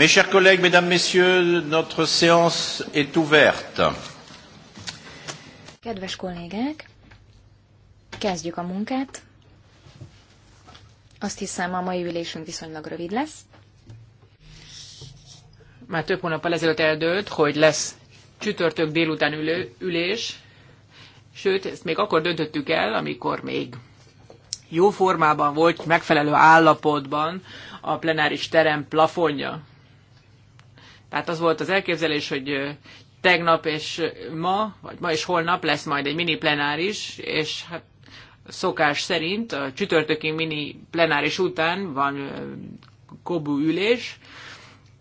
Mes chers collègues, mesdames, messieurs, notre séance est ouverte. Kedves kollégák, kezdjük a munkát. Azt hiszem, a mai ülésünk viszonylag rövid lesz. Már több hónappal ezelőtt eldőlt, hogy lesz csütörtök délután ülő, ülés, sőt, ezt még akkor döntöttük el, amikor még jó formában volt, megfelelő állapotban a plenáris terem plafonja. Tehát az volt az elképzelés, hogy tegnap és ma, vagy ma és holnap lesz majd egy mini plenáris, és hát szokás szerint a csütörtöki mini plenáris után van kobú ülés.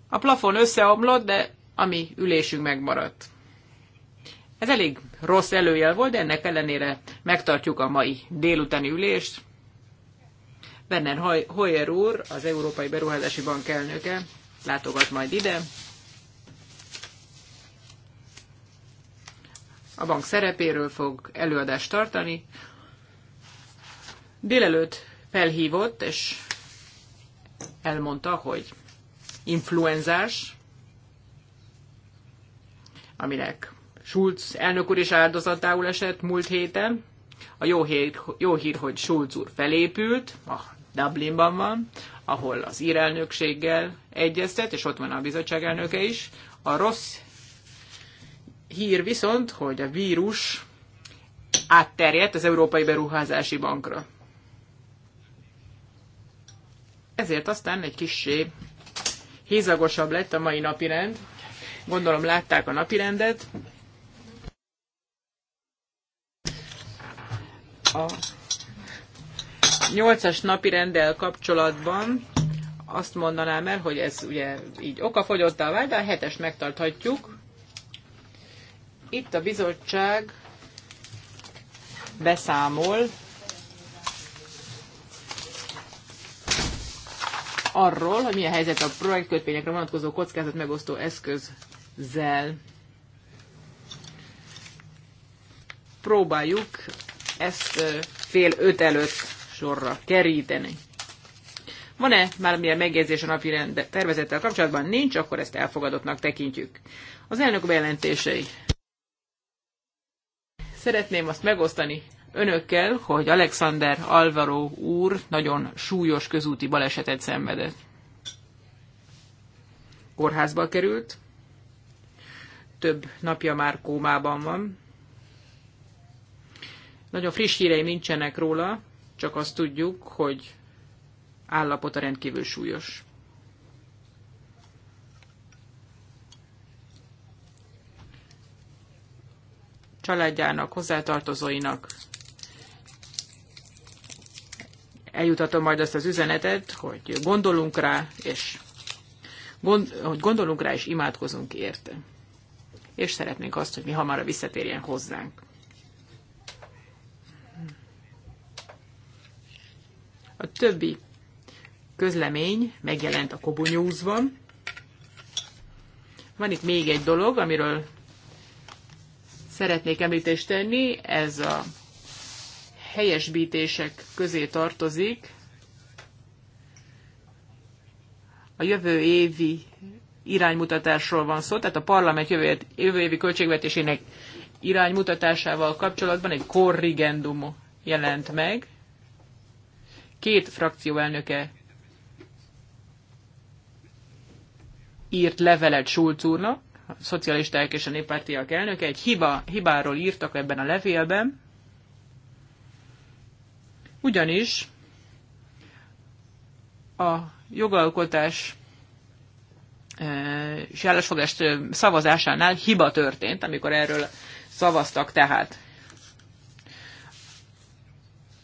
A plafon összeomlott, de a mi ülésünk megmaradt. Ez elég rossz előjel volt, de ennek ellenére megtartjuk a mai délutáni ülést. Werner Hoyer úr, az Európai Beruházási Bank elnöke, látogat majd ide, a bank szerepéről fog előadást tartani. Délelőtt felhívott, és elmondta, hogy influenzás, aminek Schulz elnök úr is áldozatául esett múlt héten. A jó hír, jó hír hogy Schulz úr felépült, a Dublinban van, ahol az ír elnökséggel egyeztet, és ott van a bizottság elnöke is. A rossz hír viszont, hogy a vírus átterjedt az Európai Beruházási Bankra. Ezért aztán egy kissé hízagosabb lett a mai napirend. Gondolom látták a napirendet. A nyolcas napi rendel kapcsolatban azt mondanám el, hogy ez ugye így okafogyottá vált, de a hetes megtarthatjuk. Itt a bizottság beszámol arról, hogy milyen helyzet a projektkötvényekre vonatkozó kockázat megosztó eszközzel. Próbáljuk ezt fél öt előtt sorra keríteni. Van-e már milyen megjegyzés a napi rend tervezettel kapcsolatban? Nincs, akkor ezt elfogadottnak tekintjük. Az elnök bejelentései. Szeretném azt megosztani önökkel, hogy Alexander Alvaro úr nagyon súlyos közúti balesetet szenvedett. Kórházba került, több napja már kómában van. Nagyon friss hírei nincsenek róla, csak azt tudjuk, hogy állapota rendkívül súlyos. családjának, hozzátartozóinak. Eljutatom majd azt az üzenetet, hogy gondolunk rá, és gond, hogy gondolunk rá, és imádkozunk érte. És szeretnénk azt, hogy mi hamarra visszatérjen hozzánk. A többi közlemény megjelent a Kobo News-ban. Van itt még egy dolog, amiről szeretnék említést tenni, ez a helyesbítések közé tartozik. A jövő évi iránymutatásról van szó, tehát a parlament jövő, jövő évi költségvetésének iránymutatásával kapcsolatban egy korrigendum jelent meg. Két frakció elnöke írt levelet Schulz úrnak, a szocialisták és a néppártiak elnöke egy hiba, hibáról írtak ebben a levélben, ugyanis a jogalkotás e, és állásfogás e, szavazásánál hiba történt, amikor erről szavaztak tehát.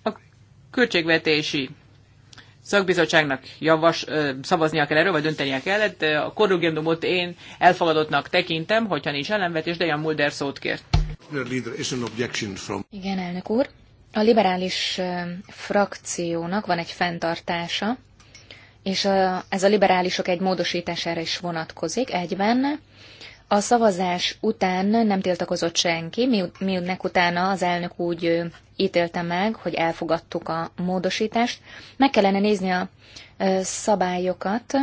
A költségvetési szakbizottságnak javas, ö, szavaznia kell erről, vagy döntenie kellett. A korrugendumot én elfogadottnak tekintem, hogyha nincs ellenvetés, de Jan Mulder szót kért. Igen, elnök úr. A liberális frakciónak van egy fenntartása, és ez a liberálisok egy módosítására is vonatkozik egyben. A szavazás után nem tiltakozott senki, miután utána az elnök úgy ítélte meg, hogy elfogadtuk a módosítást. Meg kellene nézni a szabályokat.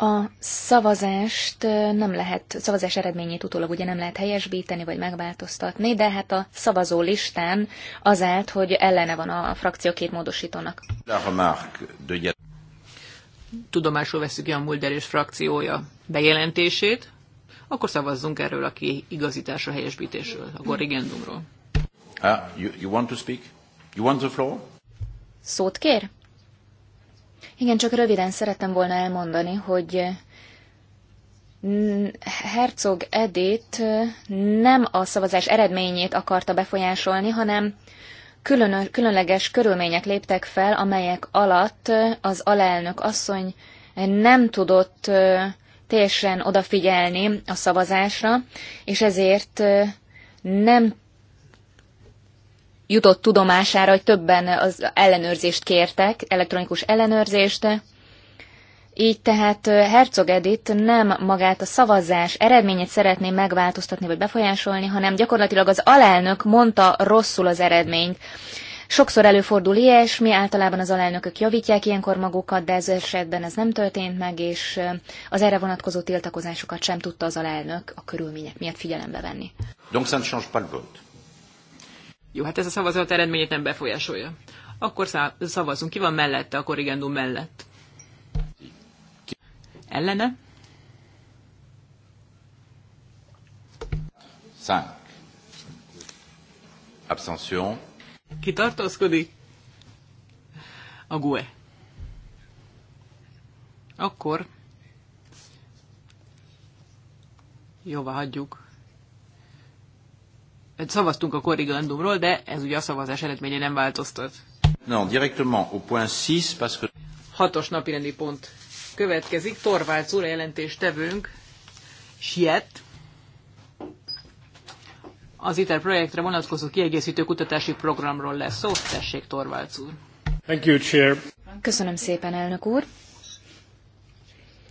A szavazást nem lehet, szavazás eredményét utólag ugye nem lehet helyesbíteni vagy megváltoztatni, de hát a szavazó listán az állt, hogy ellene van a frakció két módosítónak tudomásul veszük ki a Mulder és frakciója bejelentését, akkor szavazzunk erről a kiigazításra, helyesbítésről, a korrigendumról. Uh, you, you want to speak? You want the floor? Szót kér? Igen, csak röviden szerettem volna elmondani, hogy uh, Herzog Edith uh, nem a szavazás eredményét akarta befolyásolni, hanem külön, különleges körülmények léptek fel, amelyek alatt az alelnök asszony nem tudott teljesen odafigyelni a szavazásra, és ezért nem jutott tudomására, hogy többen az ellenőrzést kértek, elektronikus ellenőrzést, így tehát Herzog Edith nem magát a szavazás eredményét szeretné megváltoztatni vagy befolyásolni, hanem gyakorlatilag az alelnök mondta rosszul az eredményt. Sokszor előfordul ilyesmi, általában az alelnökök javítják ilyenkor magukat, de ez esetben ez nem történt meg, és az erre vonatkozó tiltakozásokat sem tudta az alelnök a körülmények miatt figyelembe venni. change vote. Jó, hát ez a szavazat eredményét nem befolyásolja. Akkor szavazunk. Ki van mellette a korrigendum mellett? Ellene. Cinq. Abstention. Ki tartózkodik? A GUE. Akkor jóvá hagyjuk. Szavaztunk a korrigandumról, de ez ugye a szavazás eredménye nem változtat. Non, directement au point 6, parce que... Hatos napirendi pont következik. Torvalds úr jelentéstevőnk siet az ITER projektre vonatkozó kiegészítő kutatási programról lesz szó. Tessék, Torvalds úr. Thank you, Chair. Köszönöm szépen, elnök úr.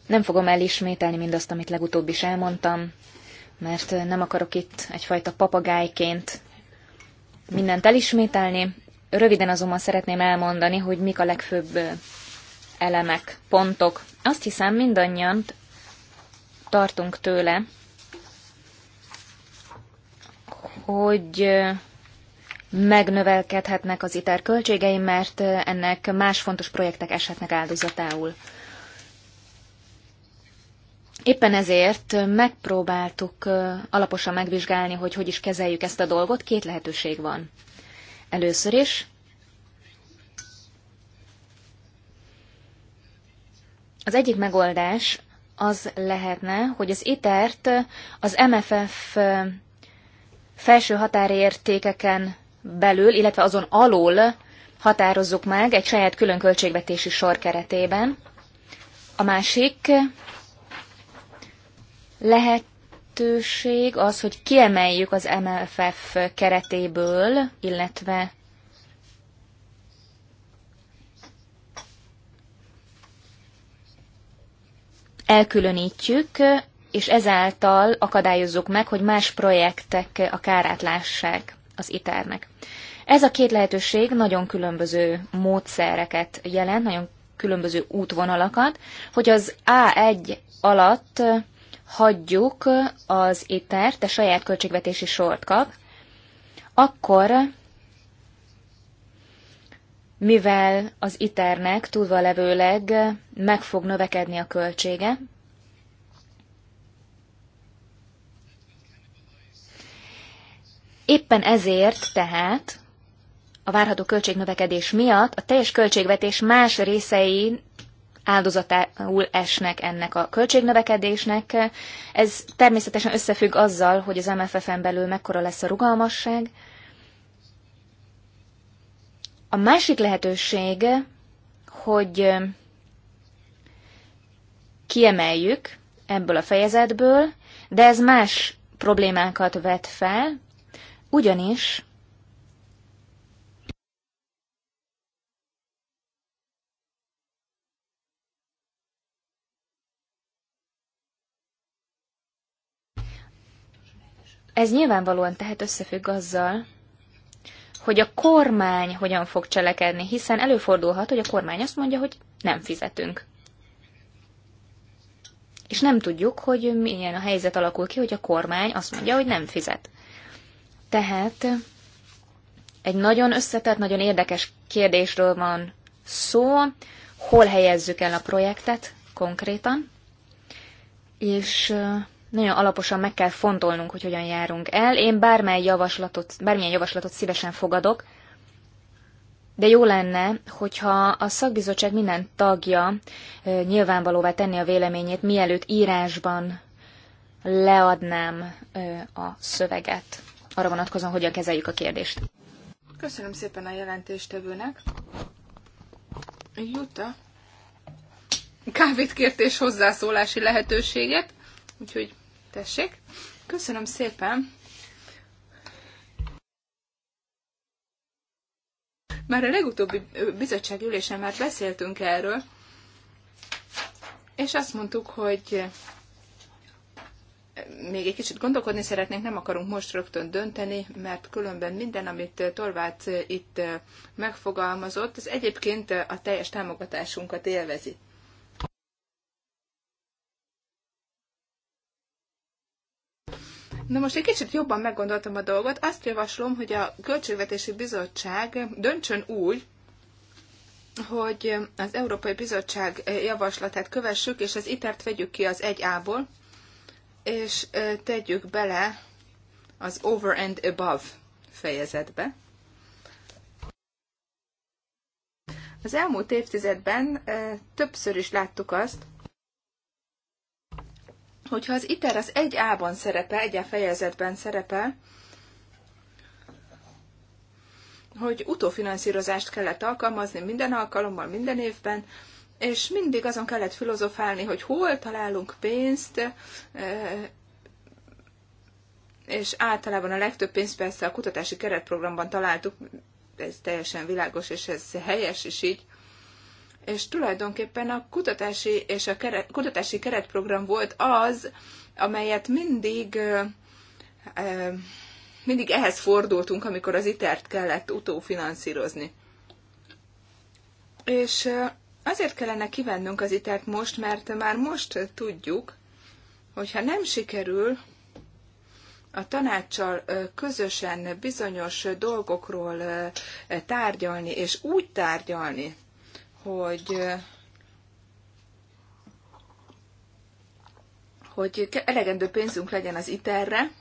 Nem fogom elismételni mindazt, amit legutóbb is elmondtam, mert nem akarok itt egyfajta papagájként mindent elismételni. Röviden azonban szeretném elmondani, hogy mik a legfőbb elemek, pontok. Azt hiszem, mindannyian tartunk tőle, hogy megnövelkedhetnek az ITER költségei, mert ennek más fontos projektek eshetnek áldozatául. Éppen ezért megpróbáltuk alaposan megvizsgálni, hogy hogy is kezeljük ezt a dolgot. Két lehetőség van. Először is Az egyik megoldás az lehetne, hogy az iter az MFF felső határértékeken belül, illetve azon alól határozzuk meg egy saját külön költségvetési sor keretében. A másik lehetőség az, hogy kiemeljük az MFF keretéből, illetve elkülönítjük, és ezáltal akadályozzuk meg, hogy más projektek a kárát lássák az iternek. Ez a két lehetőség nagyon különböző módszereket jelent, nagyon különböző útvonalakat, hogy az A1 alatt hagyjuk az étert, a saját költségvetési sort kap, akkor mivel az iternek tudva levőleg meg fog növekedni a költsége, Éppen ezért tehát a várható költségnövekedés miatt a teljes költségvetés más részei áldozatául esnek ennek a költségnövekedésnek. Ez természetesen összefügg azzal, hogy az MFF-en belül mekkora lesz a rugalmasság, a másik lehetőség, hogy kiemeljük ebből a fejezetből, de ez más problémákat vet fel, ugyanis Ez nyilvánvalóan tehet összefügg azzal, hogy a kormány hogyan fog cselekedni, hiszen előfordulhat, hogy a kormány azt mondja, hogy nem fizetünk. És nem tudjuk, hogy milyen a helyzet alakul ki, hogy a kormány azt mondja, hogy nem fizet. Tehát egy nagyon összetett, nagyon érdekes kérdésről van szó, hol helyezzük el a projektet konkrétan, és nagyon alaposan meg kell fontolnunk, hogy hogyan járunk el. Én bármely javaslatot, bármilyen javaslatot szívesen fogadok, de jó lenne, hogyha a szakbizottság minden tagja nyilvánvalóvá tenni a véleményét, mielőtt írásban leadnám a szöveget. Arra vonatkozóan, hogyan kezeljük a kérdést. Köszönöm szépen a jelentéstevőnek. Jutta, kávét kért és hozzászólási lehetőséget. Úgyhogy tessék. Köszönöm szépen. Már a legutóbbi bizottsági ülésen már beszéltünk erről, és azt mondtuk, hogy még egy kicsit gondolkodni szeretnénk, nem akarunk most rögtön dönteni, mert különben minden, amit Torvács itt megfogalmazott, az egyébként a teljes támogatásunkat élvezi. Na most egy kicsit jobban meggondoltam a dolgot. Azt javaslom, hogy a Költségvetési Bizottság döntsön úgy, hogy az Európai Bizottság javaslatát kövessük, és az itert vegyük ki az 1A-ból, és tegyük bele az over and above fejezetbe. Az elmúlt évtizedben többször is láttuk azt, hogyha az ITER az egy ában szerepel, egy A fejezetben szerepel, hogy utófinanszírozást kellett alkalmazni minden alkalommal, minden évben, és mindig azon kellett filozofálni, hogy hol találunk pénzt, e, és általában a legtöbb pénzt persze a kutatási keretprogramban találtuk, ez teljesen világos, és ez helyes is így és tulajdonképpen a kutatási, és a kere, kutatási keretprogram volt az, amelyet mindig mindig ehhez fordultunk, amikor az itert e kellett utófinanszírozni. És azért kellene kivennünk az itert e most, mert már most tudjuk, hogyha nem sikerül a tanácssal közösen bizonyos dolgokról tárgyalni, és úgy tárgyalni, hogy hogy elegendő pénzünk legyen az iterre,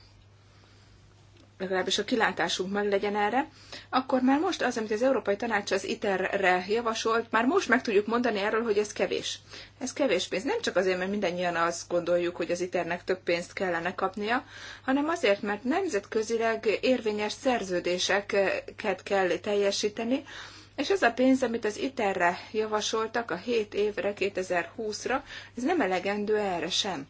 legalábbis a kilátásunk meg legyen erre, akkor már most az, amit az Európai Tanács az iterre javasolt, már most meg tudjuk mondani erről, hogy ez kevés. Ez kevés pénz. Nem csak azért, mert mindannyian azt gondoljuk, hogy az iternek több pénzt kellene kapnia, hanem azért, mert nemzetközileg érvényes szerződéseket kell teljesíteni, és ez a pénz, amit az ITER-re javasoltak a 7 évre, 2020-ra, ez nem elegendő erre sem.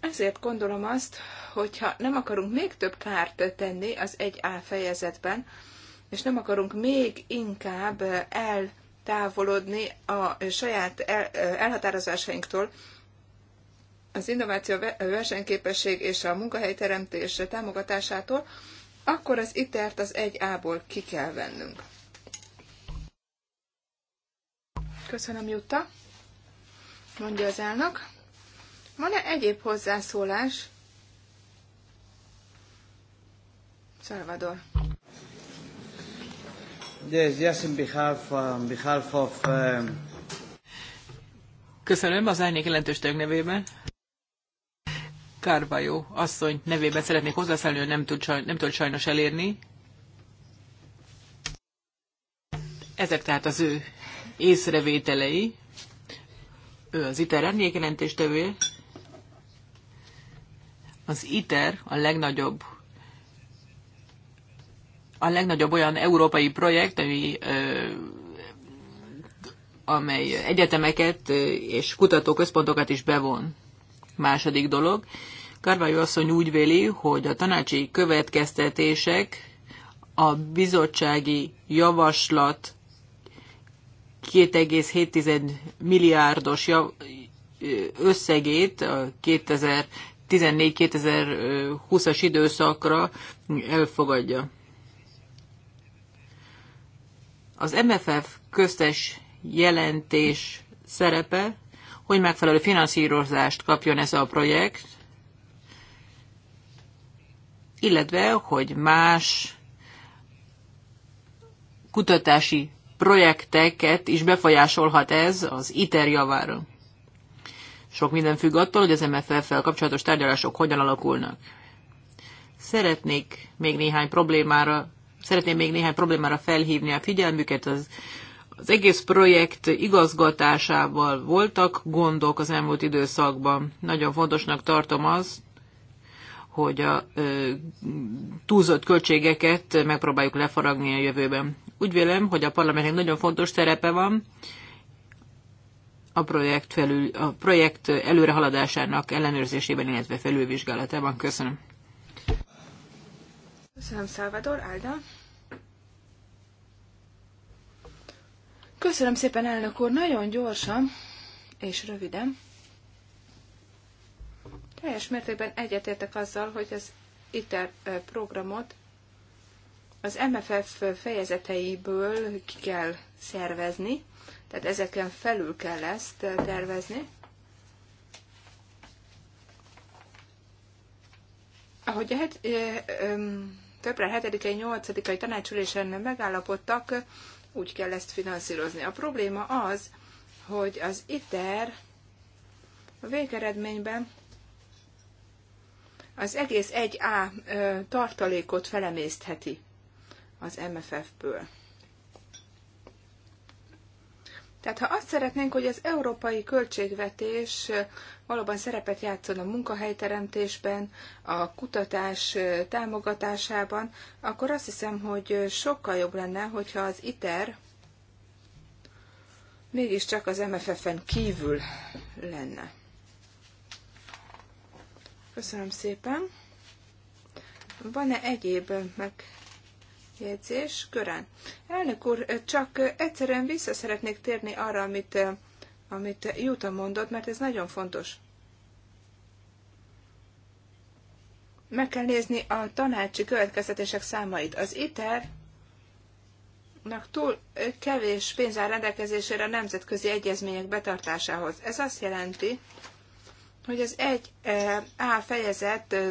Ezért gondolom azt, hogyha nem akarunk még több kárt tenni az 1A fejezetben, és nem akarunk még inkább eltávolodni a saját elhatározásainktól, az innováció versenyképesség és a munkahelyteremtés támogatásától, akkor az itert az 1A-ból ki kell vennünk. Köszönöm, Jutta, mondja az elnök. Van-e egyéb hozzászólás? Salvador. Yes, yes, in behalf, on um, behalf of... Um... Köszönöm az árnyék jelentős nevében. Carvajó asszony nevében szeretnék hozzászállni, hogy nem tud, saj, nem tud sajnos elérni. Ezek tehát az ő észrevételei. Ő az ITER emlékjelentéstevő. Az ITER a legnagyobb a legnagyobb olyan európai projekt, ami amely egyetemeket és kutatóközpontokat is bevon. Második dolog, Karvajó asszony úgy véli, hogy a tanácsi következtetések a bizottsági javaslat 2,7 milliárdos összegét 2014-2020-as időszakra elfogadja. Az MFF köztes jelentés szerepe hogy megfelelő finanszírozást kapjon ez a projekt, illetve hogy más kutatási projekteket is befolyásolhat ez az ITER javára. Sok minden függ attól, hogy az MFF-fel kapcsolatos tárgyalások hogyan alakulnak. Szeretnék még néhány problémára, szeretném még néhány problémára felhívni a figyelmüket, az az egész projekt igazgatásával voltak gondok az elmúlt időszakban. Nagyon fontosnak tartom az, hogy a ö, túlzott költségeket megpróbáljuk lefaragni a jövőben. Úgy vélem, hogy a parlamentnek nagyon fontos szerepe van a projekt, felül, a projekt előrehaladásának ellenőrzésében, illetve felülvizsgálatában. Köszönöm. Köszönöm, Salvador. Álda. Köszönöm szépen, elnök úr, nagyon gyorsan és röviden. Teljes mértékben egyetértek azzal, hogy az ITER programot az MFF fejezeteiből ki kell szervezni, tehát ezeken felül kell ezt tervezni. Ahogy a het, e, e, többre 7-8-ai tanácsülésen megállapodtak, úgy kell ezt finanszírozni. A probléma az, hogy az ITER a végeredményben az egész 1A tartalékot felemésztheti az MFF-ből. Tehát ha azt szeretnénk, hogy az európai költségvetés valóban szerepet játszon a munkahelyteremtésben, a kutatás támogatásában, akkor azt hiszem, hogy sokkal jobb lenne, hogyha az ITER mégiscsak az MFF-en kívül lenne. Köszönöm szépen. Van-e egyéb megjegyzés? Körán. Elnök úr, csak egyszerűen vissza szeretnék térni arra, amit amit te Juta mondott, mert ez nagyon fontos. Meg kell nézni a tanácsi következtetések számait. Az ITER nak túl kevés pénz áll rendelkezésére a nemzetközi egyezmények betartásához. Ez azt jelenti, hogy az egy eh, A fejezet eh,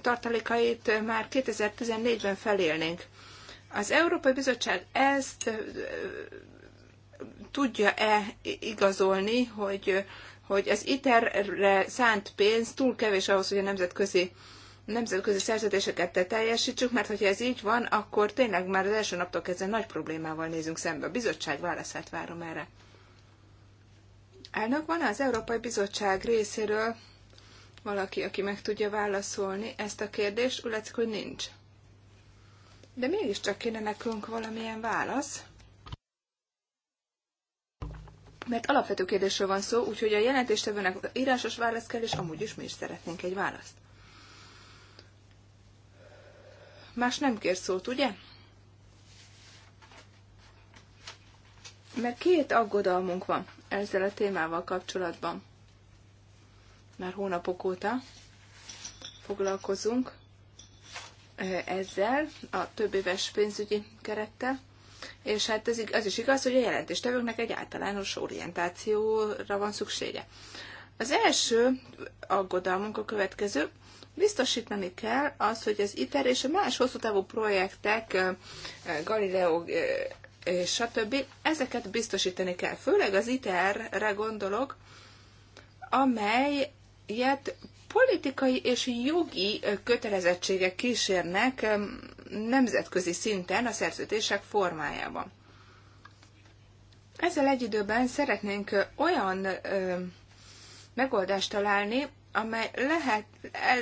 tartalékait eh, már 2014-ben felélnénk. Az Európai Bizottság ezt tudja-e igazolni, hogy, hogy az ITER-re szánt pénz túl kevés ahhoz, hogy a nemzetközi nemzetközi szerződéseket te teljesítsük, mert hogyha ez így van, akkor tényleg már az első naptól kezdve nagy problémával nézünk szembe. A bizottság válaszát várom erre. Elnök van az Európai Bizottság részéről valaki, aki meg tudja válaszolni ezt a kérdést, úgy látszik, hogy nincs. De mégiscsak kéne nekünk valamilyen válasz mert alapvető kérdésről van szó, úgyhogy a jelentéstevőnek írásos válasz kell, és amúgy is mi is szeretnénk egy választ. Más nem kér szót, ugye? Mert két aggodalmunk van ezzel a témával kapcsolatban. Már hónapok óta foglalkozunk eh, ezzel, a több éves pénzügyi kerettel. És hát ez, az is igaz, hogy a jelentéstevőknek egy általános orientációra van szüksége. Az első aggodalmunk a következő, biztosítani kell az, hogy az ITER és a más hosszú távú projektek, Galileo és stb. ezeket biztosítani kell. Főleg az ITER-re gondolok, amelyet Politikai és jogi kötelezettségek kísérnek nemzetközi szinten a szerződések formájában. Ezzel egy időben szeretnénk olyan megoldást találni, amely lehet, el,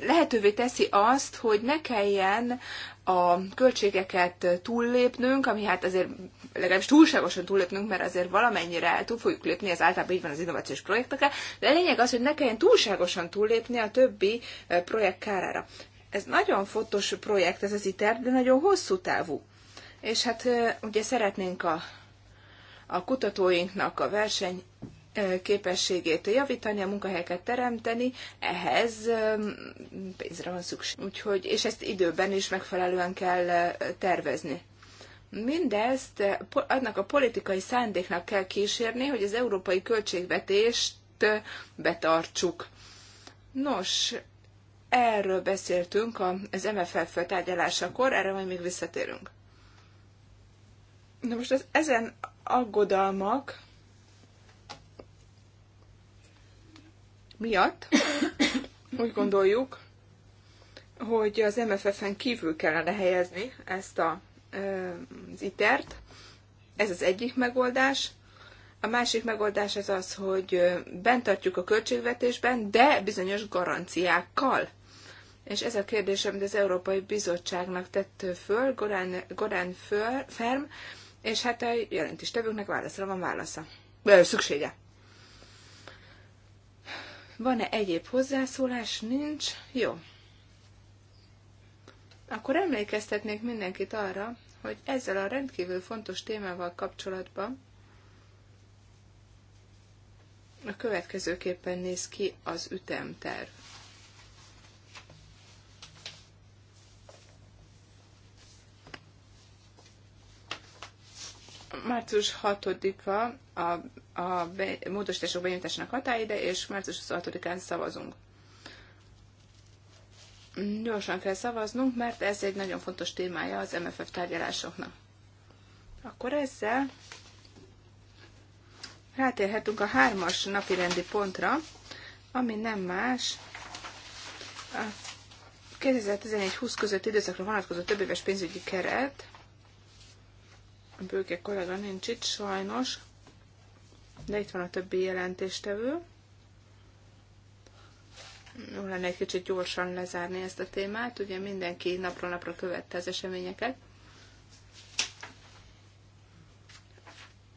lehetővé teszi azt, hogy ne kelljen a költségeket túllépnünk, ami hát azért legalábbis túlságosan túllépnünk, mert azért valamennyire túl fogjuk lépni, ez általában így van az innovációs projektekkel, de a lényeg az, hogy ne kelljen túlságosan túllépni a többi projekt kárára. Ez nagyon fontos projekt, ez az ITER, de nagyon hosszú távú. És hát ugye szeretnénk a, a kutatóinknak a verseny képességét javítani, a munkahelyeket teremteni, ehhez pénzre van szükség. Úgyhogy, és ezt időben is megfelelően kell tervezni. Mindezt annak a politikai szándéknak kell kísérni, hogy az európai költségvetést betartsuk. Nos, erről beszéltünk az MFF tárgyalásakor, erre majd még visszatérünk. Na most az, ezen aggodalmak, miatt úgy gondoljuk, hogy az MFF-en kívül kellene helyezni ezt a, az itert. E ez az egyik megoldás. A másik megoldás az az, hogy bent tartjuk a költségvetésben, de bizonyos garanciákkal. És ez a kérdés, amit az Európai Bizottságnak tett föl, Gorán, Gorán föl, Ferm, és hát a jelentéstevőknek válaszra van válasza. szüksége. Van-e egyéb hozzászólás? Nincs. Jó. Akkor emlékeztetnék mindenkit arra, hogy ezzel a rendkívül fontos témával kapcsolatban a következőképpen néz ki az ütemterv. március 6-a a, a be, módosítások benyújtásának hatáide, és március 26-án szavazunk. Gyorsan kell szavaznunk, mert ez egy nagyon fontos témája az MFF tárgyalásoknak. Akkor ezzel rátérhetünk a hármas napi rendi pontra, ami nem más, a 2014 20 közötti időszakra vonatkozó többéves pénzügyi keret, a bőke kollega nincs itt, sajnos, de itt van a többi jelentéstevő. Jó lenne egy kicsit gyorsan lezárni ezt a témát, ugye mindenki napról napra követte az eseményeket.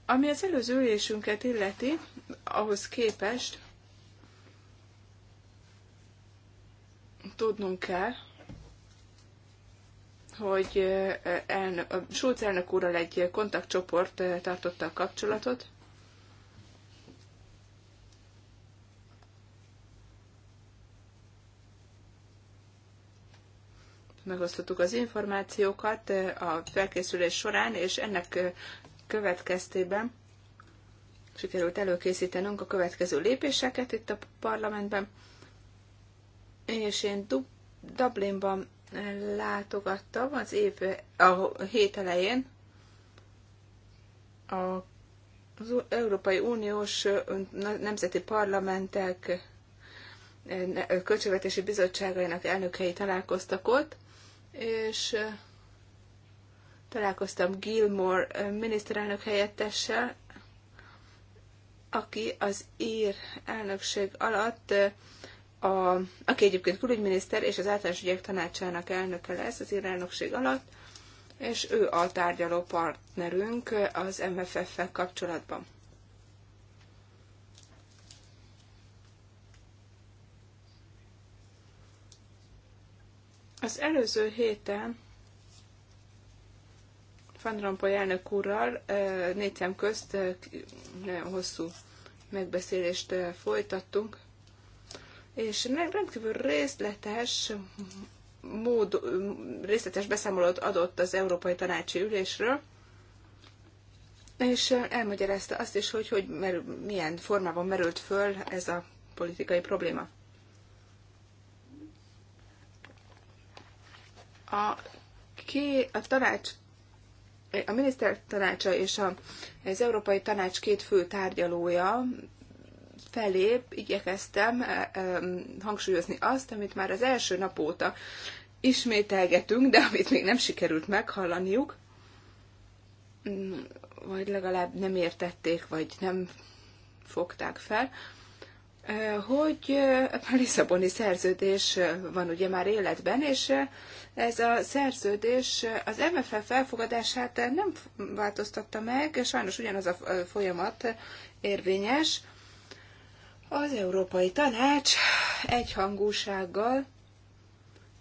Ami az előző ülésünket illeti, ahhoz képest tudnunk kell, hogy elnök, Schulz elnök úrral egy kontaktcsoport tartotta a kapcsolatot, megosztottuk az információkat a felkészülés során, és ennek következtében sikerült előkészítenünk a következő lépéseket itt a parlamentben, és én Dublinban látogattam az év, a hét elején a, az Európai Uniós Nemzeti Parlamentek költségvetési bizottságainak elnökei találkoztak ott, és találkoztam Gilmore miniszterelnök helyettessel, aki az ír elnökség alatt a, aki egyébként külügyminiszter és az általános ügyek tanácsának elnöke lesz az irányokség alatt, és ő a tárgyaló partnerünk az MFF-fel kapcsolatban. Az előző héten Van Rompuy elnök úrral négy szem közt hosszú megbeszélést folytattunk, és rendkívül részletes mód, részletes beszámolót adott az Európai Tanácsi Ülésről, és elmagyarázta azt is, hogy, hogy mer, milyen formában merült föl ez a politikai probléma. A, ki, a tanács, a miniszter tanácsa és a, az Európai Tanács két fő tárgyalója felé igyekeztem e, e, hangsúlyozni azt, amit már az első nap óta ismételgetünk, de amit még nem sikerült meghallaniuk, vagy legalább nem értették, vagy nem fogták fel, e, hogy a Lisszaboni szerződés van ugye már életben, és ez a szerződés az MFF felfogadását nem változtatta meg, sajnos ugyanaz a folyamat érvényes, az Európai Tanács egyhangúsággal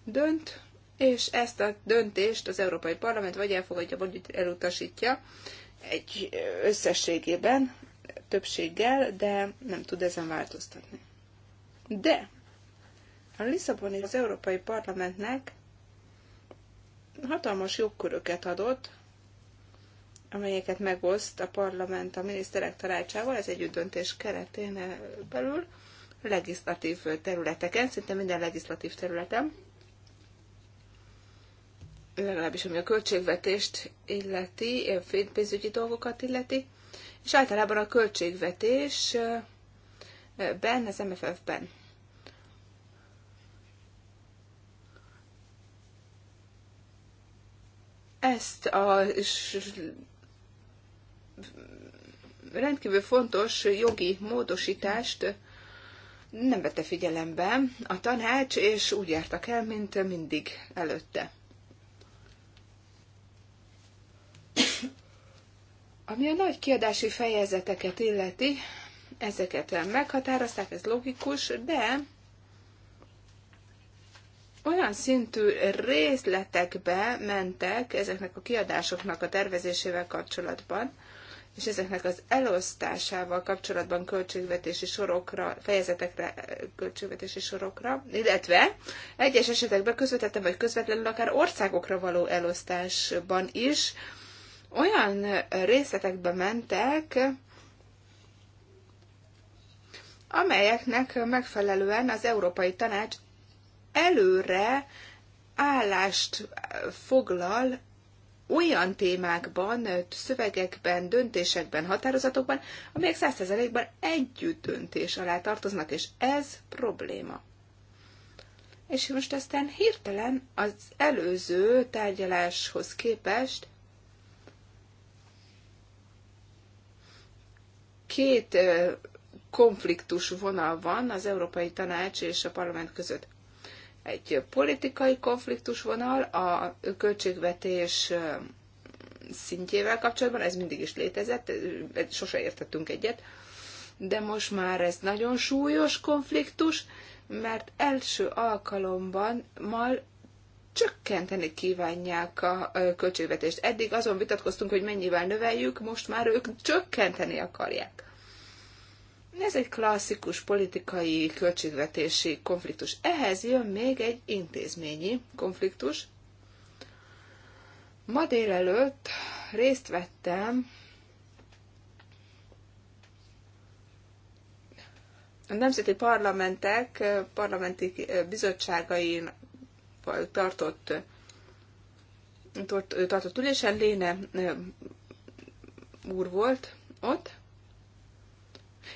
dönt, és ezt a döntést az Európai Parlament vagy elfogadja, vagy elutasítja egy összességében, többséggel, de nem tud ezen változtatni. De a Lisszaboni az Európai Parlamentnek hatalmas jogköröket adott, amelyeket megoszt a parlament a miniszterek tanácsával, ez egy döntés keretén belül, legislatív területeken, szinte minden legislatív területen, legalábbis ami a költségvetést illeti, pénzügyi dolgokat illeti, és általában a költségvetés ben, az MFF-ben. Ezt a rendkívül fontos jogi módosítást nem vette figyelembe a tanács, és úgy jártak el, mint mindig előtte. Ami a nagy kiadási fejezeteket illeti, ezeket meghatározták, ez logikus, de olyan szintű részletekbe mentek ezeknek a kiadásoknak a tervezésével kapcsolatban, és ezeknek az elosztásával kapcsolatban költségvetési sorokra, fejezetekre, eh, költségvetési sorokra, illetve egyes esetekben közvetetten vagy közvetlenül akár országokra való elosztásban is olyan eh, részletekbe mentek, amelyeknek megfelelően az Európai Tanács előre állást eh, foglal olyan témákban, szövegekben, döntésekben, határozatokban, amelyek százszerzelékben együtt döntés alá tartoznak, és ez probléma. És most aztán hirtelen az előző tárgyaláshoz képest két konfliktus vonal van az Európai Tanács és a Parlament között egy politikai konfliktus vonal a költségvetés szintjével kapcsolatban, ez mindig is létezett, sose értettünk egyet, de most már ez nagyon súlyos konfliktus, mert első alkalomban mal csökkenteni kívánják a költségvetést. Eddig azon vitatkoztunk, hogy mennyivel növeljük, most már ők csökkenteni akarják. Ez egy klasszikus politikai költségvetési konfliktus. Ehhez jön még egy intézményi konfliktus. Ma délelőtt részt vettem a Nemzeti Parlamentek parlamenti bizottságain tartott, tartott ülésen Léne úr volt ott,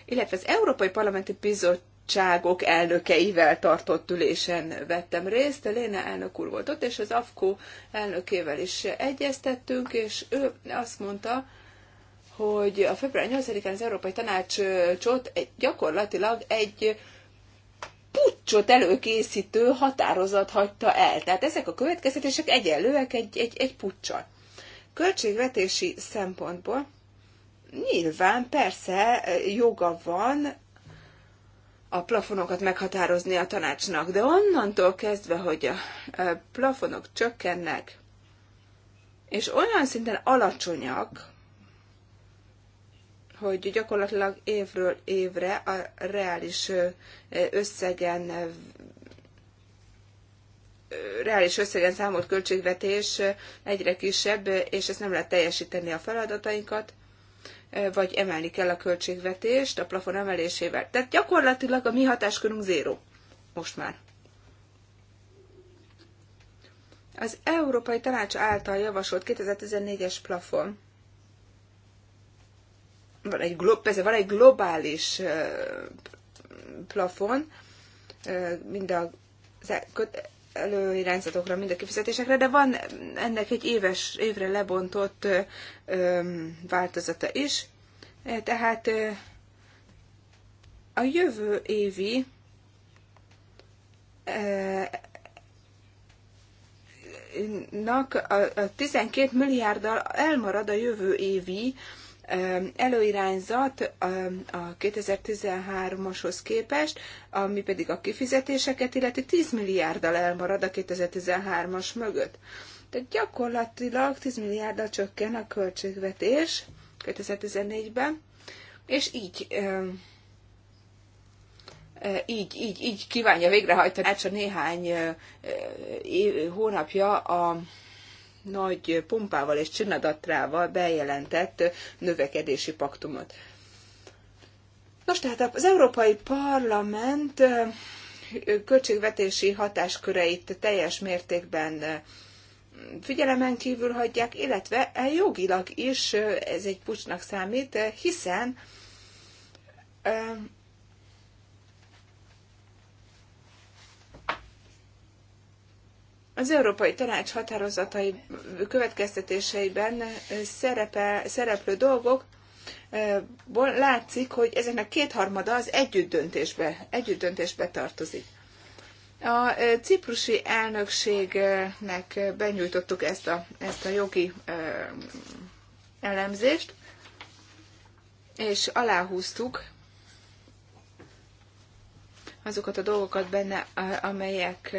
illetve az Európai Parlamenti Bizottságok elnökeivel tartott ülésen vettem részt. Léna elnök úr volt ott, és az AFKO elnökével is egyeztettünk, és ő azt mondta, hogy a február 8-án az Európai Tanácsot egy, gyakorlatilag egy pucsot előkészítő határozat hagyta el. Tehát ezek a következtetések egyenlőek egy, egy, egy pucsal. Költségvetési szempontból Nyilván, persze, joga van a plafonokat meghatározni a tanácsnak, de onnantól kezdve, hogy a e, plafonok csökkennek, és olyan szinten alacsonyak, hogy gyakorlatilag évről évre a reális e, összegen e, reális összegen számolt költségvetés egyre kisebb, és ezt nem lehet teljesíteni a feladatainkat vagy emelni kell a költségvetést a plafon emelésével. Tehát gyakorlatilag a mi hatáskörünk zéró. Most már. Az Európai Tanács által javasolt 2014-es plafon van egy, persze van egy globális plafon, mind a előirányzatokra, mind a kifizetésekre, de van ennek egy éves, évre lebontott változata is. E, tehát a jövő évi nak a 12 milliárddal elmarad a jövő évi előirányzat a 2013-ashoz képest, ami pedig a kifizetéseket illeti 10 milliárddal elmarad a 2013-as mögött. Tehát gyakorlatilag 10 milliárddal csökken a költségvetés 2014-ben, és így így, így, így kívánja végrehajtani. csak néhány hónapja a nagy pompával és csinadatrával bejelentett növekedési paktumot. Nos, tehát az Európai Parlament költségvetési hatásköreit teljes mértékben figyelemen kívül hagyják, illetve jogilag is ez egy pucsnak számít, hiszen Az Európai Tanács határozatai következtetéseiben szerepe, szereplő dolgok látszik, hogy ezeknek kétharmada az együttdöntésbe, döntésbe tartozik. A ciprusi elnökségnek benyújtottuk ezt a, ezt a jogi elemzést, és aláhúztuk azokat a dolgokat benne, amelyek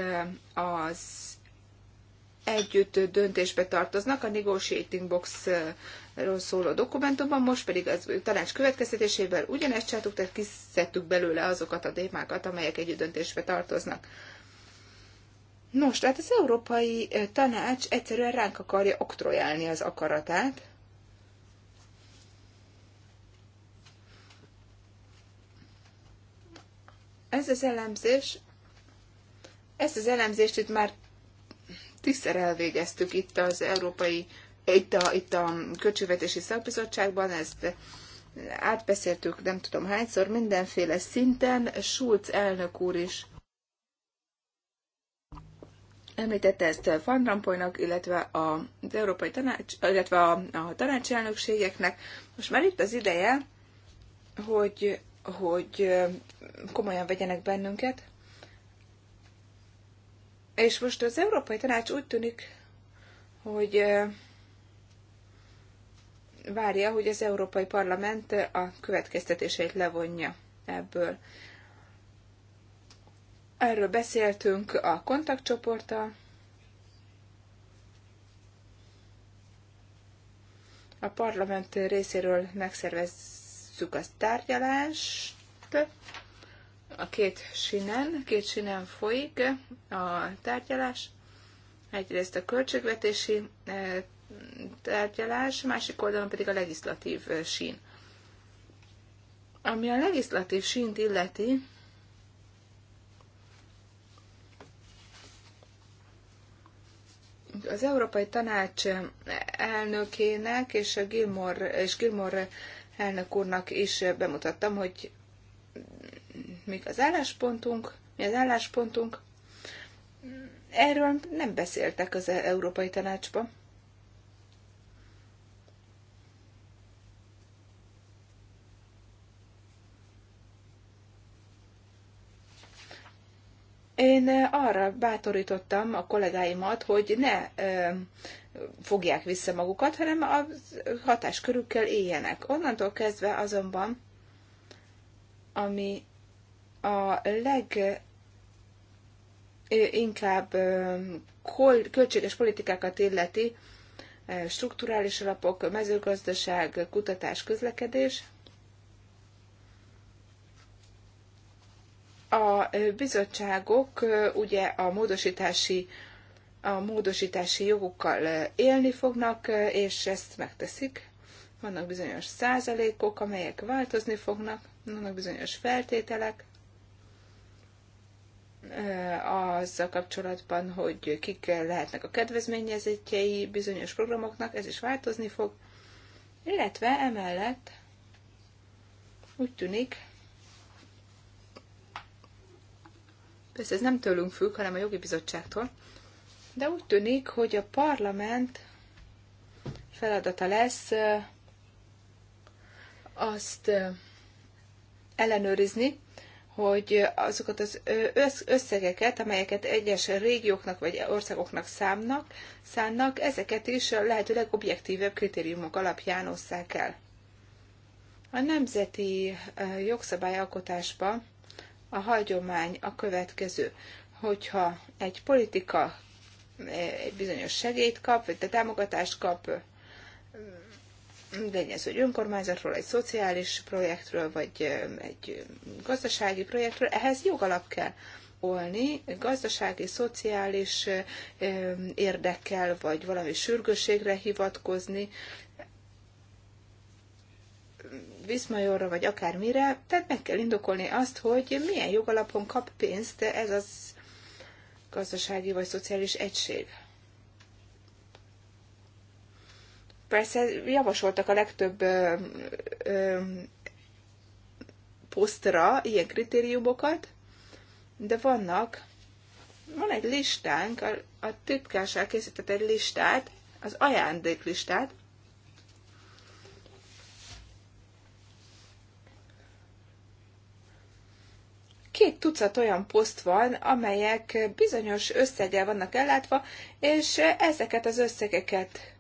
az együtt döntésbe tartoznak a negotiating box ról szóló dokumentumban, most pedig az tanács következtetésével ugyanezt csináltuk, tehát kiszedtük belőle azokat a témákat, amelyek együtt döntésbe tartoznak. Nos, tehát az Európai Tanács egyszerűen ránk akarja oktrojálni az akaratát, Ez az elemzés, ezt az elemzést itt már tízszer elvégeztük itt az európai, itt a, itt a költségvetési szakbizottságban, ezt átbeszéltük nem tudom hányszor, mindenféle szinten, Schulz elnök úr is Említette ezt Van Rampoynak, illetve az Európai Tanács, illetve a, a elnökségeknek. Most már itt az ideje, hogy, hogy komolyan vegyenek bennünket, és most az Európai Tanács úgy tűnik, hogy várja, hogy az Európai Parlament a következtetéseit levonja ebből. Erről beszéltünk a kontaktcsoporttal. A parlament részéről megszervezzük a tárgyalást a két sinen, két sinen folyik a tárgyalás. Egyrészt a költségvetési e, tárgyalás, másik oldalon pedig a legislatív e, sín. Ami a legislatív sínt illeti, az Európai Tanács elnökének és a Gilmore, és Gilmore elnök úrnak is bemutattam, hogy mik az álláspontunk, mi az álláspontunk. Erről nem beszéltek az Európai Tanácsban. Én arra bátorítottam a kollégáimat, hogy ne ö, fogják vissza magukat, hanem a hatáskörükkel éljenek. Onnantól kezdve azonban, ami a leg inkább költséges politikákat illeti, strukturális alapok, mezőgazdaság, kutatás, közlekedés. A bizottságok ugye a módosítási a módosítási jogukkal élni fognak, és ezt megteszik. Vannak bizonyos százalékok, amelyek változni fognak, vannak bizonyos feltételek, azzal kapcsolatban, hogy kik lehetnek a kedvezményezettjei bizonyos programoknak, ez is változni fog, illetve emellett úgy tűnik, persze ez nem tőlünk függ, hanem a jogi bizottságtól, de úgy tűnik, hogy a parlament feladata lesz azt ellenőrizni, hogy azokat az összegeket, amelyeket egyes régióknak vagy országoknak számnak, szánnak, ezeket is lehetőleg objektívebb kritériumok alapján osszák el. A nemzeti jogszabályalkotásban a hagyomány a következő, hogyha egy politika egy bizonyos segélyt kap, vagy támogatást kap legyen ez egy önkormányzatról, egy szociális projektről, vagy egy gazdasági projektről, ehhez jogalap kell olni, gazdasági, szociális érdekkel, vagy valami sürgőségre hivatkozni, Viszmajorra, vagy akármire, tehát meg kell indokolni azt, hogy milyen jogalapon kap pénzt ez az gazdasági vagy szociális egység. Persze javasoltak a legtöbb ö, ö, posztra ilyen kritériumokat, de vannak, van egy listánk, a, a titkárság készített egy listát, az ajándéklistát, két tucat olyan poszt van, amelyek bizonyos összeggel vannak ellátva, és ezeket az összegeket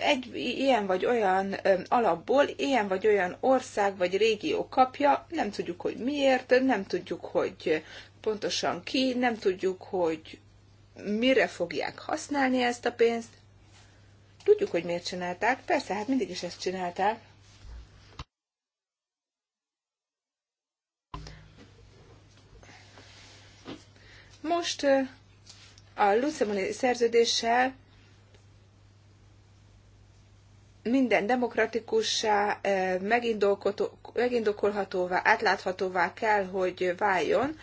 egy ilyen vagy olyan alapból ilyen vagy olyan ország vagy régió kapja, nem tudjuk, hogy miért, nem tudjuk, hogy pontosan ki, nem tudjuk, hogy mire fogják használni ezt a pénzt. Tudjuk, hogy miért csinálták, persze, hát mindig is ezt csinálták. Most a Lucemoni szerződéssel minden demokratikussá, megindokolhatóvá, átláthatóvá kell, hogy váljon,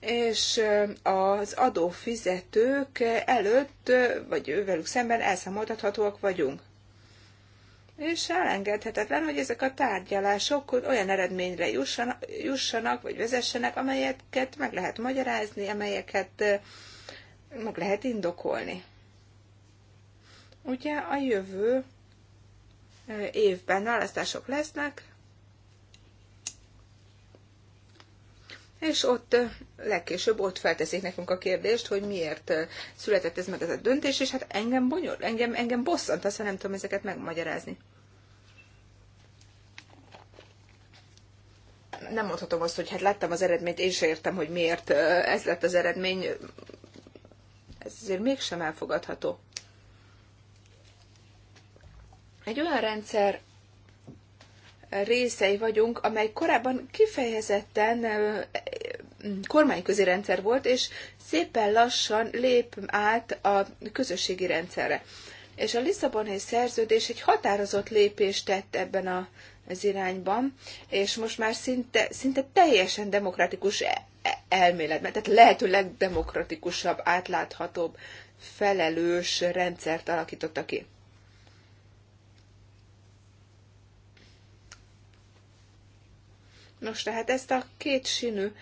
és az adófizetők előtt, vagy velük szemben elszámoltathatóak vagyunk. És elengedhetetlen, hogy ezek a tárgyalások olyan eredményre jussanak, jussanak vagy vezessenek, amelyeket meg lehet magyarázni, amelyeket meg lehet indokolni. Ugye a jövő évben választások lesznek, és ott legkésőbb ott felteszik nekünk a kérdést, hogy miért született ez meg ez a döntés, és hát engem bonyol, engem, engem bosszant, aztán nem tudom ezeket megmagyarázni. Nem mondhatom azt, hogy hát láttam az eredményt, én se értem, hogy miért ez lett az eredmény. Ez azért mégsem elfogadható. Egy olyan rendszer részei vagyunk, amely korábban kifejezetten mm, kormányközi rendszer volt, és szépen lassan lép át a közösségi rendszerre. És a Lisszaboni szerződés egy határozott lépést tett ebben a, az irányban, és most már szinte, szinte teljesen demokratikus e, e, elméletben, tehát lehető legdemokratikusabb, átláthatóbb, felelős rendszert alakította ki. Nos, tehát ezt a két sínű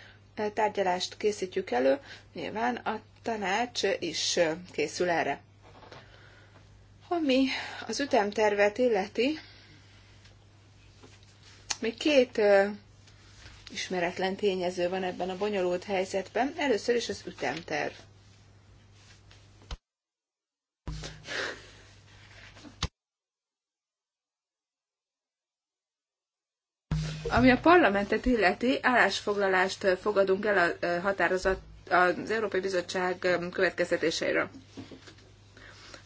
tárgyalást készítjük elő, nyilván a tanács is készül erre. Ami az ütemtervet illeti, még két ismeretlen tényező van ebben a bonyolult helyzetben. Először is az ütemterv. Ami a parlamentet illeti, állásfoglalást fogadunk el a határozat az Európai Bizottság következtetéseiről.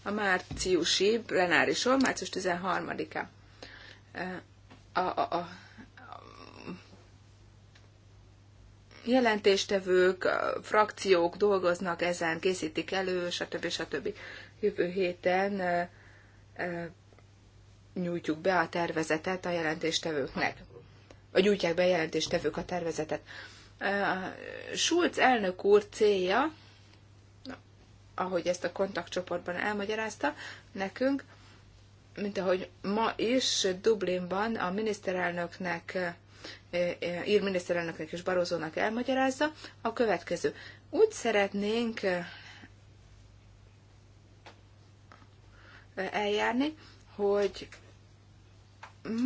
A márciusi plenárison, március 13-a. A, a, a, jelentéstevők, frakciók dolgoznak ezen, készítik elő, stb. stb. Jövő héten nyújtjuk be a tervezetet a jelentéstevőknek vagy nyújtják be a jelentéstevők a tervezetet. Schulz elnök úr célja, ahogy ezt a kontaktcsoportban elmagyarázta nekünk, mint ahogy ma is Dublinban a miniszterelnöknek, ír miniszterelnöknek és Barózónak elmagyarázza, a következő. Úgy szeretnénk eljárni, hogy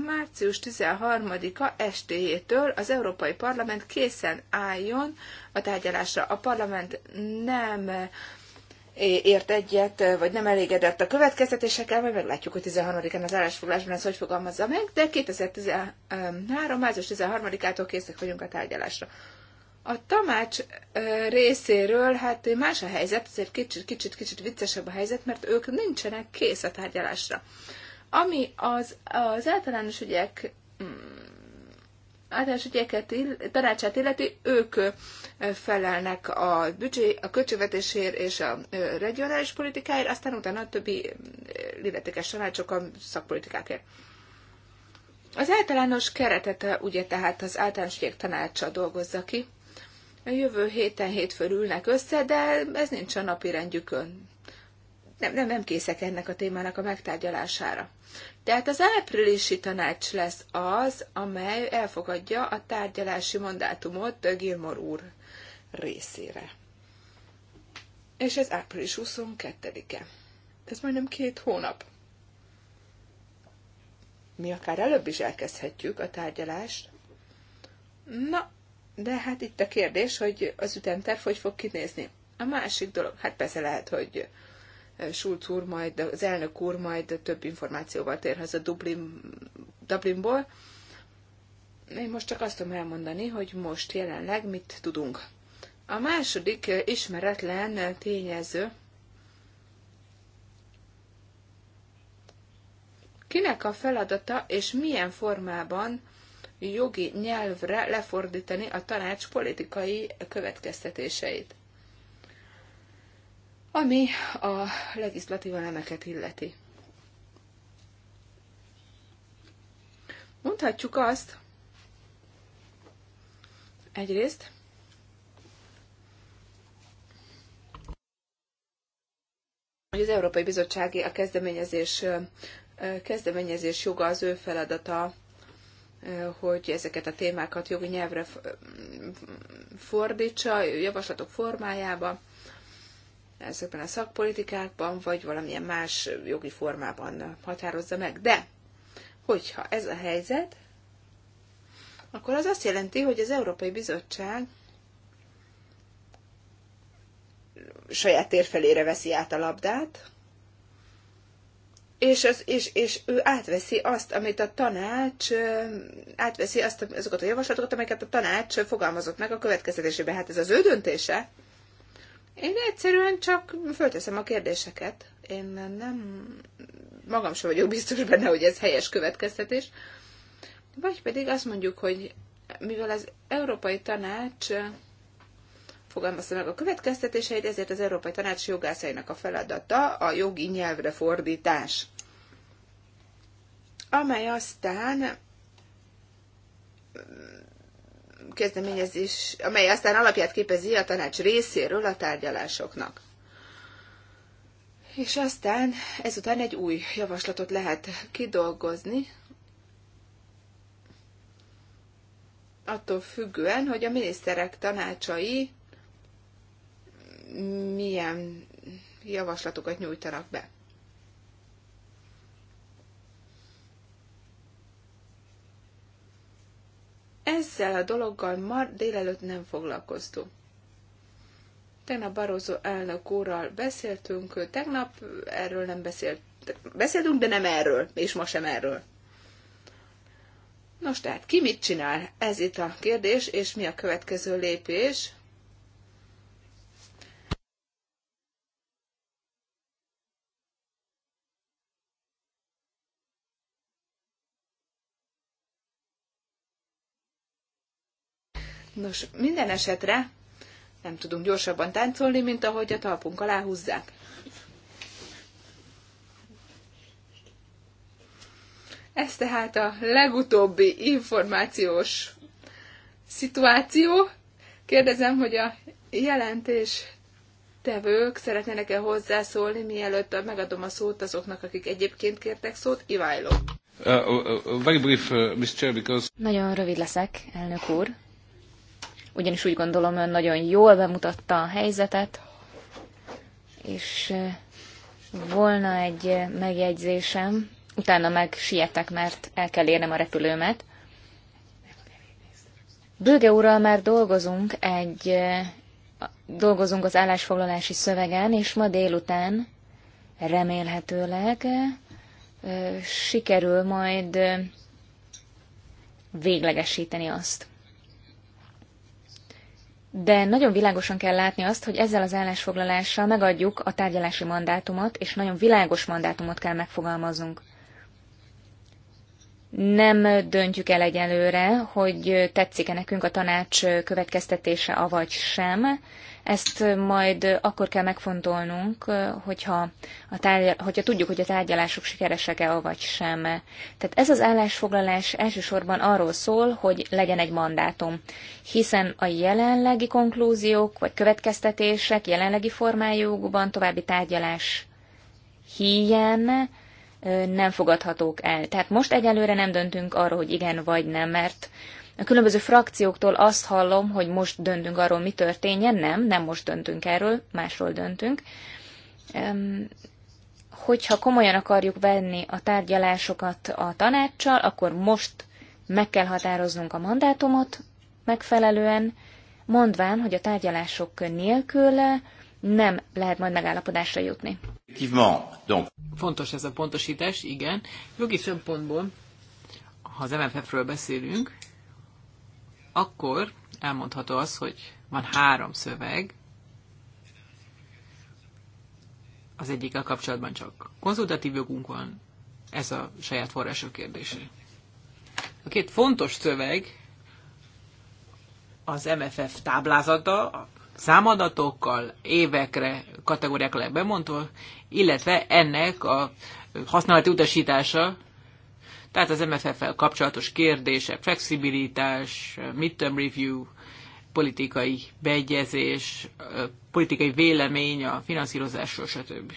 március 13-a estéjétől az Európai Parlament készen álljon a tárgyalásra. A parlament nem eh, ért egyet, eh, vagy nem elégedett a következtetésekkel, majd meglátjuk, hogy 13-án az állásfoglásban ez hogy fogalmazza meg, de 2013. március 13-ától készek vagyunk a tárgyalásra. A tanács eh, részéről hát más a helyzet, azért kicsit, kicsit, kicsit viccesebb a helyzet, mert ők nincsenek kész a tárgyalásra. Ami az, az általános ügyek mm, általános ügyeket, tanácsát illeti, ők felelnek a büdzsé, a költségvetésért és a regionális politikáért, aztán utána a többi illetékes tanácsok a szakpolitikákért. Az általános keretet ugye tehát az általános ügyek tanácsa dolgozza ki. A jövő héten hétfőn ülnek össze, de ez nincs a napi rendjükön nem, nem, nem készek ennek a témának a megtárgyalására. Tehát az áprilisi tanács lesz az, amely elfogadja a tárgyalási mandátumot Gilmor úr részére. És ez április 22-e. Ez majdnem két hónap. Mi akár előbb is elkezdhetjük a tárgyalást. Na, de hát itt a kérdés, hogy az ütemterv hogy fog kinézni. A másik dolog, hát persze lehet, hogy Schulz úr majd, az elnök úr majd több információval tér haza Dublin, Dublinból. Én most csak azt tudom elmondani, hogy most jelenleg mit tudunk. A második ismeretlen tényező, kinek a feladata és milyen formában jogi nyelvre lefordítani a tanács politikai következtetéseit ami a legislatív elemeket illeti. Mondhatjuk azt, egyrészt, hogy az Európai Bizottsági a kezdeményezés, kezdeményezés joga az ő feladata, hogy ezeket a témákat jogi nyelvre fordítsa, javaslatok formájába, ezekben a szakpolitikákban, vagy valamilyen más jogi formában határozza meg. De, hogyha ez a helyzet, akkor az azt jelenti, hogy az Európai Bizottság saját térfelére veszi át a labdát, és, az, és, és ő átveszi azt, amit a tanács, átveszi azt, azokat a javaslatokat, amelyeket a tanács fogalmazott meg a következtetésében. Hát ez az ő döntése, én egyszerűen csak fölteszem a kérdéseket. Én nem magam sem vagyok biztos benne, hogy ez helyes következtetés. Vagy pedig azt mondjuk, hogy mivel az Európai Tanács eh, fogalmazta meg a következtetéseit, ezért az Európai Tanács jogászainak a feladata a jogi nyelvre fordítás, amely aztán kezdeményezés, amely aztán alapját képezi a tanács részéről a tárgyalásoknak. És aztán ezután egy új javaslatot lehet kidolgozni, attól függően, hogy a miniszterek tanácsai milyen javaslatokat nyújtanak be. Ezzel a dologgal ma délelőtt nem foglalkoztunk. Tegnap Barózó elnök úrral beszéltünk, tegnap erről nem beszélt, beszéltünk, de nem erről, és ma sem erről. Nos, tehát ki mit csinál? Ez itt a kérdés, és mi a következő lépés? Nos, minden esetre nem tudunk gyorsabban táncolni, mint ahogy a talpunk alá húzzák. Ez tehát a legutóbbi információs szituáció. Kérdezem, hogy a jelentés tevők szeretnének-e hozzászólni, mielőtt megadom a szót azoknak, akik egyébként kértek szót. Iváló. Uh, uh, uh, very brief, uh, Mr. Chair, because... Nagyon rövid leszek, elnök úr ugyanis úgy gondolom, ön nagyon jól bemutatta a helyzetet, és volna egy megjegyzésem, utána meg sietek, mert el kell érnem a repülőmet. Bőge úrral már dolgozunk egy, dolgozunk az állásfoglalási szövegen, és ma délután remélhetőleg sikerül majd véglegesíteni azt de nagyon világosan kell látni azt, hogy ezzel az állásfoglalással megadjuk a tárgyalási mandátumot, és nagyon világos mandátumot kell megfogalmaznunk. Nem döntjük el egyelőre, hogy tetszik-e nekünk a tanács következtetése, avagy sem. Ezt majd akkor kell megfontolnunk, hogyha, a tárgyal, hogyha tudjuk, hogy a tárgyalások sikeresek-e, vagy sem. Tehát ez az állásfoglalás elsősorban arról szól, hogy legyen egy mandátum, hiszen a jelenlegi konklúziók vagy következtetések jelenlegi formájukban további tárgyalás híján nem fogadhatók el. Tehát most egyelőre nem döntünk arról, hogy igen vagy nem, mert a különböző frakcióktól azt hallom, hogy most döntünk arról, mi történjen. Nem, nem most döntünk erről, másról döntünk. Hogyha komolyan akarjuk venni a tárgyalásokat a tanácssal, akkor most meg kell határoznunk a mandátumot megfelelően, mondván, hogy a tárgyalások nélkül nem lehet majd megállapodásra jutni. Fontos ez a pontosítás, igen. Jogi szempontból, ha az MFF-ről beszélünk, akkor elmondható az, hogy van három szöveg, az egyikkel kapcsolatban csak konzultatív jogunk van, ez a saját források kérdése. A két fontos szöveg az MFF táblázata, a számadatokkal, évekre, kategóriákkal bemondva, illetve ennek a használati utasítása tehát az MFF-fel kapcsolatos kérdések, flexibilitás, midterm review, politikai beegyezés, politikai vélemény a finanszírozásról, stb.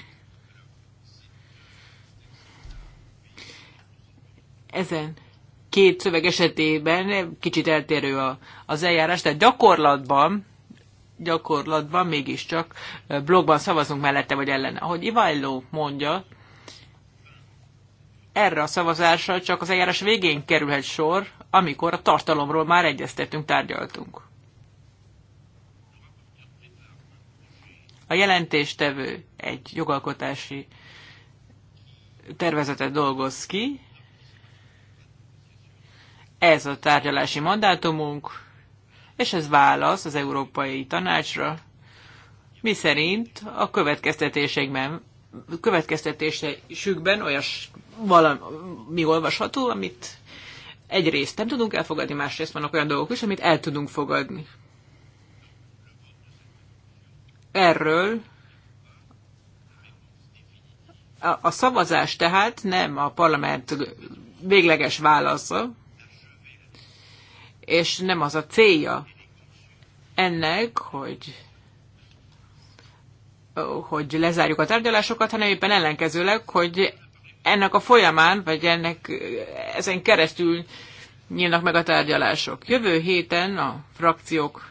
Ezen két szöveg esetében kicsit eltérő a, az eljárás, tehát gyakorlatban, gyakorlatban mégiscsak blogban szavazunk mellette vagy ellene. Ahogy Ivajló mondja, erre a szavazásra csak az eljárás végén kerülhet sor, amikor a tartalomról már egyeztettünk, tárgyaltunk. A jelentéstevő egy jogalkotási tervezetet dolgoz ki. Ez a tárgyalási mandátumunk, és ez válasz az Európai Tanácsra, mi szerint a következtetésekben következtetésükben olyas valami, mi olvasható, amit egyrészt nem tudunk elfogadni, másrészt vannak olyan dolgok is, amit el tudunk fogadni. Erről a, a szavazás tehát nem a parlament végleges válasza, és nem az a célja ennek, hogy hogy lezárjuk a tárgyalásokat, hanem éppen ellenkezőleg, hogy ennek a folyamán, vagy ennek ezen keresztül nyílnak meg a tárgyalások. Jövő héten a frakciók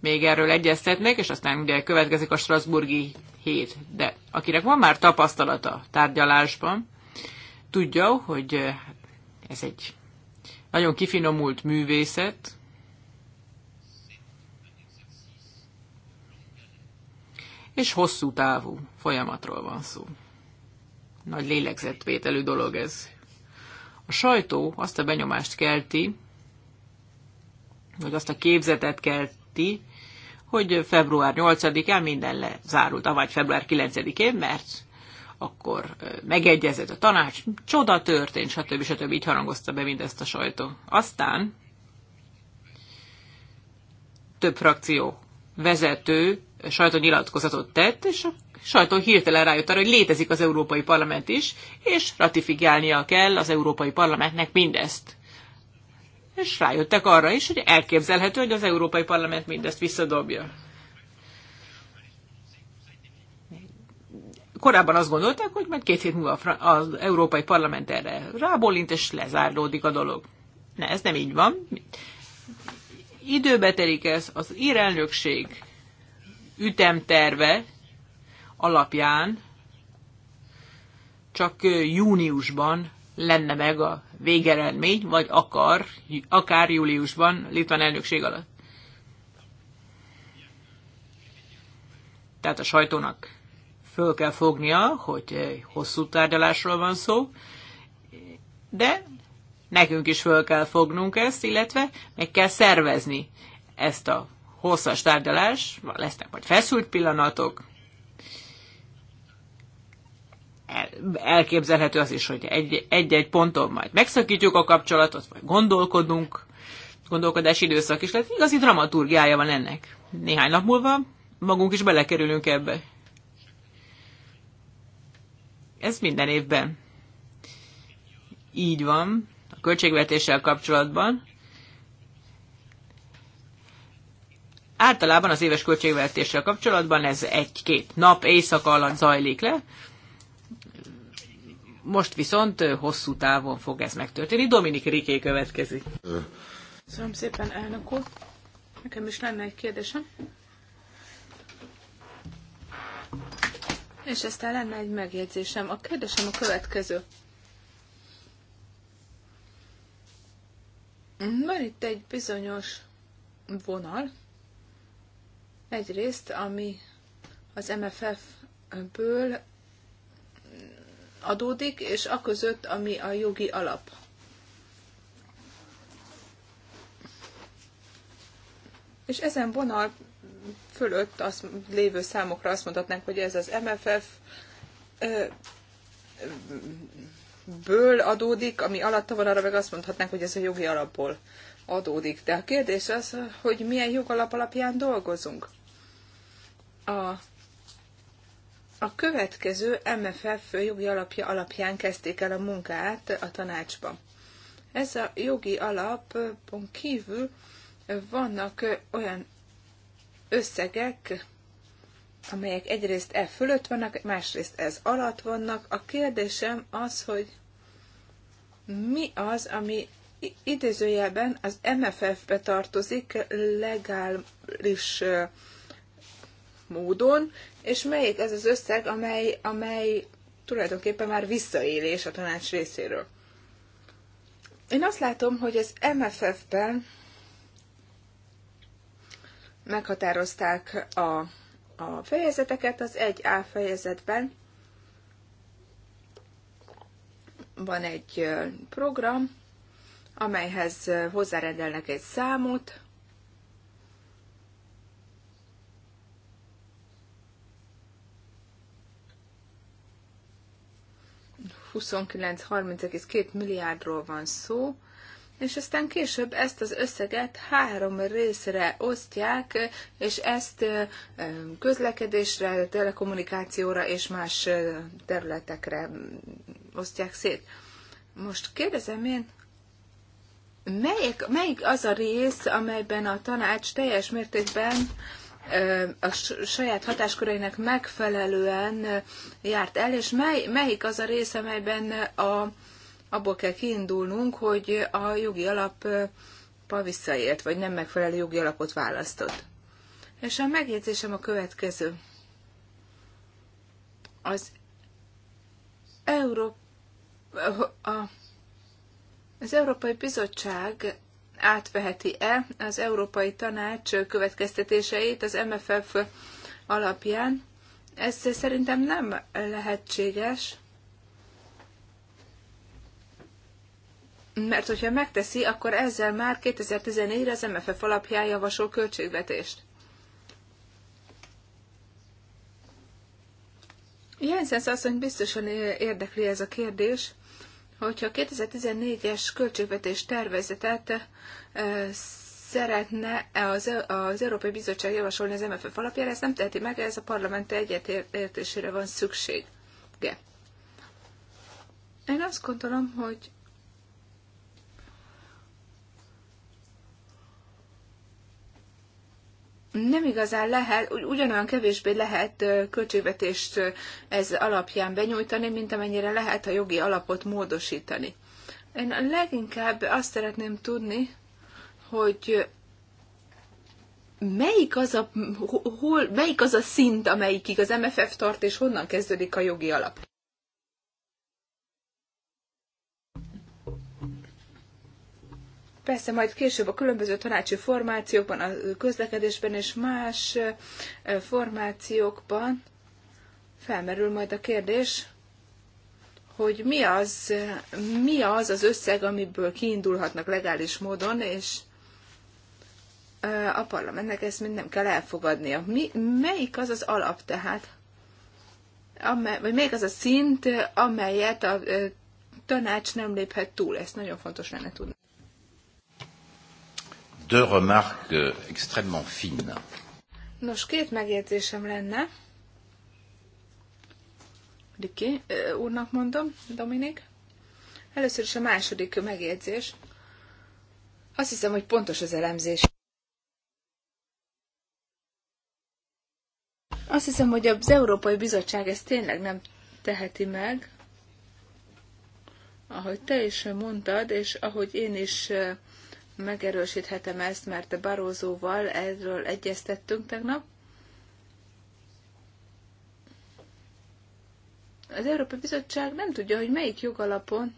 még erről egyeztetnek, és aztán ugye következik a Strasburgi hét. De akinek van már tapasztalata tárgyalásban, tudja, hogy eh, ez egy nagyon kifinomult művészet, és hosszú távú folyamatról van szó nagy lélegzetvételű dolog ez. A sajtó azt a benyomást kelti, vagy azt a képzetet kelti, hogy február 8-án minden lezárult, avagy február 9-én, mert akkor megegyezett a tanács, csoda történt, stb. stb. így harangozta be mindezt a sajtó. Aztán több frakció vezető sajtónyilatkozatot tett, és sajtó hirtelen rájött arra, hogy létezik az Európai Parlament is, és ratifikálnia kell az Európai Parlamentnek mindezt. És rájöttek arra is, hogy elképzelhető, hogy az Európai Parlament mindezt visszadobja. Korábban azt gondolták, hogy majd két hét múlva az Európai Parlament erre rábólint, és lezárdódik a dolog. Ne, ez nem így van. Időbe telik ez, az ír elnökség ütemterve alapján csak júniusban lenne meg a végeredmény, vagy akar, akár júliusban Litván elnökség alatt. Tehát a sajtónak föl kell fognia, hogy hosszú tárgyalásról van szó, de nekünk is föl kell fognunk ezt, illetve meg kell szervezni ezt a hosszas tárgyalás, lesznek majd feszült pillanatok, elképzelhető az is, hogy egy-egy ponton majd megszakítjuk a kapcsolatot, vagy gondolkodunk, gondolkodási időszak is lehet. Igazi dramaturgiája van ennek. Néhány nap múlva magunk is belekerülünk ebbe. Ez minden évben. Így van, a költségvetéssel kapcsolatban. Általában az éves költségvetéssel kapcsolatban ez egy-két nap, éjszaka alatt zajlik le, most viszont hosszú távon fog ez megtörténni. Dominik Riké következik. Köszönöm szépen, elnök úr. Nekem is lenne egy kérdésem. És aztán lenne egy megjegyzésem. A kérdésem a következő. Van itt egy bizonyos vonal. Egyrészt, ami az MFF-ből adódik, és a között, ami a jogi alap. És ezen vonal fölött azt lévő számokra azt mondhatnánk, hogy ez az MFF ből adódik, ami alatta van, arra meg azt mondhatnánk, hogy ez a jogi alapból adódik. De a kérdés az, hogy milyen jogalap alapján dolgozunk. A a következő MFF jogi alapja alapján kezdték el a munkát a tanácsban. Ez a jogi alapon kívül vannak olyan összegek, amelyek egyrészt e fölött vannak, másrészt ez alatt vannak. A kérdésem az, hogy mi az, ami idézőjelben az MFF-be tartozik legális módon, és melyik az az összeg, amely, amely tulajdonképpen már visszaélés a tanács részéről. Én azt látom, hogy az MFF-ben meghatározták a, a fejezeteket, az 1A fejezetben van egy program, amelyhez hozzárendelnek egy számot, 29-30,2 milliárdról van szó, és aztán később ezt az összeget három részre osztják, és ezt közlekedésre, telekommunikációra és más területekre osztják szét. Most kérdezem én, melyik, melyik az a rész, amelyben a tanács teljes mértékben a saját hatásköreinek megfelelően járt el, és mely, melyik az a része, amelyben a, abból kell kiindulnunk, hogy a jogi alap visszaért, vagy nem megfelelő jogi alapot választott. És a megjegyzésem a következő. Az Európa, a, az Európai Bizottság átveheti-e az Európai Tanács következtetéseit az MFF alapján. Ez szerintem nem lehetséges, mert hogyha megteszi, akkor ezzel már 2014-re az MFF alapján javasol költségvetést. Jensen asszony biztosan érdekli ez a kérdés hogyha a 2014-es költségvetés tervezetet szeretne e, az, e, az Európai Bizottság javasolni az MFF alapjára, ezt nem teheti meg, ez a parlament egyetértésére van szükség. Én azt gondolom, hogy nem igazán lehet, ugyanolyan kevésbé lehet költségvetést ez alapján benyújtani, mint amennyire lehet a jogi alapot módosítani. Én leginkább azt szeretném tudni, hogy melyik az a, hol, melyik az a szint, amelyikig az MFF tart, és honnan kezdődik a jogi alap. Persze majd később a különböző tanácsi formációkban, a közlekedésben és más formációkban felmerül majd a kérdés, hogy mi az, mi az az összeg, amiből kiindulhatnak legális módon, és a parlamentnek ezt mind nem kell elfogadnia. Mi, melyik az az alap tehát, amely, vagy melyik az a szint, amelyet a tanács nem léphet túl? Ezt nagyon fontos lenne tudni deux remarques euh, extrêmement fines. Nos, két megjegyzésem lenne. Diki, úrnak mondom, Dominik. Először is a második megjegyzés. Azt hiszem, hogy pontos az elemzés. Azt hiszem, hogy az Európai Bizottság ezt tényleg nem teheti meg, ahogy te is mondtad, és ahogy én is megerősíthetem ezt, mert a Barózóval erről egyeztettünk tegnap. Az Európai Bizottság nem tudja, hogy melyik jogalapon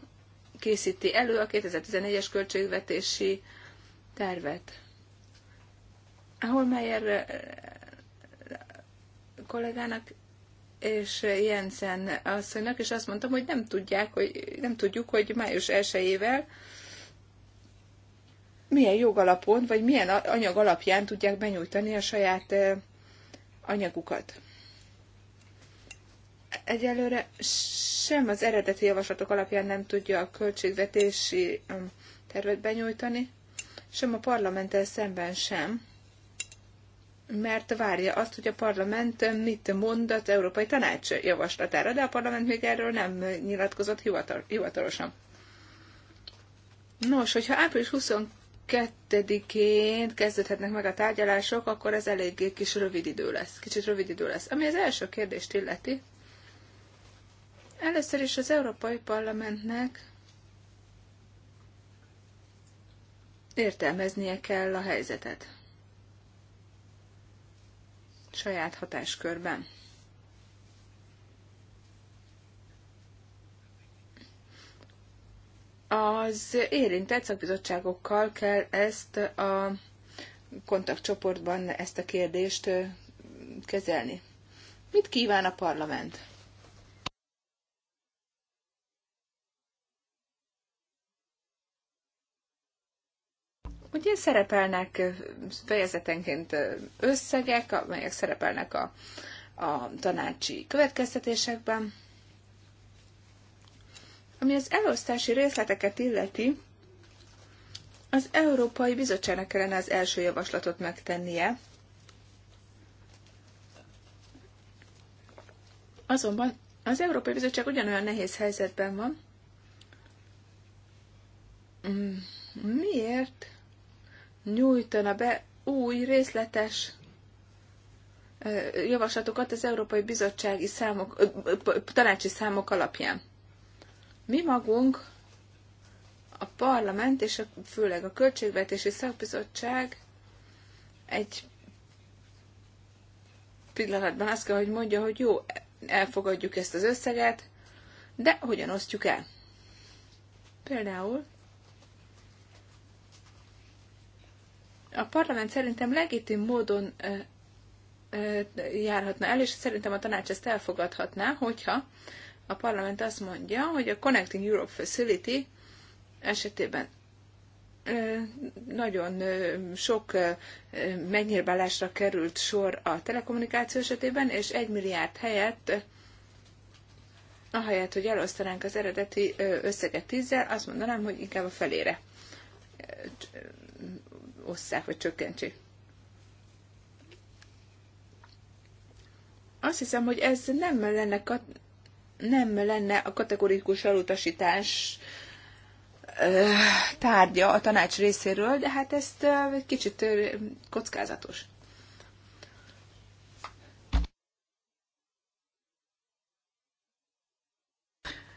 készíti elő a 2014-es költségvetési tervet. Ahol Meyer eh, kollégának és Jensen asszonynak, és azt mondtam, hogy nem tudják, hogy nem tudjuk, hogy május 1 milyen jogalapon, vagy milyen anyag alapján tudják benyújtani a saját anyagukat. Egyelőre sem az eredeti javaslatok alapján nem tudja a költségvetési tervet benyújtani, sem a parlamenttel szemben sem, mert várja azt, hogy a parlament mit mond az Európai Tanács javaslatára, de a parlament még erről nem nyilatkozott hivatalosan. Nos, hogyha április 22 22-én kezdődhetnek meg a tárgyalások, akkor ez eléggé kis rövid idő lesz. Kicsit rövid idő lesz. Ami az első kérdést illeti, először is az Európai Parlamentnek értelmeznie kell a helyzetet. Saját hatáskörben. Az érintett szakbizottságokkal kell ezt a kontaktcsoportban ezt a kérdést kezelni. Mit kíván a parlament? Ugye szerepelnek fejezetenként összegek, amelyek szerepelnek a, a tanácsi következtetésekben. Ami az elosztási részleteket illeti, az Európai Bizottságnak kellene az első javaslatot megtennie. Azonban az Európai Bizottság ugyanolyan nehéz helyzetben van. Mm, miért nyújtana be új részletes javaslatokat az Európai Bizottsági számok, tanácsi számok alapján? Mi magunk, a parlament és a, főleg a Költségvetési Szakbizottság egy pillanatban azt kell, hogy mondja, hogy jó, elfogadjuk ezt az összeget, de hogyan osztjuk el? Például a parlament szerintem legitim módon ö, ö, járhatna el, és szerintem a tanács ezt elfogadhatná, hogyha a parlament azt mondja, hogy a Connecting Europe Facility esetében nagyon sok megnyírbálásra került sor a telekommunikáció esetében, és egy milliárd helyett, ahelyett, hogy elosztanánk az eredeti összeget tízzel, azt mondanám, hogy inkább a felére osszák, vagy csökkentsék. Azt hiszem, hogy ez nem lenne kat- nem lenne a kategorikus elutasítás tárgya a tanács részéről, de hát ezt egy kicsit kockázatos.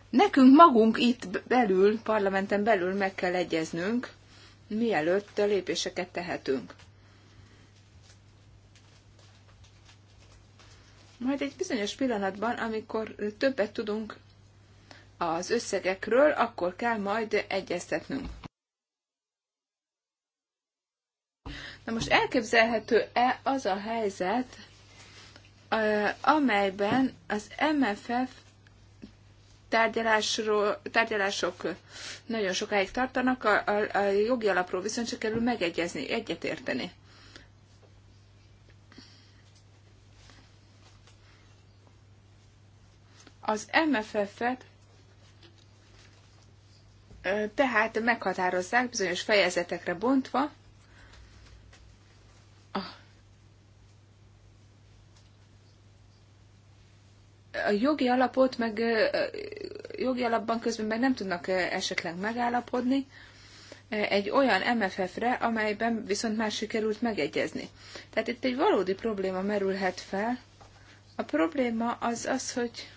Nekünk magunk itt belül, parlamenten belül meg kell egyeznünk, mielőtt a lépéseket tehetünk. Majd egy bizonyos pillanatban, amikor többet tudunk az összegekről, akkor kell majd egyeztetnünk. Na most elképzelhető-e az a helyzet, amelyben az MFF tárgyalások nagyon sokáig tartanak, a, a, a jogi alapról viszont csak kerül megegyezni, egyetérteni. Az MFF-et tehát meghatározzák bizonyos fejezetekre bontva, a jogi alapot meg jogi alapban közben meg nem tudnak esetleg megállapodni egy olyan MFF-re, amelyben viszont már sikerült megegyezni. Tehát itt egy valódi probléma merülhet fel. A probléma az az, hogy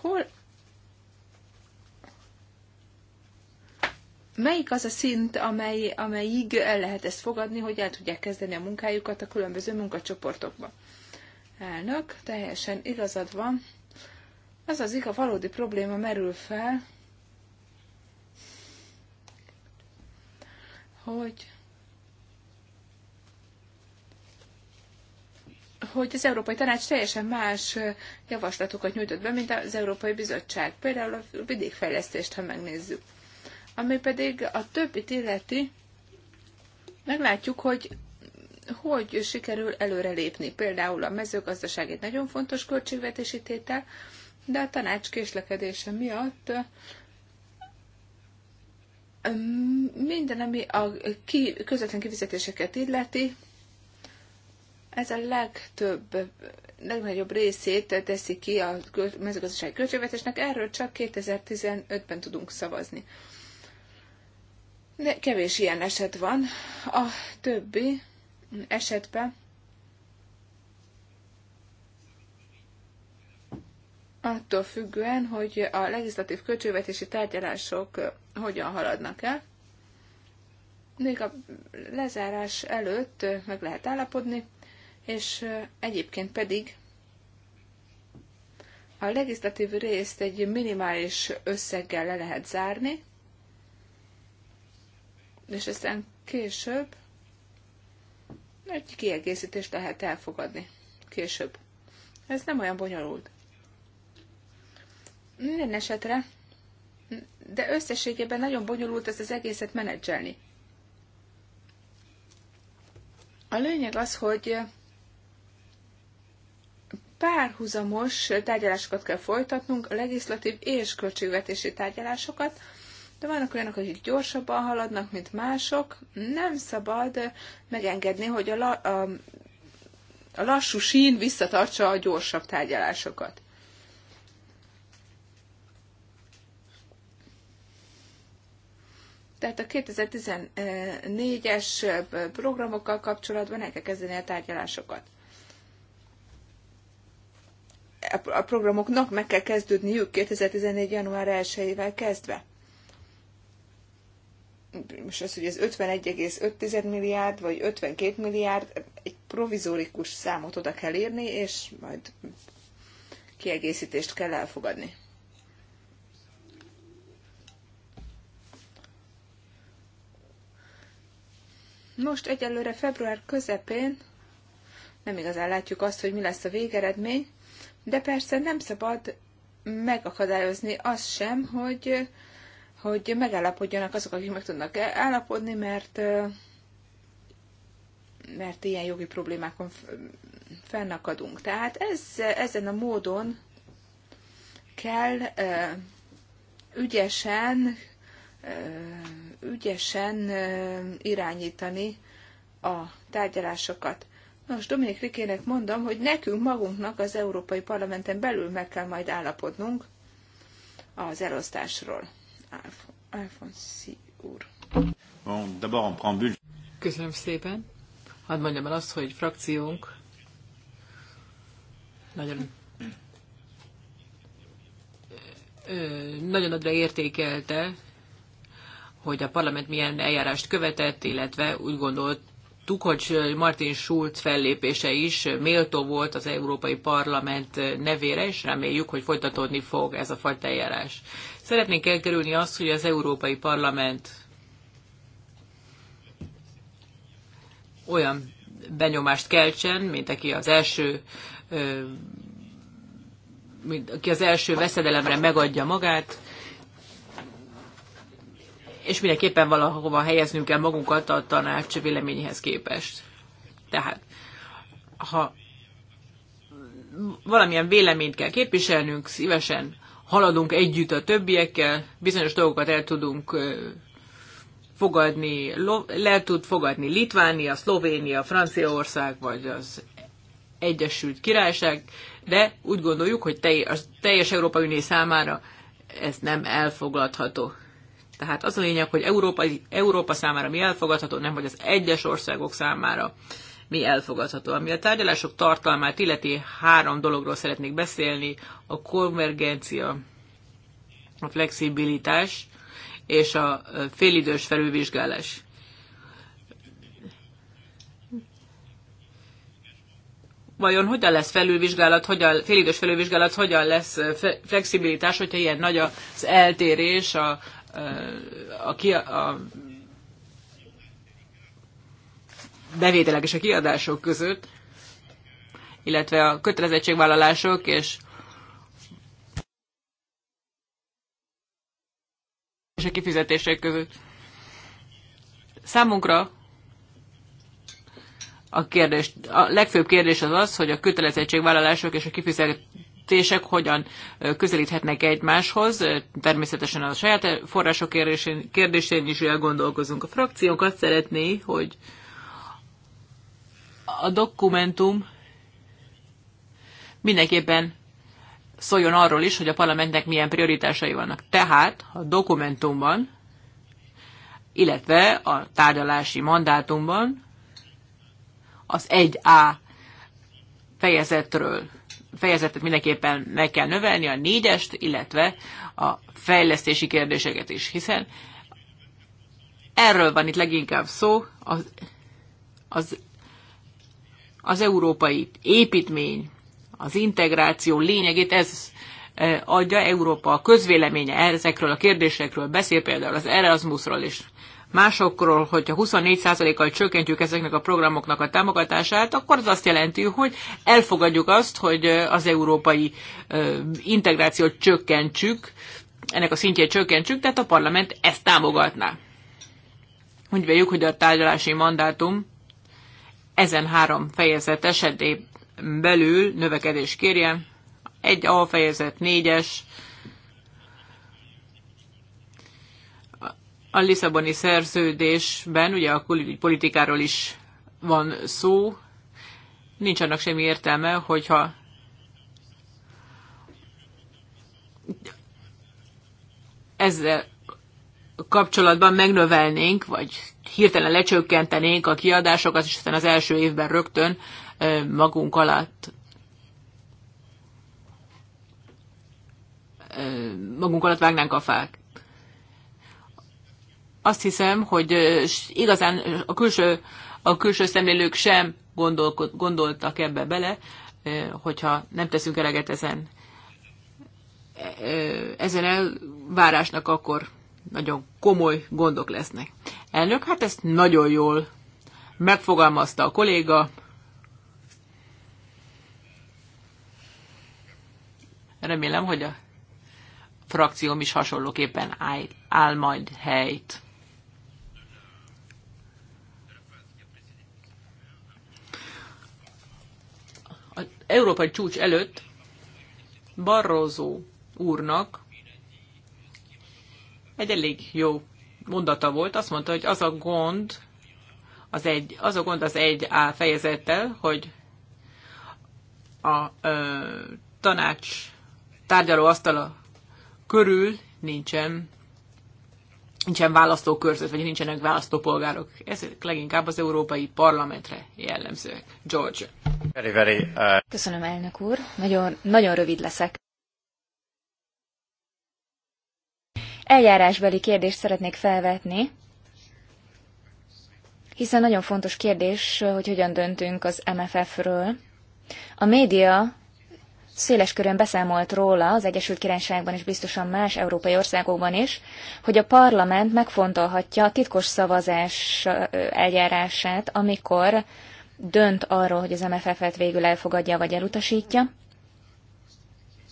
hol melyik az a szint, amely, amelyig el lehet ezt fogadni, hogy el tudják kezdeni a munkájukat a különböző munkacsoportokba. Elnök, teljesen igazad van. Az az a valódi probléma merül fel, hogy hogy az Európai Tanács teljesen más javaslatokat nyújtott be, mint az Európai Bizottság. Például a vidékfejlesztést, ha megnézzük. Ami pedig a többit illeti, meglátjuk, hogy hogy sikerül előrelépni. Például a mezőgazdaság egy nagyon fontos költségvetési tétel, de a tanács késlekedése miatt minden, ami a ki, közvetlen kifizetéseket illeti, ez a legtöbb, legnagyobb részét teszi ki a mezőgazdasági költségvetésnek, erről csak 2015-ben tudunk szavazni. De kevés ilyen eset van. A többi esetben attól függően, hogy a legislatív költségvetési tárgyalások hogyan haladnak el. Még a lezárás előtt meg lehet állapodni, és egyébként pedig a legislatív részt egy minimális összeggel le lehet zárni, és aztán később egy kiegészítést lehet elfogadni. Később. Ez nem olyan bonyolult. Minden esetre, de összességében nagyon bonyolult ez az egészet menedzselni. A lényeg az, hogy párhuzamos tárgyalásokat kell folytatnunk, a legislatív és költségvetési tárgyalásokat, de vannak olyanok, akik gyorsabban haladnak, mint mások. Nem szabad megengedni, hogy a, la, a, a lassú sín visszatartsa a gyorsabb tárgyalásokat. Tehát a 2014-es programokkal kapcsolatban el kell kezdeni a tárgyalásokat a programoknak meg kell kezdődniük 2014. január 1-ével kezdve. Most az, hogy ez 51,5 milliárd, vagy 52 milliárd, egy provizórikus számot oda kell írni, és majd kiegészítést kell elfogadni. Most egyelőre február közepén nem igazán látjuk azt, hogy mi lesz a végeredmény, de persze nem szabad megakadályozni azt sem, hogy, hogy megállapodjanak azok, akik meg tudnak állapodni, mert, mert ilyen jogi problémákon fennakadunk. Tehát ez, ezen a módon kell ügyesen, ügyesen irányítani a tárgyalásokat. Nos, Dominik Rikének mondom, hogy nekünk magunknak az Európai Parlamenten belül meg kell majd állapodnunk az elosztásról. Alf Alfonszi úr. Köszönöm szépen. Hadd mondjam el azt, hogy frakciónk nagyon nagyon nagyra értékelte, hogy a parlament milyen eljárást követett, illetve úgy gondolt, láttuk, hogy Martin Schulz fellépése is méltó volt az Európai Parlament nevére, és reméljük, hogy folytatódni fog ez a fajta eljárás. Szeretnénk elkerülni azt, hogy az Európai Parlament olyan benyomást keltsen, mint aki az első mint aki az első veszedelemre megadja magát, és mindenképpen valahova helyeznünk kell magunkat a tanács véleményhez képest. Tehát, ha valamilyen véleményt kell képviselnünk, szívesen haladunk együtt a többiekkel, bizonyos dolgokat el tudunk fogadni, le tud fogadni Litvánia, Szlovénia, Franciaország, vagy az Egyesült Királyság, de úgy gondoljuk, hogy teljes, teljes Európai Unió számára ez nem elfogadható. Tehát az a lényeg, hogy Európa, Európa számára mi elfogadható, nem hogy az egyes országok számára mi elfogadható. Ami a tárgyalások tartalmát illeti, három dologról szeretnék beszélni, a konvergencia, a flexibilitás és a félidős felülvizsgálás. vajon hogyan lesz felülvizsgálat, hogyan, félidős felülvizsgálat, hogyan lesz flexibilitás, hogyha ilyen nagy az eltérés a a, a bevételek és a kiadások között, illetve a kötelezettségvállalások és és a kifizetések között. Számunkra a, kérdés, a legfőbb kérdés az az, hogy a kötelezettségvállalások és a fejlesztések hogyan közelíthetnek egymáshoz. Természetesen a saját források kérdésén is elgondolkozunk. A frakciók, azt szeretné, hogy a dokumentum mindenképpen szóljon arról is, hogy a parlamentnek milyen prioritásai vannak. Tehát a dokumentumban, illetve a tárgyalási mandátumban az 1A fejezetről fejezetet mindenképpen meg kell növelni, a négyest, illetve a fejlesztési kérdéseket is, hiszen erről van itt leginkább szó, az, az, az európai építmény, az integráció lényegét ez eh, adja Európa a közvéleménye ezekről a kérdésekről, beszél például az Erasmusról és másokról, hogyha 24%-kal csökkentjük ezeknek a programoknak a támogatását, akkor az azt jelenti, hogy elfogadjuk azt, hogy az európai integrációt csökkentsük, ennek a szintjét csökkentsük, tehát a parlament ezt támogatná. Úgy véljük, hogy a tárgyalási mandátum ezen három fejezet esetében belül növekedés kérjen. Egy A fejezet, négyes, A Lisszaboni szerződésben ugye a politikáról is van szó, nincs annak semmi értelme, hogyha ezzel kapcsolatban megnövelnénk, vagy hirtelen lecsökkentenénk a kiadásokat, és aztán az első évben rögtön magunk alatt magunk alatt vágnánk a fák azt hiszem, hogy igazán a külső, a külső szemlélők sem gondoltak ebbe bele, hogyha nem teszünk eleget ezen, e, ezen elvárásnak, akkor nagyon komoly gondok lesznek. Elnök, hát ezt nagyon jól megfogalmazta a kolléga. Remélem, hogy a frakcióm is hasonlóképpen áll, áll majd helyt. európai csúcs előtt Barroso úrnak egy elég jó mondata volt. Azt mondta, hogy az a gond az egy, az a gond az egy A fejezettel, hogy a ö, tanács tárgyaló körül nincsen nincsen választókörzet, vagy nincsenek választópolgárok. Ezek leginkább az Európai Parlamentre jellemzőek. George. Very, very, uh... Köszönöm, elnök úr. Nagyon, nagyon rövid leszek. Eljárásbeli kérdést szeretnék felvetni, hiszen nagyon fontos kérdés, hogy hogyan döntünk az MFF-ről. A média széles körön beszámolt róla az Egyesült Királyságban és biztosan más európai országokban is, hogy a parlament megfontolhatja a titkos szavazás eljárását, amikor dönt arról, hogy az MFF-et végül elfogadja vagy elutasítja.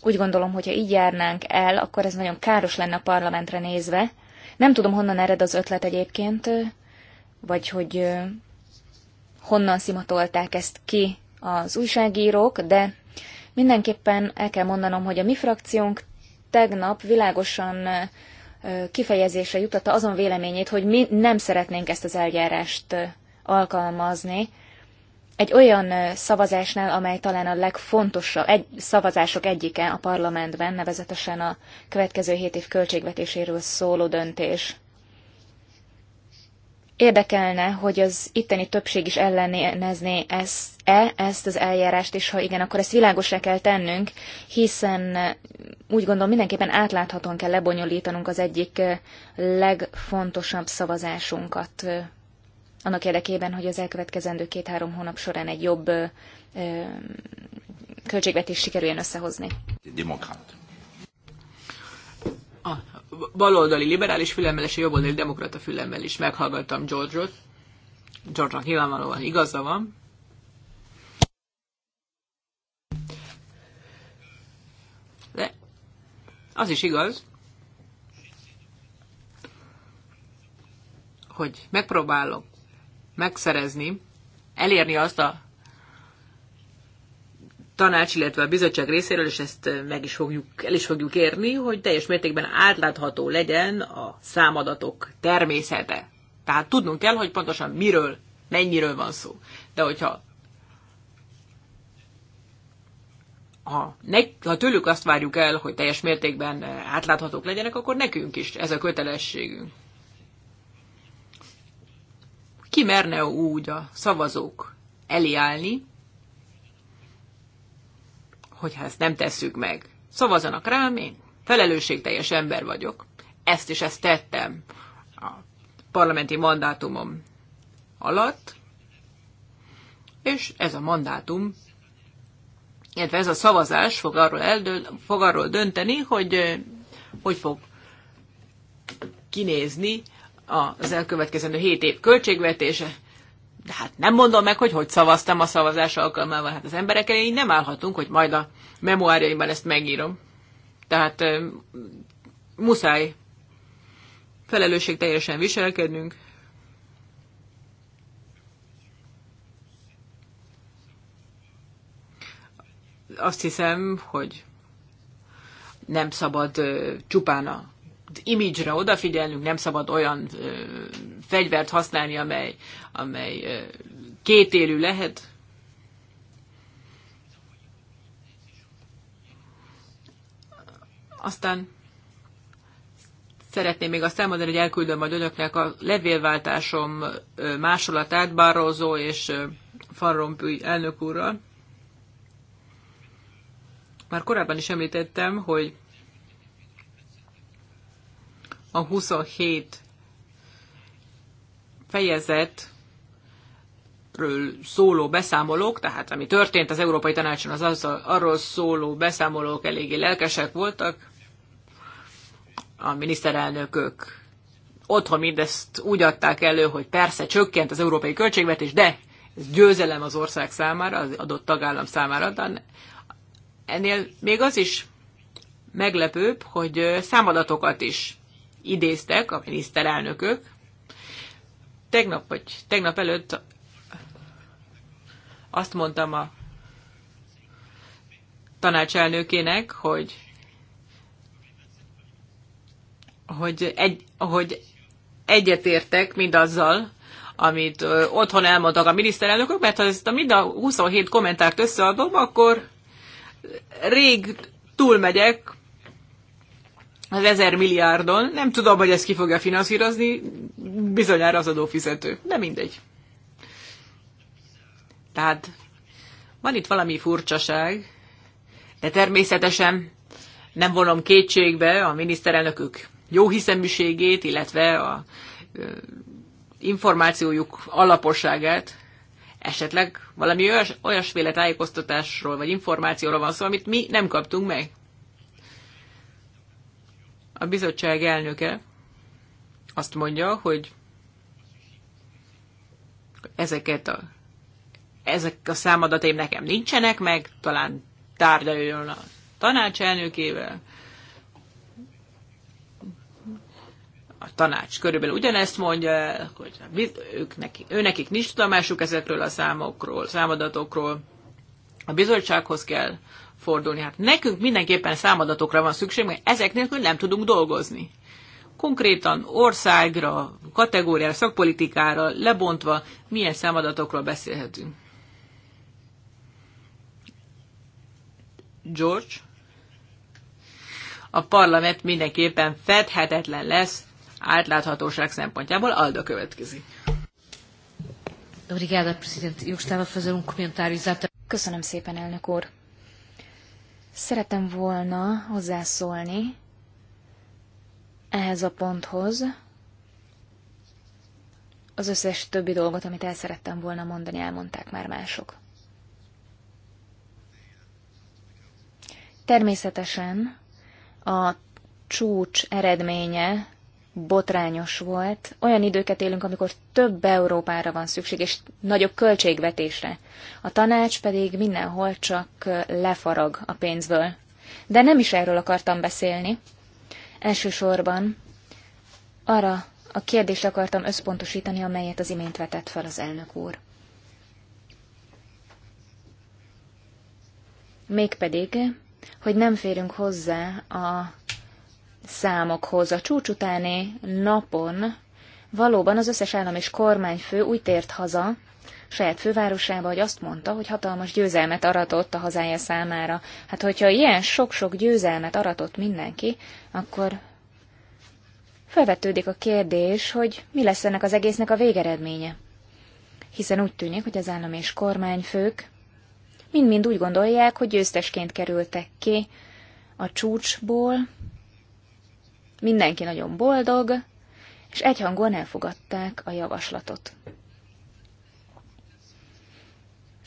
Úgy gondolom, hogyha így járnánk el, akkor ez nagyon káros lenne a parlamentre nézve. Nem tudom, honnan ered az ötlet egyébként, vagy hogy honnan szimatolták ezt ki az újságírók, de Mindenképpen el kell mondanom, hogy a mi frakciónk tegnap világosan kifejezésre jutatta azon véleményét, hogy mi nem szeretnénk ezt az eljárást alkalmazni. Egy olyan szavazásnál, amely talán a legfontosabb egy, szavazások egyike a parlamentben, nevezetesen a következő hét év költségvetéséről szóló döntés. Érdekelne, hogy az itteni többség is ellenezné ezt e ezt az eljárást, és ha igen, akkor ezt világosra kell tennünk, hiszen e, úgy gondolom mindenképpen átláthatóan kell lebonyolítanunk az egyik e, legfontosabb szavazásunkat e, annak érdekében, hogy az elkövetkezendő két-három hónap során egy jobb költségvetés ö, sikerüljön összehozni. Demokrat. A baloldali liberális fülemmel és a jobboldali demokrata fülemmel is meghallgattam George-ot. George-nak nyilvánvalóan igaza van. Az is igaz, hogy megpróbálok megszerezni, elérni azt a tanács, illetve a bizottság részéről, és ezt meg is fogjuk, el is fogjuk érni, hogy teljes mértékben átlátható legyen a számadatok természete. Tehát tudnunk kell, hogy pontosan miről, mennyiről van szó. De hogyha ha, ne, ha tőlük azt várjuk el, hogy teljes mértékben eh, átláthatók legyenek, akkor nekünk is ez a kötelességünk. Ki merne úgy a szavazók elé állni, hogyha ezt nem tesszük meg? Szavazanak rám, én felelősségteljes ember vagyok. Ezt is ezt tettem a parlamenti mandátumom alatt, és ez a mandátum illetve ez a szavazás fog arról, eldönt, fog arról dönteni, hogy hogy fog kinézni az elkövetkezendő 7 év költségvetése. De hát nem mondom meg, hogy hogy szavaztam a szavazás alkalmával. Hát az emberekkel így nem állhatunk, hogy majd a memoárjaimban ezt megírom. Tehát muszáj felelősség teljesen viselkednünk, azt hiszem, hogy nem szabad csupán a image-re odafigyelnünk, nem szabad olyan ö, fegyvert használni, amely, amely ö, kétélű lehet. Aztán szeretném még azt elmondani, hogy elküldöm majd önöknek a levélváltásom másolatát Barroso és Van elnök úrral. Már korábban is említettem, hogy a 27 fejezetről szóló beszámolók, tehát ami történt az Európai Tanácson, az, az arról szóló beszámolók eléggé lelkesek voltak. A miniszterelnökök otthon mindezt úgy adták elő, hogy persze csökkent az európai költségvetés, de ez győzelem az ország számára, az adott tagállam számára, de ennél még az is meglepőbb, hogy számadatokat is idéztek a miniszterelnökök. Tegnap vagy tegnap előtt azt mondtam a tanácselnökének, hogy hogy, egy, hogy egyetértek mindazzal, amit otthon elmondtak a miniszterelnökök, mert ha ezt a mind a 27 kommentárt összeadom, akkor rég túlmegyek az ezer milliárdon, nem tudom, hogy ezt ki fogja finanszírozni, bizonyára az adófizető, de mindegy. Tehát van itt valami furcsaság, de természetesen nem vonom kétségbe a miniszterelnökük jó hiszeműségét, illetve a információjuk alaposságát esetleg valami olyas, olyasféle tájékoztatásról vagy információról van szó, amit mi nem kaptunk meg. A bizottság elnöke azt mondja, hogy ezeket a, ezek a számadataim nekem nincsenek meg, talán tárgyaljon a tanács elnökével, a tanács körülbelül ugyanezt mondja, hogy ők neki, ő nekik nincs tudomásuk ezekről a számokról, számadatokról, a bizottsághoz kell fordulni. Hát nekünk mindenképpen számadatokra van szükség, mert ezek nélkül nem tudunk dolgozni. Konkrétan országra, kategóriára, szakpolitikára lebontva milyen számadatokról beszélhetünk. George? A parlament mindenképpen fedhetetlen lesz átláthatóság szempontjából. Alda következik. Obrigada, Presidente. Eu gostava de fazer um comentário exatamente... Köszönöm szépen, elnök úr. Szeretem volna hozzászólni ehhez a ponthoz, az összes többi dolgot, amit el szerettem volna mondani, elmondták már mások. Természetesen a csúcs eredménye botrányos volt. Olyan időket élünk, amikor több Európára van szükség, és nagyobb költségvetésre. A tanács pedig mindenhol csak lefarag a pénzből. De nem is erről akartam beszélni. Elsősorban arra a kérdést akartam összpontosítani, amelyet az imént vetett fel az elnök úr. Mégpedig, hogy nem férünk hozzá a számokhoz. A csúcs utáni napon valóban az összes állam és kormányfő úgy tért haza, saját fővárosába, hogy azt mondta, hogy hatalmas győzelmet aratott a hazája számára. Hát hogyha ilyen sok-sok győzelmet aratott mindenki, akkor felvetődik a kérdés, hogy mi lesz ennek az egésznek a végeredménye. Hiszen úgy tűnik, hogy az állam és kormányfők mind-mind úgy gondolják, hogy győztesként kerültek ki a csúcsból, Mindenki nagyon boldog, és egyhangúan elfogadták a javaslatot.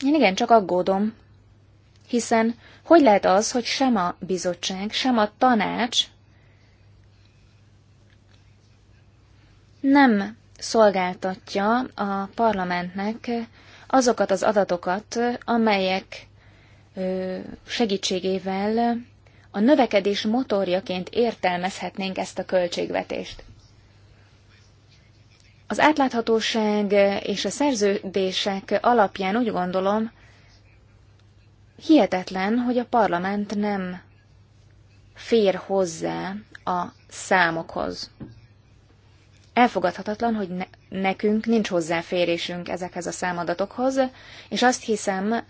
Én igen, csak aggódom, hiszen hogy lehet az, hogy sem a bizottság, sem a tanács nem szolgáltatja a parlamentnek azokat az adatokat, amelyek segítségével a növekedés motorjaként értelmezhetnénk ezt a költségvetést. Az átláthatóság és a szerződések alapján úgy gondolom, hihetetlen, hogy a parlament nem fér hozzá a számokhoz. Elfogadhatatlan, hogy ne, nekünk nincs hozzáférésünk ezekhez a számadatokhoz, és azt hiszem,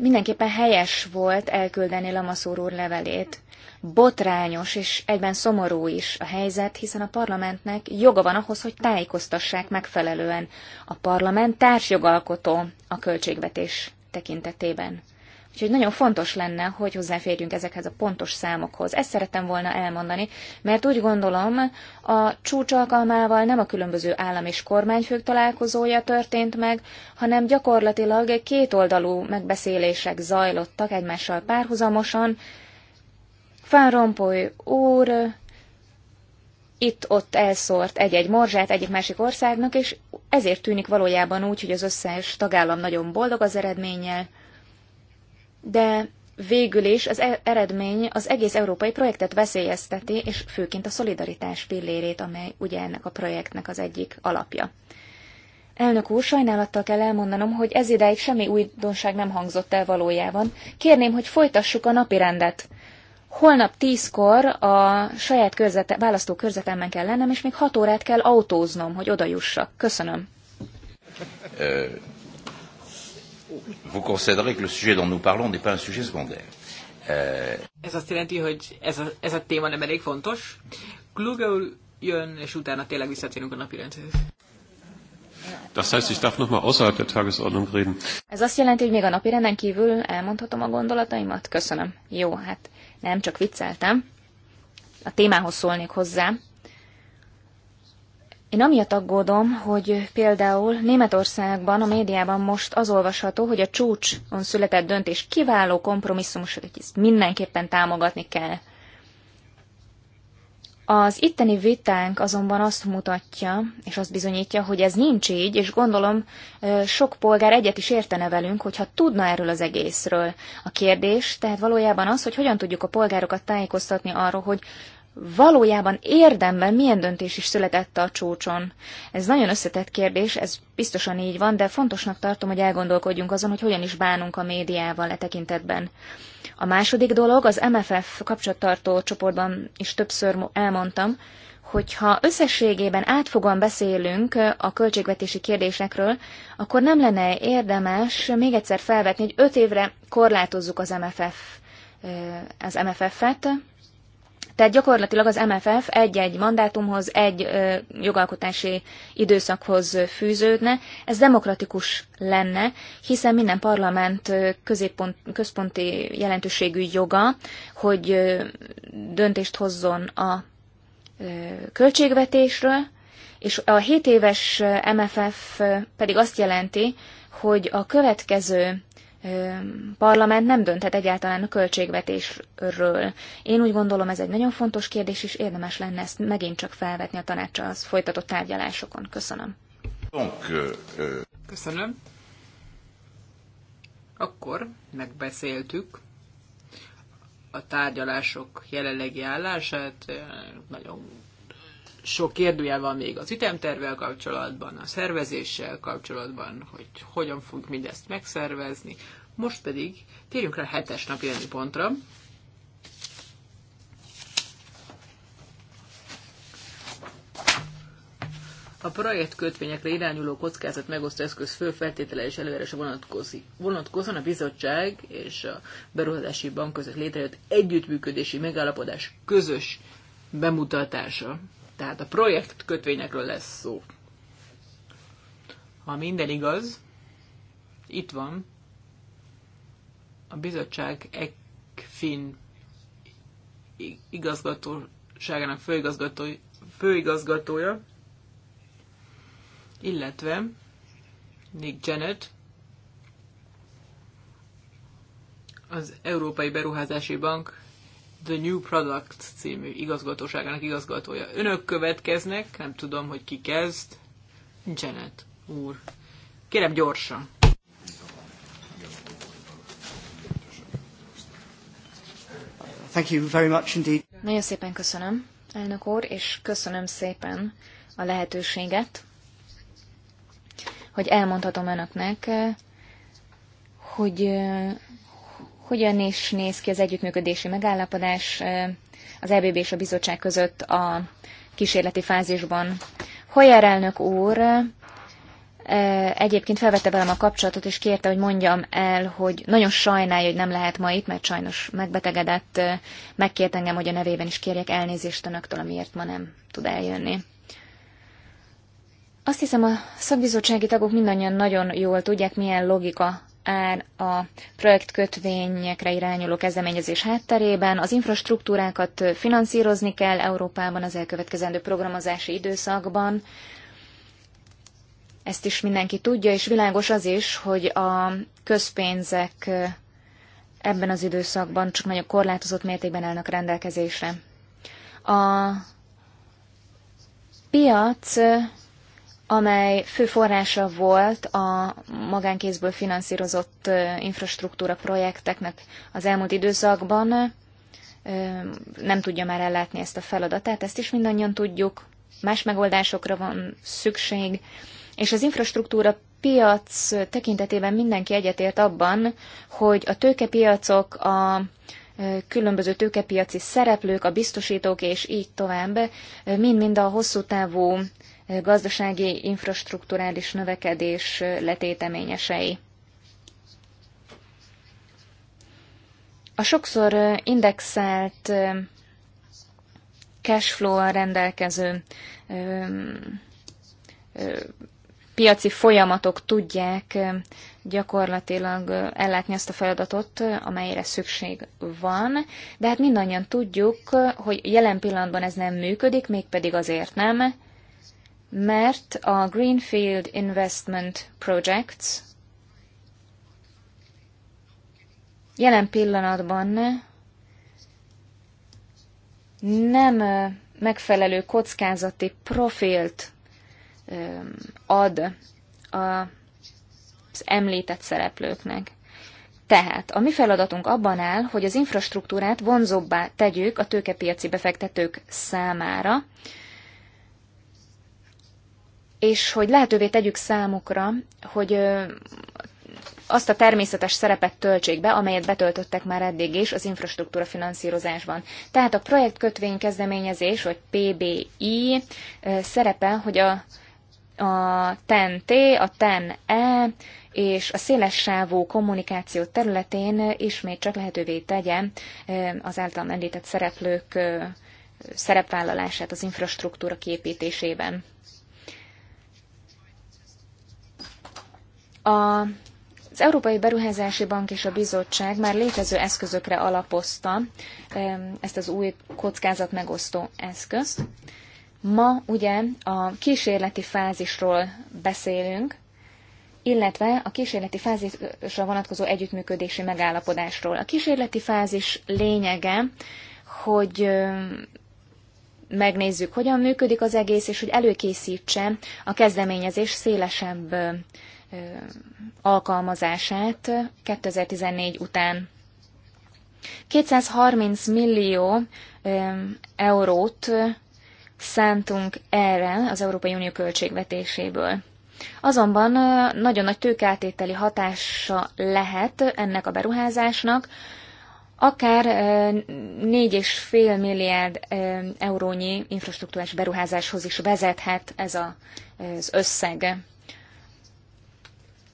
Mindenképpen helyes volt elküldeni Lamaszúr úr levelét. Botrányos és egyben szomorú is a helyzet, hiszen a parlamentnek joga van ahhoz, hogy tájékoztassák megfelelően. A parlament társjogalkotó a költségvetés tekintetében. Úgyhogy nagyon fontos lenne, hogy hozzáférjünk ezekhez a pontos számokhoz. Ezt szerettem volna elmondani, mert úgy gondolom, a csúcs alkalmával nem a különböző állam és kormányfők találkozója történt meg, hanem gyakorlatilag kétoldalú megbeszélések zajlottak egymással párhuzamosan. Van Rompuy úr itt-ott elszórt egy-egy morzsát egyik-másik országnak, és ezért tűnik valójában úgy, hogy az összes tagállam nagyon boldog az eredménnyel, de végül is az e- eredmény az egész európai projektet veszélyezteti, és főként a szolidaritás pillérét, amely ugye ennek a projektnek az egyik alapja. Elnök úr, sajnálattal kell elmondanom, hogy ez idáig semmi újdonság nem hangzott el valójában. Kérném, hogy folytassuk a napi rendet. Holnap tízkor a saját körzete, választó körzetemben kell lennem, és még hat órát kell autóznom, hogy odajussak. Köszönöm. Vous concéderez que le sujet dont nous parlons n'est pas un sujet secondaire. Euh, ez azt jelenti, hogy ez a, ez a téma nem elég fontos. Kluge úr jön, és utána tényleg visszatérünk a napi rendszerhez. Das heißt, ich darf noch mal außerhalb der Tagesordnung reden. Ez azt jelenti, hogy még a napi renden kívül elmondhatom a gondolataimat? Köszönöm. Jó, hát nem csak vicceltem. A témához szólnék hozzá. Én amiatt aggódom, hogy például Németországban a médiában most az olvasható, hogy a csúcson született döntés kiváló kompromisszumos, hogy ezt mindenképpen támogatni kell. Az itteni vitánk azonban azt mutatja, és azt bizonyítja, hogy ez nincs így, és gondolom sok polgár egyet is értene velünk, hogyha tudna erről az egészről. A kérdés tehát valójában az, hogy hogyan tudjuk a polgárokat tájékoztatni arról, hogy valójában érdemben milyen döntés is született a csúcson? Ez nagyon összetett kérdés, ez biztosan így van, de fontosnak tartom, hogy elgondolkodjunk azon, hogy hogyan is bánunk a médiával e tekintetben. A második dolog, az MFF kapcsolattartó csoportban is többször elmondtam, hogyha összességében átfogóan beszélünk a költségvetési kérdésekről, akkor nem lenne érdemes még egyszer felvetni, hogy öt évre korlátozzuk az MFF az MFF-et, tehát gyakorlatilag az MFF egy-egy mandátumhoz, egy ö, jogalkotási időszakhoz fűződne. Ez demokratikus lenne, hiszen minden parlament középpont, központi jelentőségű joga, hogy ö, döntést hozzon a ö, költségvetésről, és a 7 éves MFF pedig azt jelenti, hogy a következő parlament nem dönthet egyáltalán a költségvetésről. Én úgy gondolom, ez egy nagyon fontos kérdés, és érdemes lenne ezt megint csak felvetni a tanácsa az folytatott tárgyalásokon. Köszönöm. Köszönöm. Akkor megbeszéltük a tárgyalások jelenlegi állását, nagyon sok kérdőjel van még az ütemtervel kapcsolatban, a szervezéssel kapcsolatban, hogy hogyan fogjuk mindezt megszervezni. Most pedig térjünk rá a hetes napi pontra. A projekt kötvényekre irányuló kockázat megosztó eszköz feltétele és előjárása vonatkozik. Vonatkozóan a bizottság és a beruházási bank között létrejött együttműködési megállapodás közös bemutatása. Tehát a projekt kötvényekről lesz szó. Ha minden igaz, itt van a bizottság ECFIN igazgatóságának főigazgatói főigazgatója, illetve Nick Janet, az Európai Beruházási Bank The New Product című igazgatóságának igazgatója. Önök következnek, nem tudom, hogy ki kezd. Janet úr. Kérem gyorsan. Thank you very much indeed. Nagyon szépen köszönöm, elnök úr, és köszönöm szépen a lehetőséget, hogy elmondhatom önöknek, hogy hogyan is néz ki az együttműködési megállapodás az EBB és a bizottság között a kísérleti fázisban? Hoyer elnök úr egyébként felvette velem a kapcsolatot, és kérte, hogy mondjam el, hogy nagyon sajnálja, hogy nem lehet ma itt, mert sajnos megbetegedett. Megkért engem, hogy a nevében is kérjek elnézést önöktől, amiért ma nem tud eljönni. Azt hiszem, a szakbizottsági tagok mindannyian nagyon jól tudják, milyen logika áll a projektkötvényekre irányuló kezdeményezés hátterében. Az infrastruktúrákat finanszírozni kell Európában az elkövetkezendő programozási időszakban. Ezt is mindenki tudja, és világos az is, hogy a közpénzek ebben az időszakban csak nagyon korlátozott mértékben állnak rendelkezésre. A piac amely fő forrása volt a magánkézből finanszírozott infrastruktúra projekteknek az elmúlt időszakban, nem tudja már ellátni ezt a feladatát, ezt is mindannyian tudjuk, más megoldásokra van szükség, és az infrastruktúra piac tekintetében mindenki egyetért abban, hogy a tőkepiacok, a különböző tőkepiaci szereplők, a biztosítók és így tovább mind-mind a hosszú távú gazdasági infrastruktúrális növekedés letéteményesei. A sokszor indexelt cashflow-al rendelkező piaci folyamatok tudják gyakorlatilag ellátni azt a feladatot, amelyre szükség van, de hát mindannyian tudjuk, hogy jelen pillanatban ez nem működik, mégpedig azért nem, mert a Greenfield Investment Projects jelen pillanatban nem megfelelő kockázati profilt ad az említett szereplőknek. Tehát a mi feladatunk abban áll, hogy az infrastruktúrát vonzóbbá tegyük a tőkepiaci befektetők számára, és hogy lehetővé tegyük számukra, hogy azt a természetes szerepet töltsék be, amelyet betöltöttek már eddig is az infrastruktúra finanszírozásban. Tehát a projektkötvény kezdeményezés, vagy PBI szerepe, hogy a, a TEN-T, a TEN-E és a szélessávú kommunikáció területén ismét csak lehetővé tegye az által említett szereplők szerepvállalását az infrastruktúra képítésében. A, az Európai Beruházási Bank és a Bizottság már létező eszközökre alapozta ezt az új kockázat megosztó eszközt. Ma ugye a kísérleti fázisról beszélünk, illetve a kísérleti fázisra vonatkozó együttműködési megállapodásról. A kísérleti fázis lényege, hogy megnézzük, hogyan működik az egész, és hogy előkészítse a kezdeményezés szélesebb alkalmazását 2014 után. 230 millió eurót szántunk erre az Európai Unió költségvetéséből. Azonban nagyon nagy tőkátételi hatása lehet ennek a beruházásnak, akár 4,5 milliárd eurónyi infrastruktúrás beruházáshoz is vezethet ez az összeg.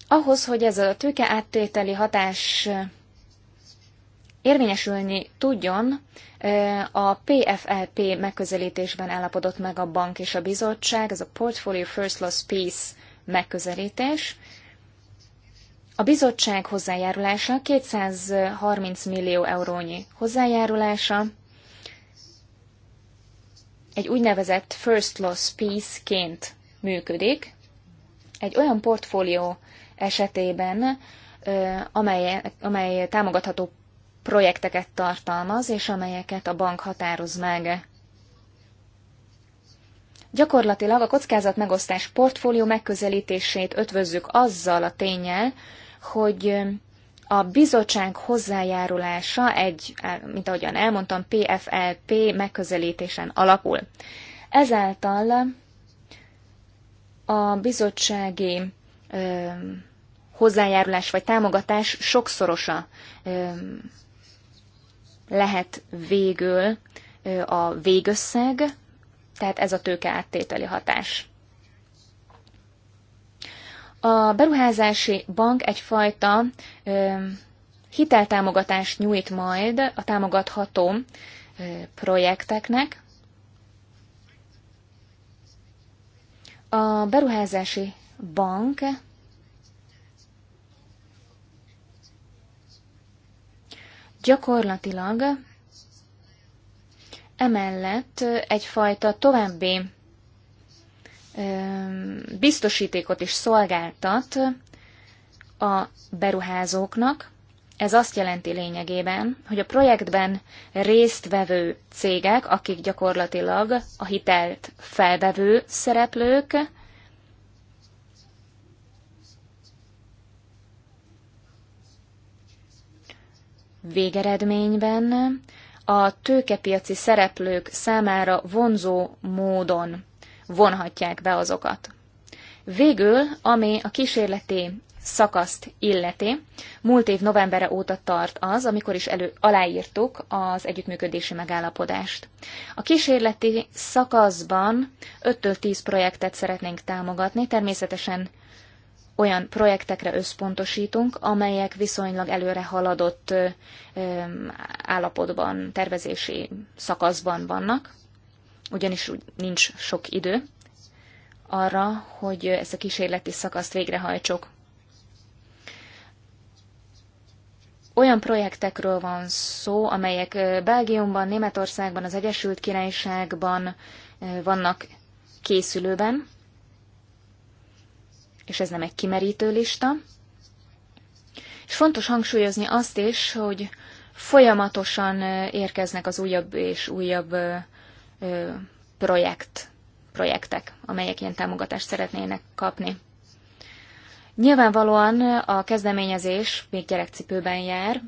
Ahhoz, hogy ez a tőke áttételi hatás eh, érvényesülni tudjon, eh, a PFLP megközelítésben állapodott meg a bank és a bizottság, ez a Portfolio First Loss Piece megközelítés. A bizottság hozzájárulása 230 millió eurónyi hozzájárulása, egy úgynevezett first loss piece-ként működik, egy olyan portfólió esetében, amely, amely támogatható projekteket tartalmaz, és amelyeket a bank határoz meg. Gyakorlatilag a kockázatmegosztás portfólió megközelítését ötvözzük azzal a tényel, hogy a bizottság hozzájárulása egy, mint ahogyan elmondtam, PFLP megközelítésen alapul. Ezáltal a bizottsági ö, hozzájárulás vagy támogatás sokszorosa ö, lehet végül ö, a végösszeg, tehát ez a tőke áttételi hatás. A beruházási bank egyfajta ö, hiteltámogatást nyújt majd a támogatható ö, projekteknek. A beruházási bank gyakorlatilag emellett egyfajta további biztosítékot is szolgáltat a beruházóknak. Ez azt jelenti lényegében, hogy a projektben résztvevő cégek, akik gyakorlatilag a hitelt felvevő szereplők, Végeredményben a tőkepiaci szereplők számára vonzó módon vonhatják be azokat. Végül, ami a kísérleti szakaszt illeti, múlt év novembere óta tart az, amikor is elő, aláírtuk az együttműködési megállapodást. A kísérleti szakaszban 5-10 projektet szeretnénk támogatni, természetesen olyan projektekre összpontosítunk, amelyek viszonylag előre haladott állapotban, tervezési szakaszban vannak, ugyanis nincs sok idő arra, hogy ezt a kísérleti szakaszt végrehajtsuk. Olyan projektekről van szó, amelyek Belgiumban, Németországban, az Egyesült Királyságban vannak készülőben, és ez nem egy kimerítő lista. És fontos hangsúlyozni azt is, hogy folyamatosan érkeznek az újabb és újabb projekt, projektek, amelyek ilyen támogatást szeretnének kapni. Nyilvánvalóan a kezdeményezés még gyerekcipőben jár,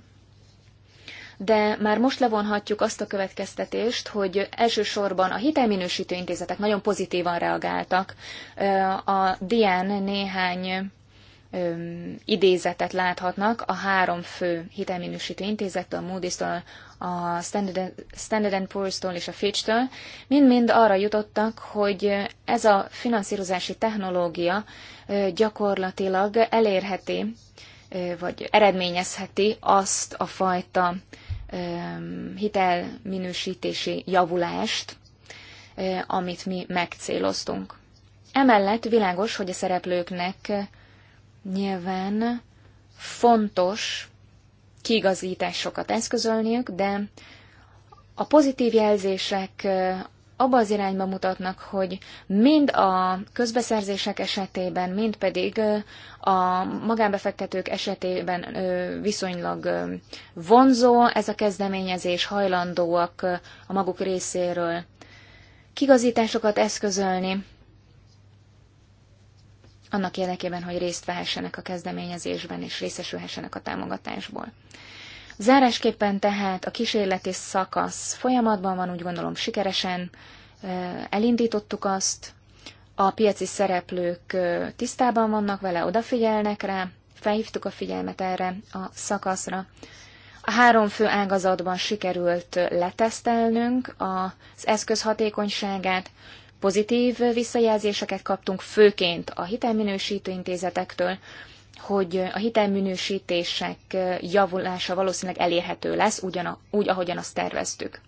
de már most levonhatjuk azt a következtetést, hogy elsősorban a hitelminősítő intézetek nagyon pozitívan reagáltak. A Dn néhány idézetet láthatnak a három fő hitelminősítő intézettől, a Moody's-től, a Standard Poor's-tól és a Fitch-től, mind-mind arra jutottak, hogy ez a finanszírozási technológia gyakorlatilag elérheti, vagy eredményezheti azt a fajta hitelminősítési javulást, amit mi megcéloztunk. Emellett világos, hogy a szereplőknek nyilván fontos kiigazításokat eszközölniük, de a pozitív jelzések, abba az irányba mutatnak, hogy mind a közbeszerzések esetében, mind pedig a magánbefektetők esetében viszonylag vonzó ez a kezdeményezés, hajlandóak a maguk részéről kigazításokat eszközölni, annak érdekében, hogy részt vehessenek a kezdeményezésben és részesülhessenek a támogatásból. Zárásképpen tehát a kísérleti szakasz folyamatban van, úgy gondolom sikeresen elindítottuk azt, a piaci szereplők tisztában vannak vele, odafigyelnek rá, felhívtuk a figyelmet erre a szakaszra. A három fő ágazatban sikerült letesztelnünk az eszköz hatékonyságát, pozitív visszajelzéseket kaptunk, főként a hitelminősítő intézetektől, hogy a hitelminősítések javulása valószínűleg elérhető lesz, ugyan, úgy, ahogyan azt terveztük.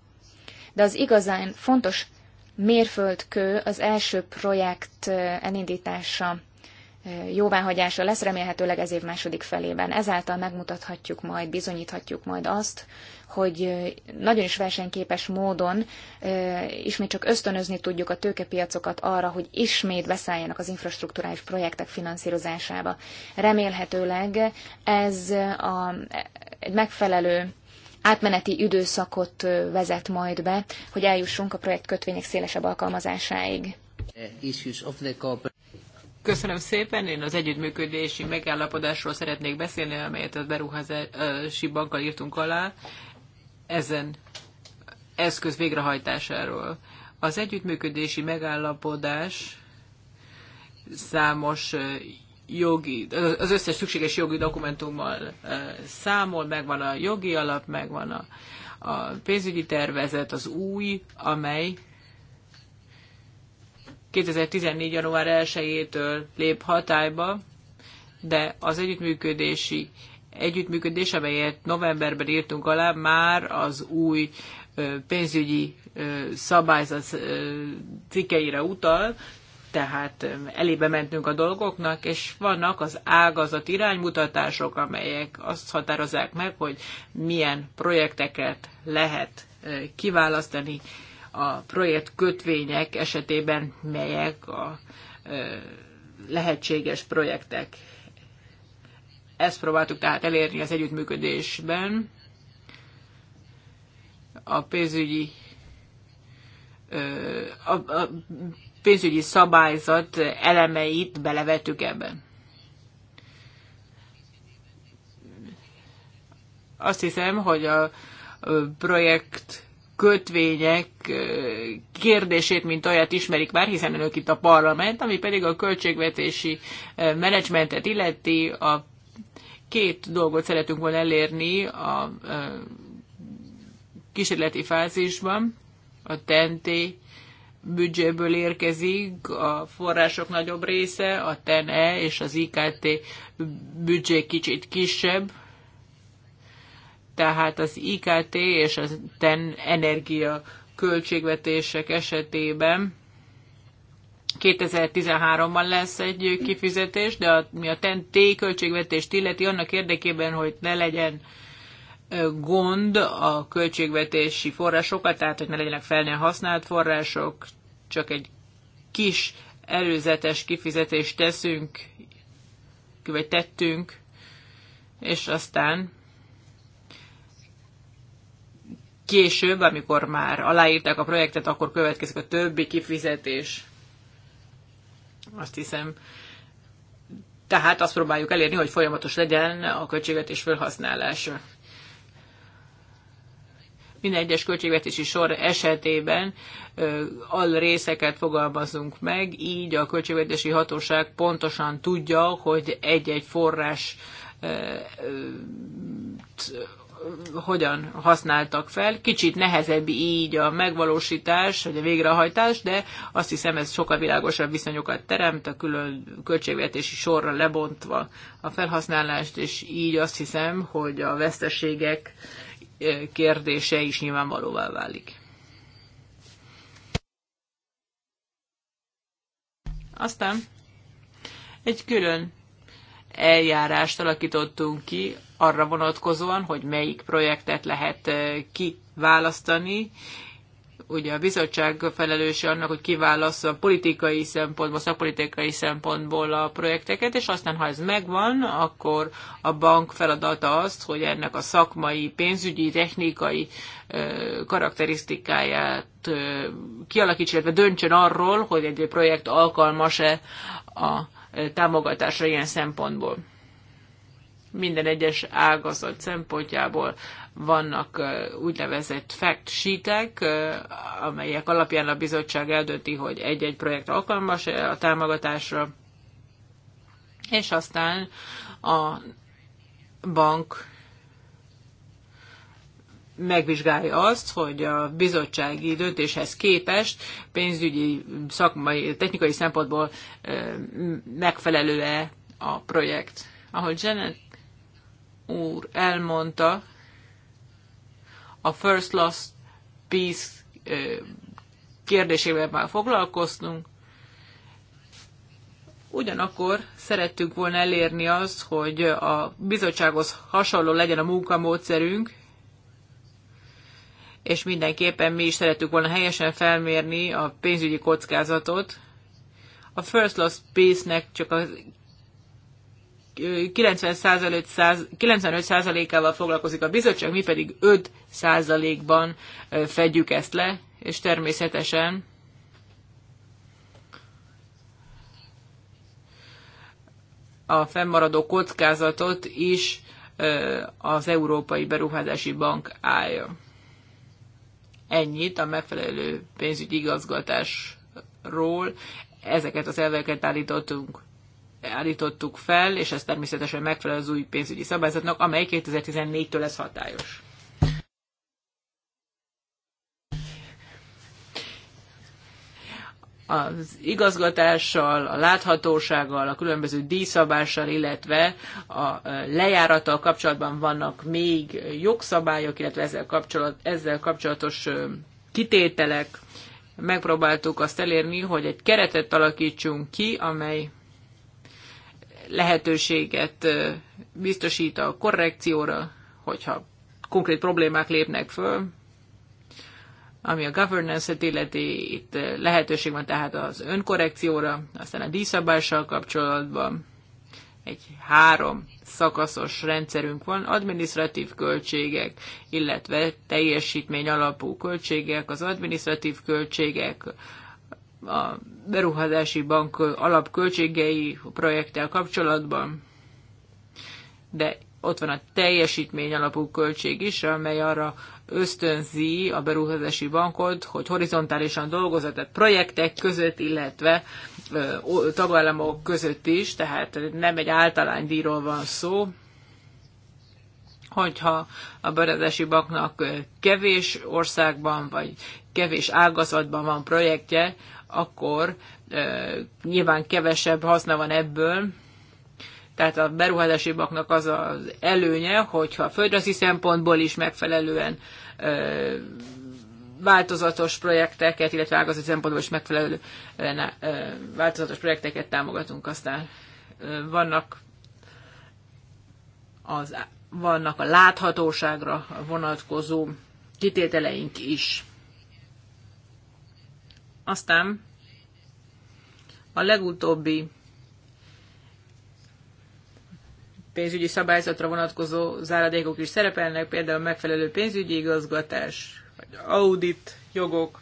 De az igazán fontos mérföldkő az első projekt elindítása jóváhagyása lesz, remélhetőleg ez év második felében. Ezáltal megmutathatjuk majd, bizonyíthatjuk majd azt, hogy nagyon is versenyképes módon ismét csak ösztönözni tudjuk a tőkepiacokat arra, hogy ismét beszálljanak az infrastruktúrális projektek finanszírozásába. Remélhetőleg ez a, egy megfelelő átmeneti időszakot vezet majd be, hogy eljussunk a projekt kötvények szélesebb alkalmazásáig. Eh, Köszönöm szépen. Én az együttműködési megállapodásról szeretnék beszélni, amelyet a beruházási bankkal írtunk alá, ezen eszköz végrehajtásáról. Az együttműködési megállapodás számos jogi, az összes szükséges jogi dokumentummal számol, megvan a jogi alap, megvan a, a pénzügyi tervezet, az új, amely 2014. január 1-től lép hatályba, de az együttműködési együttműködés, amelyet novemberben írtunk alá, már az új pénzügyi szabályzat cikkeire utal, tehát elébe mentünk a dolgoknak, és vannak az ágazat iránymutatások, amelyek azt határozzák meg, hogy milyen projekteket lehet kiválasztani, a projekt kötvények esetében melyek a lehetséges projektek. Ezt próbáltuk tehát elérni az együttműködésben. A pénzügyi a, pénzügyi szabályzat elemeit belevettük ebben. Azt hiszem, hogy a projekt kötvények kérdését, mint olyat ismerik már, hiszen önök itt a parlament, ami pedig a költségvetési menedzsmentet illeti. A két dolgot szeretünk volna elérni a kísérleti fázisban. A TNT büdzséből érkezik, a források nagyobb része, a TNE és az IKT büdzsé kicsit kisebb, tehát az IKT és a TEN energia költségvetések esetében 2013-ban lesz egy kifizetés, de a, mi a TEN-T költségvetést illeti annak érdekében, hogy ne legyen gond a költségvetési forrásokat, tehát hogy ne legyenek fel használt források, csak egy kis előzetes kifizetést teszünk, vagy tettünk, és aztán később, amikor már aláírták a projektet, akkor következik a többi kifizetés. Azt hiszem. Tehát azt próbáljuk elérni, hogy folyamatos legyen a költségvetés felhasználása. Minden egyes költségvetési sor esetében részeket fogalmazunk meg, így a költségvetési hatóság pontosan tudja, hogy egy-egy forrás hogyan használtak fel. Kicsit nehezebb így a megvalósítás, vagy a végrehajtás, de azt hiszem ez sokkal világosabb viszonyokat teremt, a külön költségvetési sorra lebontva a felhasználást, és így azt hiszem, hogy a veszteségek eh, kérdése is nyilvánvalóvá válik. Aztán egy külön eljárást alakítottunk ki arra vonatkozóan, hogy melyik projektet lehet kiválasztani. Ugye a bizottság felelőse annak, hogy kiválasztja politikai szempontból, szakpolitikai szempontból a projekteket, és aztán, ha ez megvan, akkor a bank feladata azt, hogy ennek a szakmai, pénzügyi, technikai karakterisztikáját kialakítsa, illetve döntsön arról, hogy egy projekt alkalmas-e a támogatásra ilyen szempontból minden egyes ágazat szempontjából vannak úgynevezett fact sheetek, amelyek alapján a bizottság eldönti, hogy egy-egy projekt alkalmas -e a támogatásra, és aztán a bank megvizsgálja azt, hogy a bizottsági döntéshez képest pénzügyi, szakmai, technikai szempontból megfelelő-e a projekt. Ahogy Janet úr elmondta, a First Lost Peace kérdésével már foglalkoztunk, Ugyanakkor szerettünk volna elérni azt, hogy a bizottsághoz hasonló legyen a munkamódszerünk, és mindenképpen mi is szerettük volna helyesen felmérni a pénzügyi kockázatot. A First Lost Peace-nek csak a 95%-ával foglalkozik a bizottság, mi pedig 5%-ban fedjük ezt le, és természetesen a fennmaradó kockázatot is az Európai Beruházási Bank állja. Ennyit a megfelelő pénzügyi igazgatásról. Ezeket az elveket állítottunk állítottuk fel, és ez természetesen megfelel az új pénzügyi szabályzatnak, amely 2014-től lesz hatályos. az igazgatással, a láthatósággal, a különböző díjszabással, illetve a e, lejárattal kapcsolatban vannak még jogszabályok, illetve ezzel, kapcsolat, ezzel kapcsolatos e, kitételek. Megpróbáltuk azt elérni, hogy egy keretet alakítsunk ki, amely lehetőséget biztosít a korrekcióra, hogyha konkrét problémák lépnek föl, ami a governance-et illeti, itt lehetőség van tehát az önkorrekcióra, aztán a díszabással kapcsolatban egy három szakaszos rendszerünk van, administratív költségek, illetve teljesítmény alapú költségek, az administratív költségek, a beruházási bank alapköltségei a projekttel kapcsolatban, de ott van a teljesítmény alapú költség is, amely arra ösztönzi a beruházási bankot, hogy horizontálisan dolgozat, tehát projektek között, illetve tagállamok között is, tehát nem egy díjról van szó, hogyha a beruházási banknak kevés országban vagy kevés ágazatban van projektje, akkor nyilván kevesebb haszna van ebből, tehát a beruházási banknak az az előnye, hogyha földrajzi szempontból is megfelelően e, változatos projekteket, illetve ágazati szempontból is megfelelően e, változatos projekteket támogatunk. Aztán e, vannak, az, vannak a láthatóságra vonatkozó kitételeink is. Aztán a legutóbbi pénzügyi szabályzatra vonatkozó záradékok is szerepelnek, például megfelelő pénzügyi igazgatás, vagy audit jogok,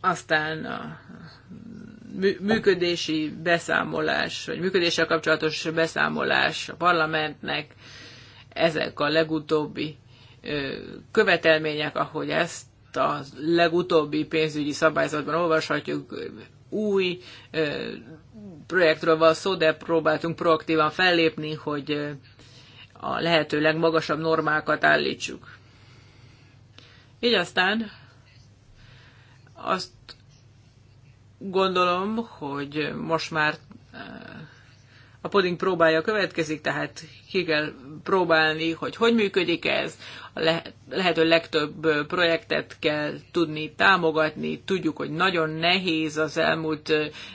aztán a működési beszámolás, vagy működéssel kapcsolatos beszámolás a parlamentnek, ezek a legutóbbi követelmények, ahogy ezt ezt a legutóbbi pénzügyi szabályzatban olvashatjuk, új projektről van szó, de próbáltunk proaktívan fellépni, hogy a lehető legmagasabb normákat állítsuk. Így aztán azt gondolom, hogy most már a puding próbája következik, tehát ki kell próbálni, hogy hogy működik ez, a lehető legtöbb projektet kell tudni támogatni, tudjuk, hogy nagyon nehéz az elmúlt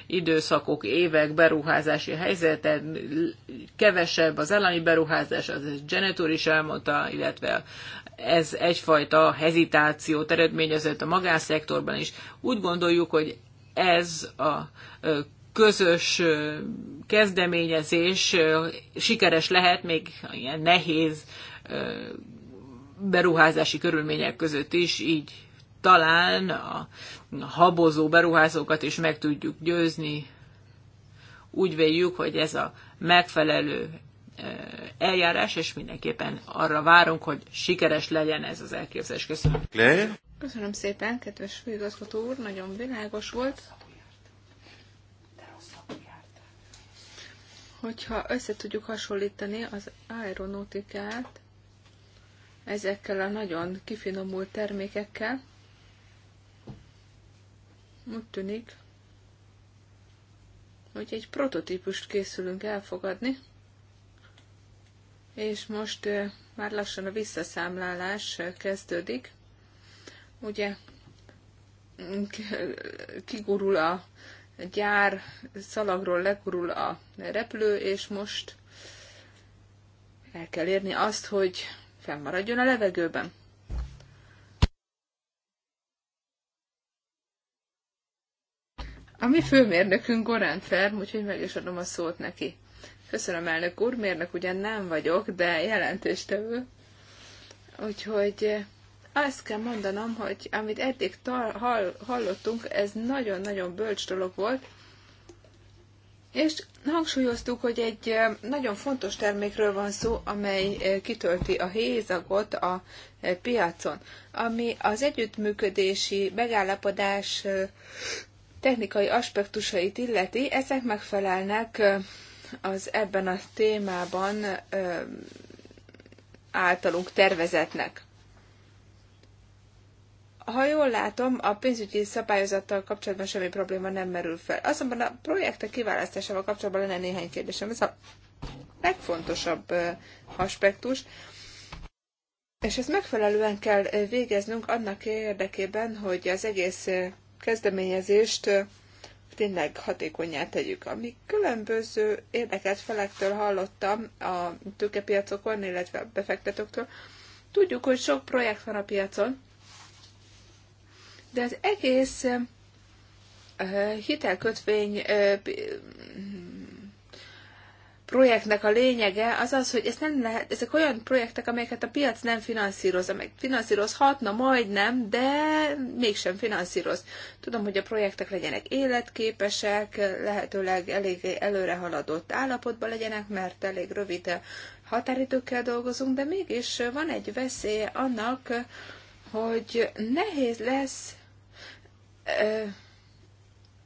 időszakok, évek beruházási helyzete, kevesebb az állami beruházás, az Janet úr is elmondta, illetve ez egyfajta hezitációt eredményezett a magánszektorban is. Úgy gondoljuk, hogy ez a közös kezdeményezés sikeres lehet még ilyen nehéz beruházási körülmények között is, így talán a habozó beruházókat is meg tudjuk győzni. Úgy véljük, hogy ez a megfelelő eljárás, és mindenképpen arra várunk, hogy sikeres legyen ez az elképzelés. Köszönöm. Claire? Köszönöm szépen, kedves főigazgató úr, nagyon világos volt. hogyha össze tudjuk hasonlítani az aeronautikát ezekkel a nagyon kifinomult termékekkel, úgy tűnik, hogy egy prototípust készülünk elfogadni, és most már lassan a visszaszámlálás kezdődik. Ugye kigurul a gyár szalagról legurul a repülő, és most el kell érni azt, hogy fennmaradjon a levegőben. A mi főmérnökünk Gorán Ferm, úgyhogy meg is adom a szót neki. Köszönöm, elnök úr, mérnök ugyan nem vagyok, de jelentéstevő. Úgyhogy azt kell mondanom, hogy amit eddig hall, hallottunk, ez nagyon-nagyon bölcs dolog volt, és hangsúlyoztuk, hogy egy nagyon fontos termékről van szó, amely kitölti a hézagot a piacon, ami az együttműködési megállapodás technikai aspektusait illeti, ezek megfelelnek az ebben a témában általunk tervezetnek ha jól látom, a pénzügyi szabályozattal kapcsolatban semmi probléma nem merül fel. Azonban a projektek kiválasztásával kapcsolatban lenne néhány kérdésem. Ez a legfontosabb aspektus. És ezt megfelelően kell végeznünk annak érdekében, hogy az egész kezdeményezést tényleg hatékonyá tegyük. Ami különböző érdekelt felektől hallottam a tőkepiacokon, illetve a befektetőktől, tudjuk, hogy sok projekt van a piacon, de az egész hitelkötvény projektnek a lényege az az, hogy ez nem lehet, ezek olyan projektek, amelyeket a piac nem finanszíroz, amelyek finanszírozhatna majdnem, de mégsem finanszíroz. Tudom, hogy a projektek legyenek életképesek, lehetőleg elég előre haladott állapotban legyenek, mert elég rövid határidőkkel dolgozunk, de mégis van egy veszély annak, hogy nehéz lesz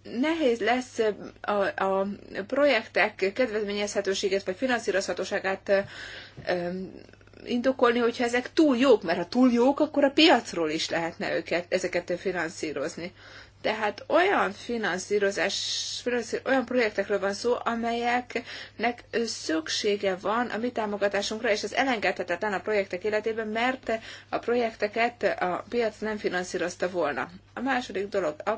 nehéz lesz a, a projektek kedvezményezhetőséget vagy finanszírozhatóságát indokolni, hogyha ezek túl jók, mert ha túl jók, akkor a piacról is lehetne őket, ezeket finanszírozni. Tehát olyan finanszírozás, olyan projektekről van szó, amelyeknek szüksége van a mi támogatásunkra, és ez elengedhetetlen a projektek életében, mert a projekteket a piac nem finanszírozta volna. A második dolog, a,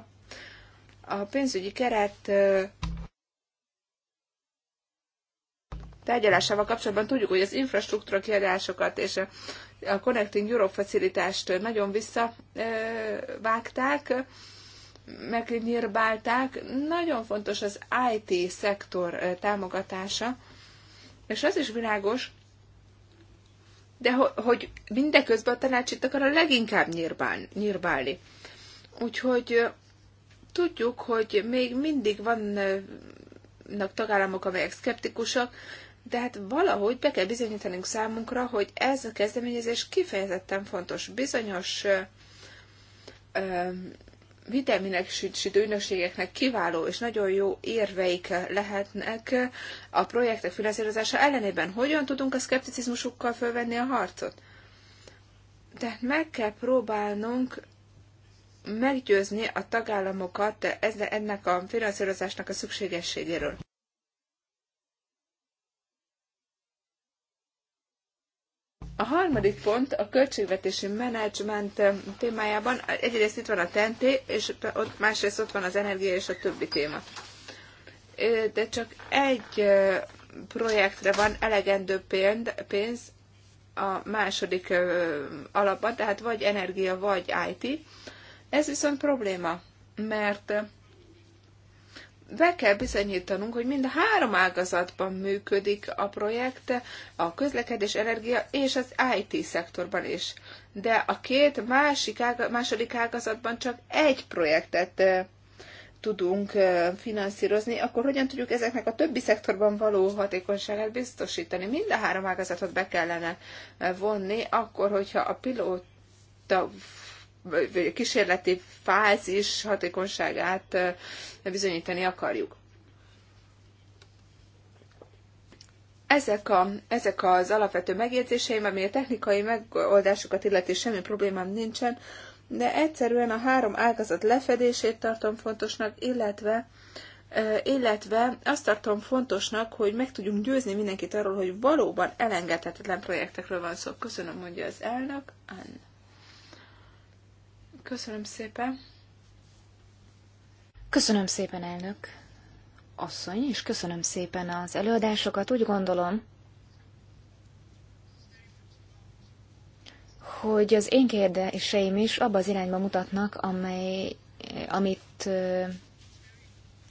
a pénzügyi keret tárgyalásával kapcsolatban tudjuk, hogy az infrastruktúra kiadásokat és a Connecting Europe facilitást nagyon visszavágták, megnyírbálták. Nagyon fontos az IT szektor támogatása, és az is világos, de hogy mindeközben a tanács itt akar a leginkább nyírbálni. nyírbálni. Úgyhogy tudjuk, hogy még mindig vannak tagállamok, amelyek szkeptikusak, de hát valahogy be kell bizonyítanunk számunkra, hogy ez a kezdeményezés kifejezetten fontos. Bizonyos vitaminek, sütő ügynökségeknek kiváló és nagyon jó érveik lehetnek a projektek finanszírozása ellenében. Hogyan tudunk a szkepticizmusukkal fölvenni a harcot? Tehát meg kell próbálnunk meggyőzni a tagállamokat ennek a finanszírozásnak a szükségességéről. A harmadik pont a költségvetési menedzsment eh, témájában. Egyrészt itt van a TNT, és ott másrészt ott van az energia és a többi téma. De csak egy eh, projektre van elegendő pénz a második eh, alapban, tehát vagy energia, vagy IT. Ez viszont probléma, mert be kell bizonyítanunk, hogy mind a három ágazatban működik a projekt, a közlekedés, energia és az IT szektorban is. De a két másik ága, második ágazatban csak egy projektet tudunk finanszírozni, akkor hogyan tudjuk ezeknek a többi szektorban való hatékonyságát biztosítani? Mind a három ágazatot be kellene vonni, akkor, hogyha a pilóta kísérleti fázis hatékonyságát bizonyítani akarjuk. Ezek, a, ezek az alapvető megjegyzéseim, ami a technikai megoldásokat illeti semmi problémám nincsen, de egyszerűen a három ágazat lefedését tartom fontosnak, illetve illetve azt tartom fontosnak, hogy meg tudjunk győzni mindenkit arról, hogy valóban elengedhetetlen projektekről van szó. Köszönöm, mondja az elnök. Anna. Köszönöm szépen. Köszönöm szépen, elnök asszony, és köszönöm szépen az előadásokat. Úgy gondolom, hogy az én kérdéseim is abba az irányba mutatnak, amely, amit,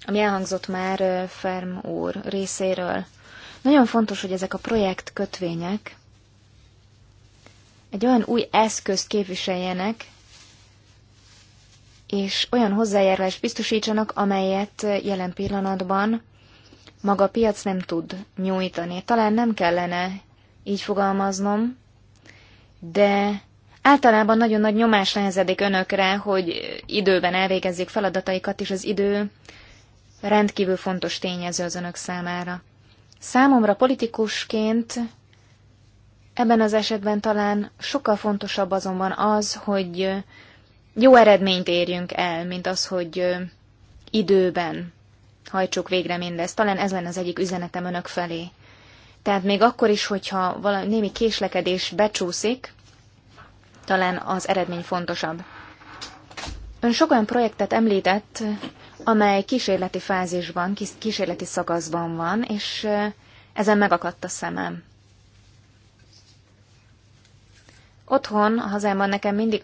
ami elhangzott már Ferm úr részéről. Nagyon fontos, hogy ezek a projekt kötvények egy olyan új eszközt képviseljenek, és olyan hozzájárulást biztosítsanak, amelyet jelen pillanatban maga a piac nem tud nyújtani. Talán nem kellene így fogalmaznom, de általában nagyon nagy nyomás nehezedik önökre, hogy időben elvégezzék feladataikat, és az idő rendkívül fontos tényező az önök számára. Számomra politikusként ebben az esetben talán sokkal fontosabb azonban az, hogy jó eredményt érjünk el, mint az, hogy időben hajtsuk végre mindezt. Talán ez lenne az egyik üzenetem önök felé. Tehát még akkor is, hogyha valami némi késlekedés becsúszik, talán az eredmény fontosabb. Ön sok olyan projektet említett, amely kísérleti fázisban, kísérleti szakaszban van, és ezen megakadt a szemem. Otthon, a hazámban nekem mindig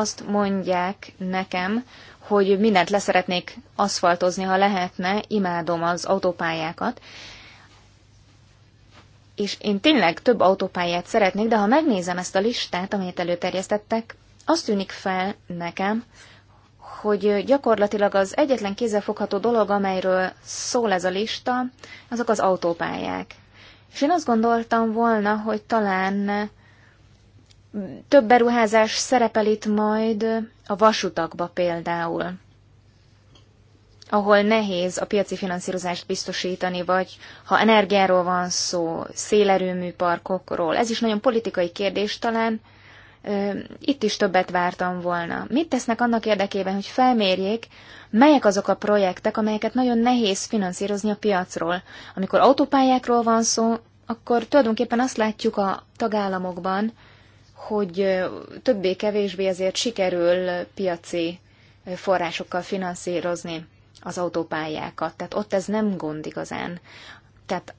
azt mondják nekem, hogy mindent leszeretnék aszfaltozni, ha lehetne, imádom az autópályákat. És én tényleg több autópályát szeretnék, de ha megnézem ezt a listát, amelyet előterjesztettek, azt tűnik fel nekem, hogy gyakorlatilag az egyetlen kézzelfogható dolog, amelyről szól ez a lista, azok az autópályák. És én azt gondoltam volna, hogy talán több beruházás szerepel itt majd a vasutakba például, ahol nehéz a piaci finanszírozást biztosítani, vagy ha energiáról van szó, szélerőmű parkokról. Ez is nagyon politikai kérdés talán, itt is többet vártam volna. Mit tesznek annak érdekében, hogy felmérjék, melyek azok a projektek, amelyeket nagyon nehéz finanszírozni a piacról? Amikor autópályákról van szó, akkor tulajdonképpen azt látjuk a tagállamokban, hogy többé-kevésbé ezért sikerül piaci forrásokkal finanszírozni az autópályákat. Tehát ott ez nem gond igazán. Tehát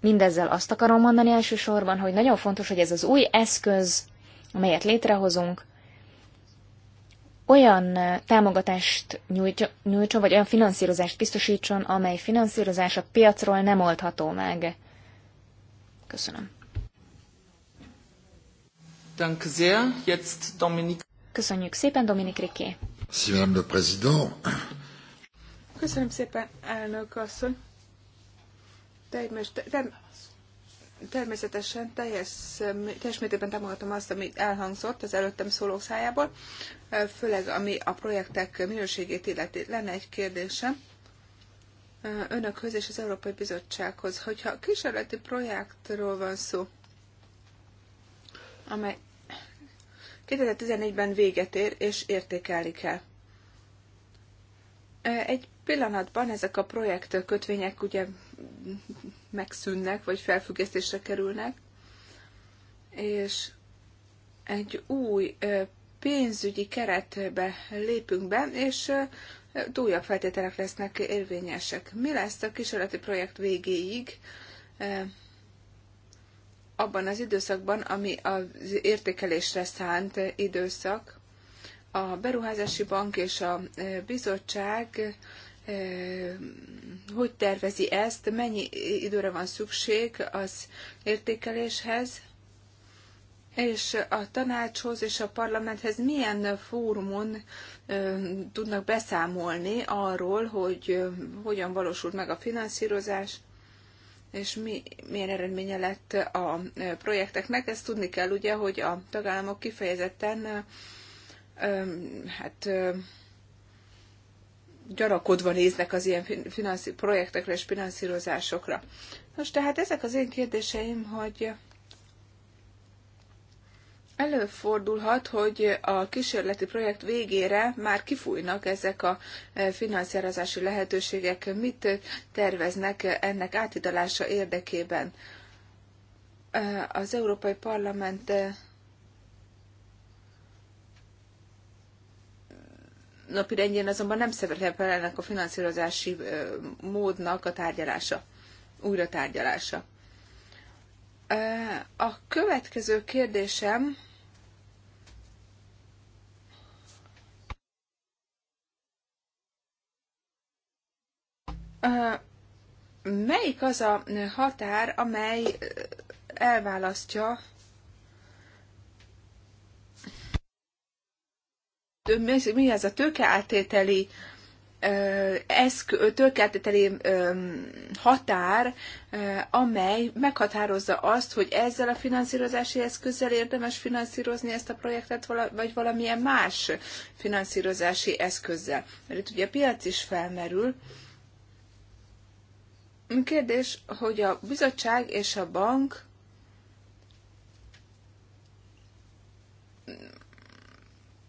mindezzel azt akarom mondani elsősorban, hogy nagyon fontos, hogy ez az új eszköz, amelyet létrehozunk, olyan támogatást nyújtson, vagy olyan finanszírozást biztosítson, amely finanszírozás a piacról nem oldható meg. Köszönöm. Danke sehr. Jetzt Dominik. Köszönjük szépen, Dominik Riké. Köszönöm szépen, elnök asszony. Természetesen teljes, teljes mértékben támogatom azt, amit elhangzott az előttem szólók szájából, főleg ami a projektek minőségét illeti. Lenne egy kérdésem önökhöz és az Európai Bizottsághoz, hogyha kísérleti projektről van szó, amely 2014-ben véget ér, és értékelni kell. Egy pillanatban ezek a projekt kötvények ugye megszűnnek, vagy felfüggesztésre kerülnek, és egy új pénzügyi keretbe lépünk be, és újabb feltételek lesznek érvényesek. Mi lesz a kísérleti projekt végéig? abban az időszakban, ami az értékelésre szánt időszak, a Beruházási Bank és a e, bizottság e, hogy tervezi ezt, mennyi időre van szükség az értékeléshez, és a tanácshoz és a parlamenthez milyen fórumon e, tudnak beszámolni arról, hogy hogyan valósult meg a finanszírozás, és mi, milyen eredménye lett a projekteknek. Ezt tudni kell ugye, hogy a tagállamok kifejezetten hát gyarakodva néznek az ilyen projektekre és finanszírozásokra. Nos, tehát ezek az én kérdéseim, hogy Előfordulhat, hogy a kísérleti projekt végére már kifújnak ezek a e, finanszírozási lehetőségek. Mit terveznek ennek átidalása érdekében? E, az Európai Parlament e, napi rendjén azonban nem szerepel ennek a finanszírozási módnak a tárgyalása, újra tárgyalása. A következő kérdésem, Melyik az a határ, amely elválasztja mi ez a tőkeáttételi eszkö, tőkeáttételi határ, amely meghatározza azt, hogy ezzel a finanszírozási eszközzel érdemes finanszírozni ezt a projektet, vagy valamilyen más finanszírozási eszközzel. Mert itt ugye a piac is felmerül, Kérdés, hogy a bizottság és a bank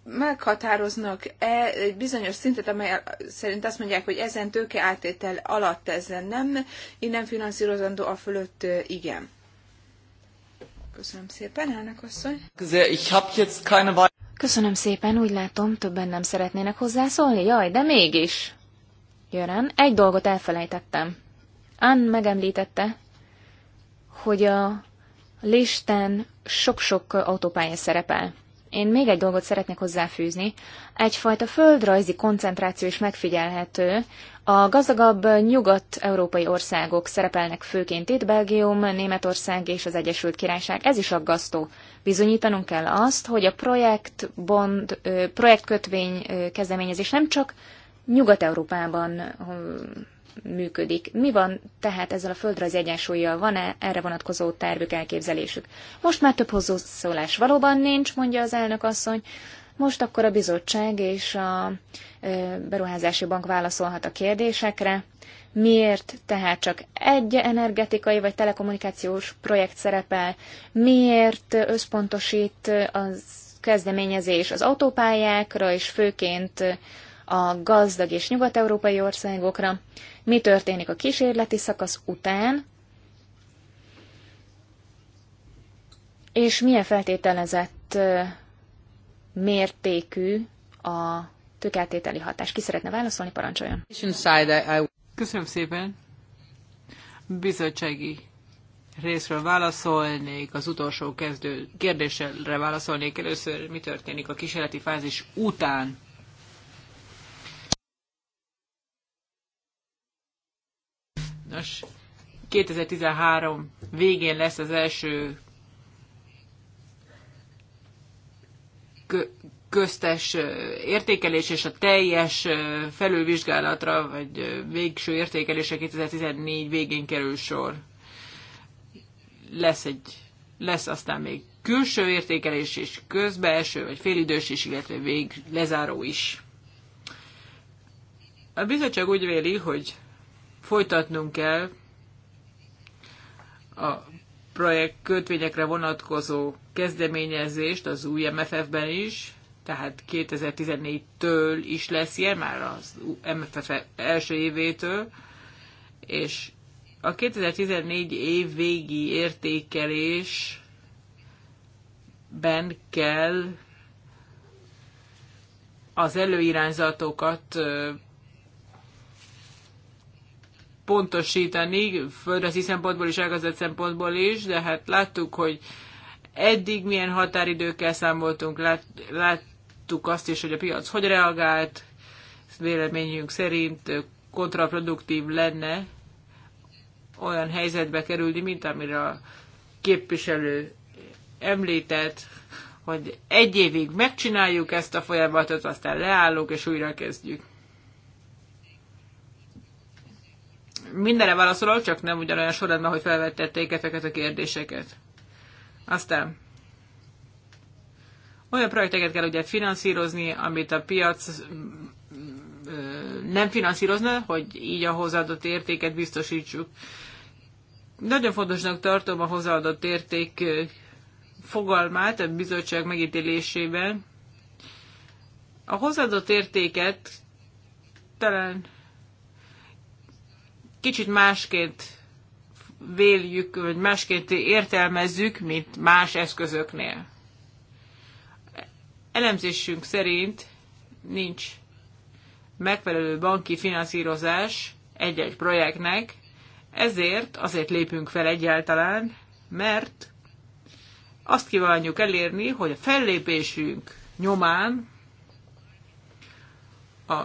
meghatároznak-e egy bizonyos szintet, amely szerint azt mondják, hogy ezen tőke átétel alatt ezen nem, innen finanszírozandó, a fölött igen. Köszönöm szépen, elnök asszony. Köszönöm szépen, úgy látom, többen nem szeretnének hozzászólni. Jaj, de mégis. Jören, egy dolgot elfelejtettem. Ann megemlítette, hogy a listán sok-sok autópálya szerepel. Én még egy dolgot szeretnék hozzáfűzni. Egyfajta földrajzi koncentráció is megfigyelhető. A gazdagabb nyugat-európai országok szerepelnek főként itt, Belgium, Németország és az Egyesült Királyság. Ez is aggasztó. Bizonyítanunk kell azt, hogy a bond, projektkötvény kezdeményezés nem csak Nyugat-Európában működik. Mi van tehát ezzel a földrajzi egyensúlyjal? Van-e erre vonatkozó tervük, elképzelésük? Most már több hozzászólás valóban nincs, mondja az elnök asszony. Most akkor a bizottság és a beruházási bank válaszolhat a kérdésekre. Miért tehát csak egy energetikai vagy telekommunikációs projekt szerepel? Miért összpontosít az kezdeményezés az autópályákra, és főként a gazdag és nyugat-európai országokra, mi történik a kísérleti szakasz után, és milyen feltételezett mértékű a tőkeltételi hatás. Ki szeretne válaszolni, parancsoljon. Köszönöm szépen. Bizottsági részről válaszolnék, az utolsó kezdő kérdésre válaszolnék először, mi történik a kísérleti fázis után Nos, 2013 végén lesz az első köztes értékelés, és a teljes felülvizsgálatra, vagy végső értékelése 2014 végén kerül sor. Lesz egy, lesz aztán még külső értékelés és közbeeső, vagy félidős is, illetve vég lezáró is. A bizottság úgy véli, hogy folytatnunk kell a projekt kötvényekre vonatkozó kezdeményezést az új MFF-ben is, tehát 2014-től is lesz ilyen, már az MFF első évétől, és a 2014 év végi értékelésben kell az előirányzatokat pontosítani, földrajzi szempontból is, elgazdat szempontból is, de hát láttuk, hogy eddig milyen határidőkkel számoltunk, lát, láttuk azt is, hogy a piac hogy reagált, véleményünk szerint kontraproduktív lenne olyan helyzetbe kerülni, mint amire a képviselő említett, hogy egy évig megcsináljuk ezt a folyamatot, aztán leállunk és újra kezdjük. mindenre válaszolok, csak nem ugyanolyan sorrendben, hogy felvettették ezeket a kérdéseket. Aztán olyan projekteket kell ugye finanszírozni, amit a piac mm, nem finanszírozna, hogy így a hozzáadott értéket biztosítsuk. Nagyon fontosnak tartom a hozzáadott érték fogalmát a bizottság megítélésében. A hozzáadott értéket talán kicsit másként véljük, vagy másként értelmezzük, mint más eszközöknél. Elemzésünk szerint nincs megfelelő banki finanszírozás egy-egy projektnek, ezért azért lépünk fel egyáltalán, mert azt kívánjuk elérni, hogy a fellépésünk nyomán a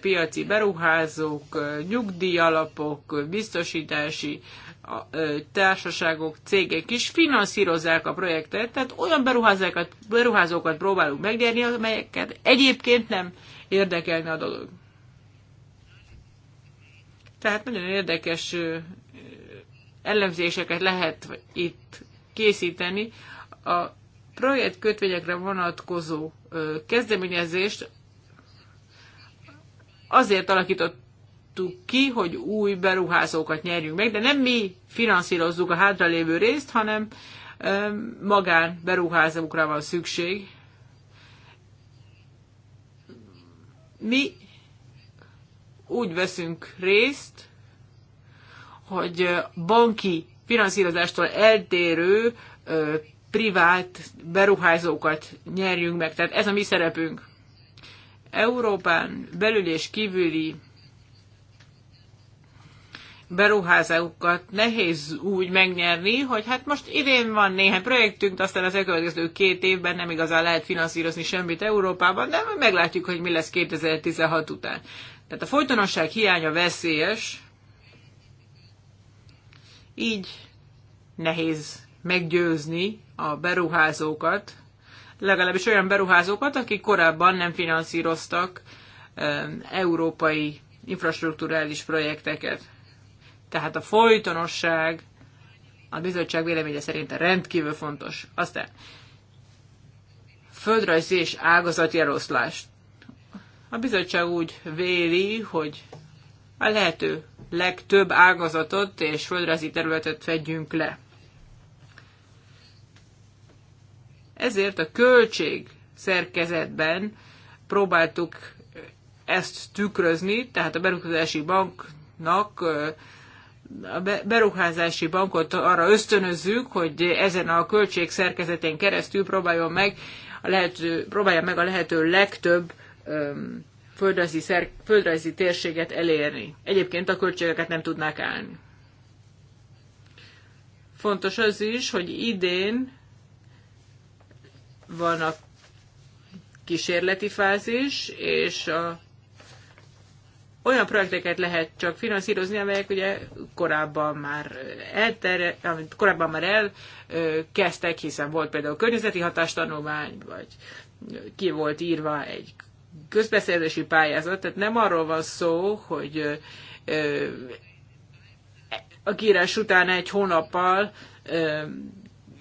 piaci beruházók, nyugdíjalapok, biztosítási társaságok, cégek is finanszírozzák a projektet, tehát olyan beruházókat, beruházókat próbálunk megnyerni, amelyeket egyébként nem érdekelne a dolog. Tehát nagyon érdekes ellenzéseket lehet itt készíteni. A projekt kötvényekre vonatkozó kezdeményezést azért alakítottuk ki, hogy új beruházókat nyerjünk meg, de nem mi finanszírozzuk a hátralévő részt, hanem magán beruházókra van szükség. Mi úgy veszünk részt, hogy banki finanszírozástól eltérő privát beruházókat nyerjünk meg. Tehát ez a mi szerepünk. Európán belül és kívüli beruházókat nehéz úgy megnyerni, hogy hát most idén van néhány projektünk, aztán az elkövetkező két évben nem igazán lehet finanszírozni semmit Európában, de meglátjuk, hogy mi lesz 2016 után. Tehát a folytonosság hiánya veszélyes, így nehéz meggyőzni a beruházókat, legalábbis olyan beruházókat, akik korábban nem finanszíroztak európai infrastruktúrális projekteket. Tehát a folytonosság a bizottság véleménye szerint rendkívül fontos. Aztán földrajzi és ágazati eloszlás. A bizottság úgy véli, hogy a lehető legtöbb ágazatot és földrajzi területet fedjünk le. Ezért a költség szerkezetben próbáltuk ezt tükrözni, tehát a beruházási banknak a beruházási bankot arra ösztönözzük, hogy ezen a költség szerkezetén keresztül próbáljon meg a lehető, próbálja meg a lehető legtöbb öm, földrajzi, szer, földrajzi térséget elérni. Egyébként a költségeket nem tudnák állni. Fontos az is, hogy idén van a kísérleti fázis, és a, olyan projekteket lehet csak finanszírozni, amelyek ugye korábban már, amit korábban már elkezdtek, hiszen volt például környezeti hatástanulmány, vagy ki volt írva egy közbeszerzési pályázat, tehát nem arról van szó, hogy a kírás után egy hónappal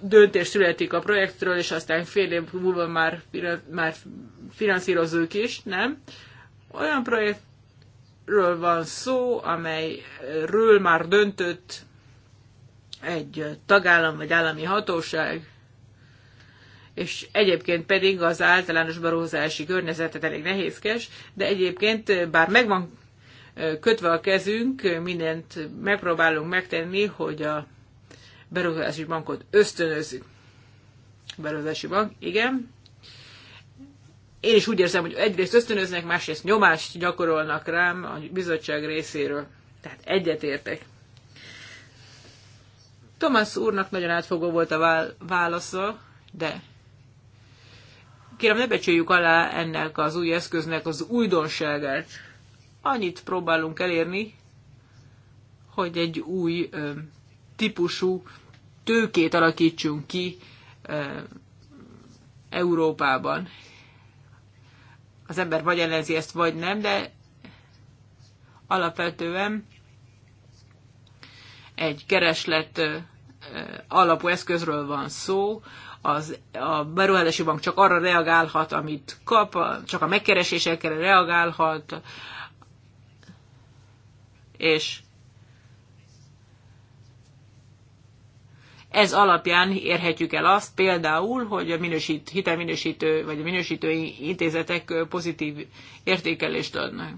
döntés születik a projektről, és aztán fél év múlva már, már finanszírozunk is, nem? Olyan projektről van szó, amelyről már döntött egy tagállam vagy állami hatóság, és egyébként pedig az általános barózási környezetet elég nehézkes, de egyébként bár megvan kötve a kezünk, mindent megpróbálunk megtenni, hogy a beruházási bankot ösztönözzük. Beruházási bank, igen. Én is úgy érzem, hogy egyrészt ösztönöznek, másrészt nyomást gyakorolnak rám a bizottság részéről. Tehát egyetértek. Thomas úrnak nagyon átfogó volt a válasza, de kérem, ne becsüljük alá ennek az új eszköznek az újdonságát. Annyit próbálunk elérni, hogy egy új ö, típusú tőkét alakítsunk ki Európában. Az ember vagy ellenzi ezt, vagy nem, de alapvetően egy kereslet alapú eszközről van szó, az, a beruházási bank csak arra reagálhat, amit kap, csak a megkeresésekre reagálhat, és Ez alapján érhetjük el azt például, hogy a minősít, hitelminősítő vagy a minősítői intézetek pozitív értékelést adnak.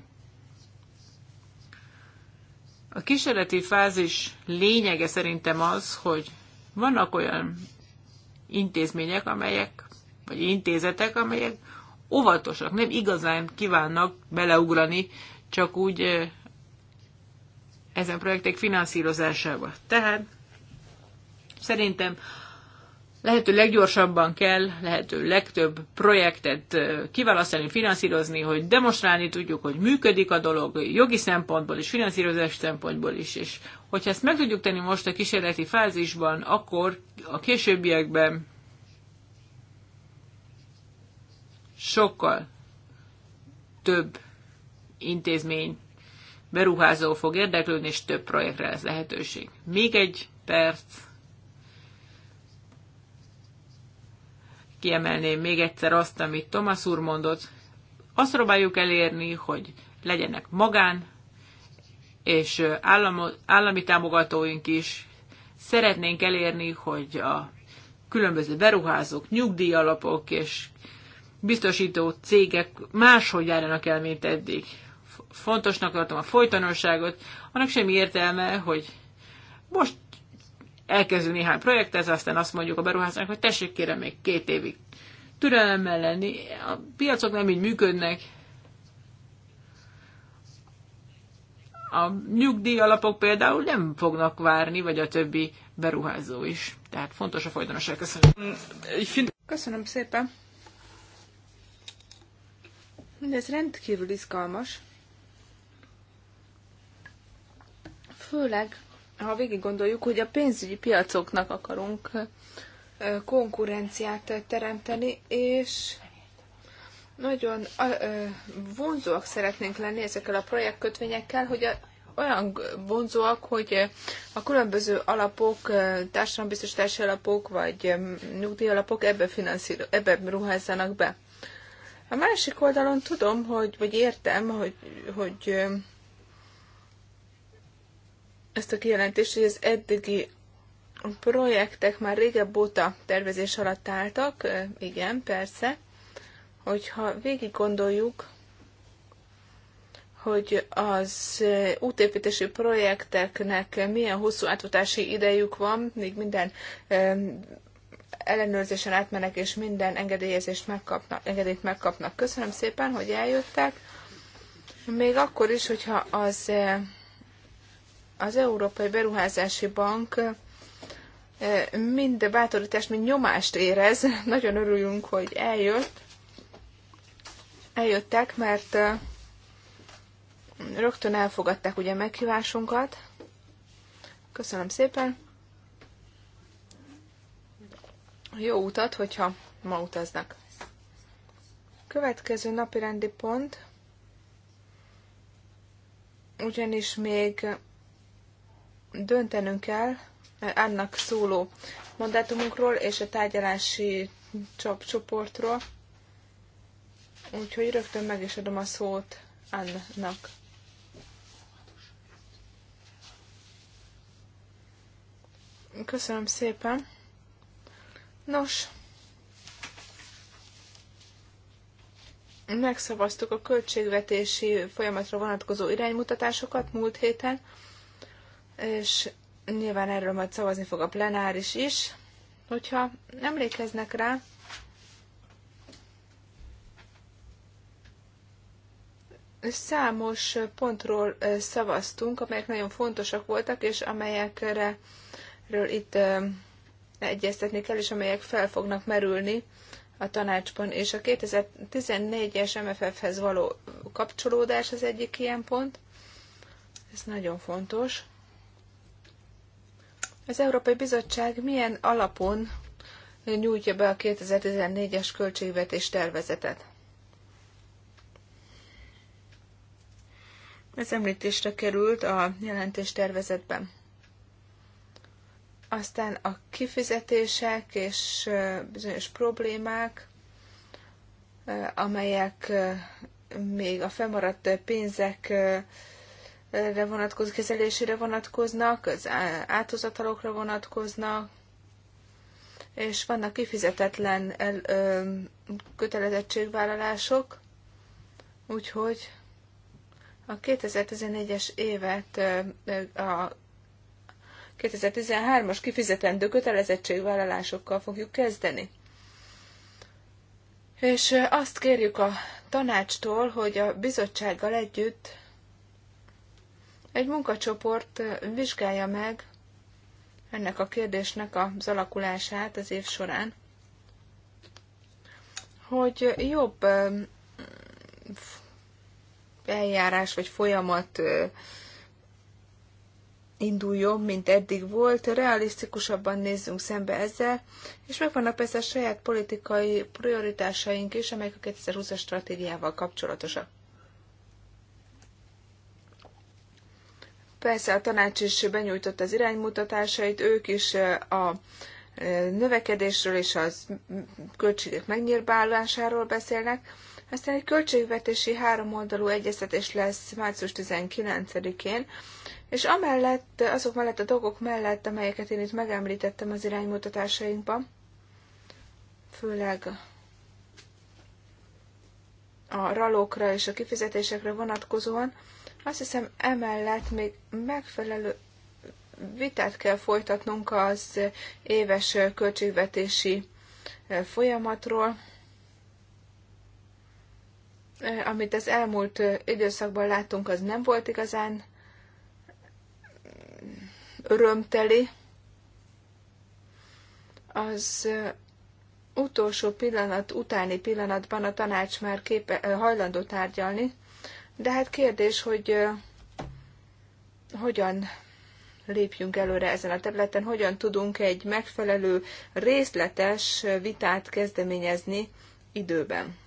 A kísérleti fázis lényege szerintem az, hogy vannak olyan intézmények, amelyek, vagy intézetek, amelyek óvatosak, nem igazán kívánnak beleugrani csak úgy eh, ezen projektek finanszírozásába. Tehát Szerintem lehető leggyorsabban kell, lehető legtöbb projektet kiválasztani, finanszírozni, hogy demonstrálni tudjuk, hogy működik a dolog jogi szempontból is, finanszírozás szempontból is, és hogyha ezt meg tudjuk tenni most a kísérleti fázisban, akkor a későbbiekben sokkal több intézmény beruházó fog érdeklődni, és több projektre lesz lehetőség. Még egy perc kiemelném még egyszer azt, amit Thomas úr mondott. Azt próbáljuk elérni, hogy legyenek magán és állami, állami támogatóink is. Szeretnénk elérni, hogy a különböző beruházók, nyugdíjalapok és biztosító cégek máshogy járjanak el, mint eddig. Fontosnak tartom a folytonosságot, annak semmi értelme, hogy most elkezdő néhány projektet, aztán azt mondjuk a beruházásnak, hogy tessék kérem még két évig türelemmel lenni. A piacok nem így működnek. A nyugdíj alapok például nem fognak várni, vagy a többi beruházó is. Tehát fontos a folytonosság. Köszönöm. Köszönöm szépen. De ez rendkívül izgalmas. Főleg ha végig gondoljuk, hogy a pénzügyi piacoknak akarunk konkurenciát teremteni, és nagyon vonzóak szeretnénk lenni ezekkel a projektkötvényekkel, hogy a, olyan vonzóak, hogy a különböző alapok, társadalombiztosítási alapok vagy nyugdíjalapok ebbe, finanszíro, ebbe ruházzanak be. A másik oldalon tudom, hogy, vagy értem, hogy, hogy ezt a kijelentést, hogy az eddigi projektek már régebb óta tervezés alatt álltak, igen, persze, hogyha végig gondoljuk, hogy az útépítési projekteknek milyen hosszú átutási idejük van, még minden ellenőrzésen átmenek, és minden engedélyezést megkapnak, engedélyt megkapnak. Köszönöm szépen, hogy eljöttek. Még akkor is, hogyha az az Európai Beruházási Bank eh, mind bátorítást, mind nyomást érez. Nagyon örülünk, hogy eljött. Eljöttek, mert eh, rögtön elfogadták ugye meghívásunkat. Köszönöm szépen. Jó utat, hogyha ma utaznak. Következő napi rendi pont, ugyanis még döntenünk kell eh, annak szóló mandátumunkról és a tárgyalási csoportról. Úgyhogy rögtön meg is adom a szót Annak. Köszönöm szépen. Nos, megszavaztuk a költségvetési folyamatra vonatkozó iránymutatásokat múlt héten és nyilván erről majd szavazni fog a plenáris is. Hogyha emlékeznek rá, számos pontról szavaztunk, amelyek nagyon fontosak voltak, és amelyekről itt egyeztetni kell, és amelyek fel fognak merülni a tanácsban. És a 2014-es MFF-hez való kapcsolódás az egyik ilyen pont. Ez nagyon fontos. Az Európai Bizottság milyen alapon nyújtja be a 2014-es költségvetés tervezetet? Ez említésre került a jelentés tervezetben. Aztán a kifizetések és bizonyos problémák, amelyek még a fennmaradt pénzek vonatkozó kezelésére vonatkoznak, az áthozatalokra vonatkoznak, és vannak kifizetetlen el, ö, kötelezettségvállalások, úgyhogy a 2014-es évet ö, a 2013-as kifizetendő kötelezettségvállalásokkal fogjuk kezdeni. És azt kérjük a tanácstól, hogy a bizottsággal együtt egy munkacsoport vizsgálja meg ennek a kérdésnek az alakulását az év során, hogy jobb eljárás vagy folyamat induljon, mint eddig volt, realisztikusabban nézzünk szembe ezzel, és megvannak persze a saját politikai prioritásaink is, amelyek a 2020-as stratégiával kapcsolatosak. Persze a tanács is benyújtott az iránymutatásait, ők is a növekedésről és az költségek megnyírbálásáról beszélnek. Aztán egy költségvetési háromoldalú egyeztetés lesz március 19-én, és amellett, azok mellett a dolgok mellett, amelyeket én itt megemlítettem az iránymutatásainkban, főleg a ralókra és a kifizetésekre vonatkozóan, azt hiszem, emellett még megfelelő vitát kell folytatnunk az éves költségvetési eh, folyamatról, eh, amit az elmúlt eh, időszakban láttunk, az nem volt igazán mm, örömteli. Az utolsó pillanat utáni pillanatban a tanács már képe, hajlandó tárgyalni, de hát kérdés, hogy hogyan lépjünk előre ezen a területen, hogyan tudunk egy megfelelő, részletes vitát kezdeményezni időben.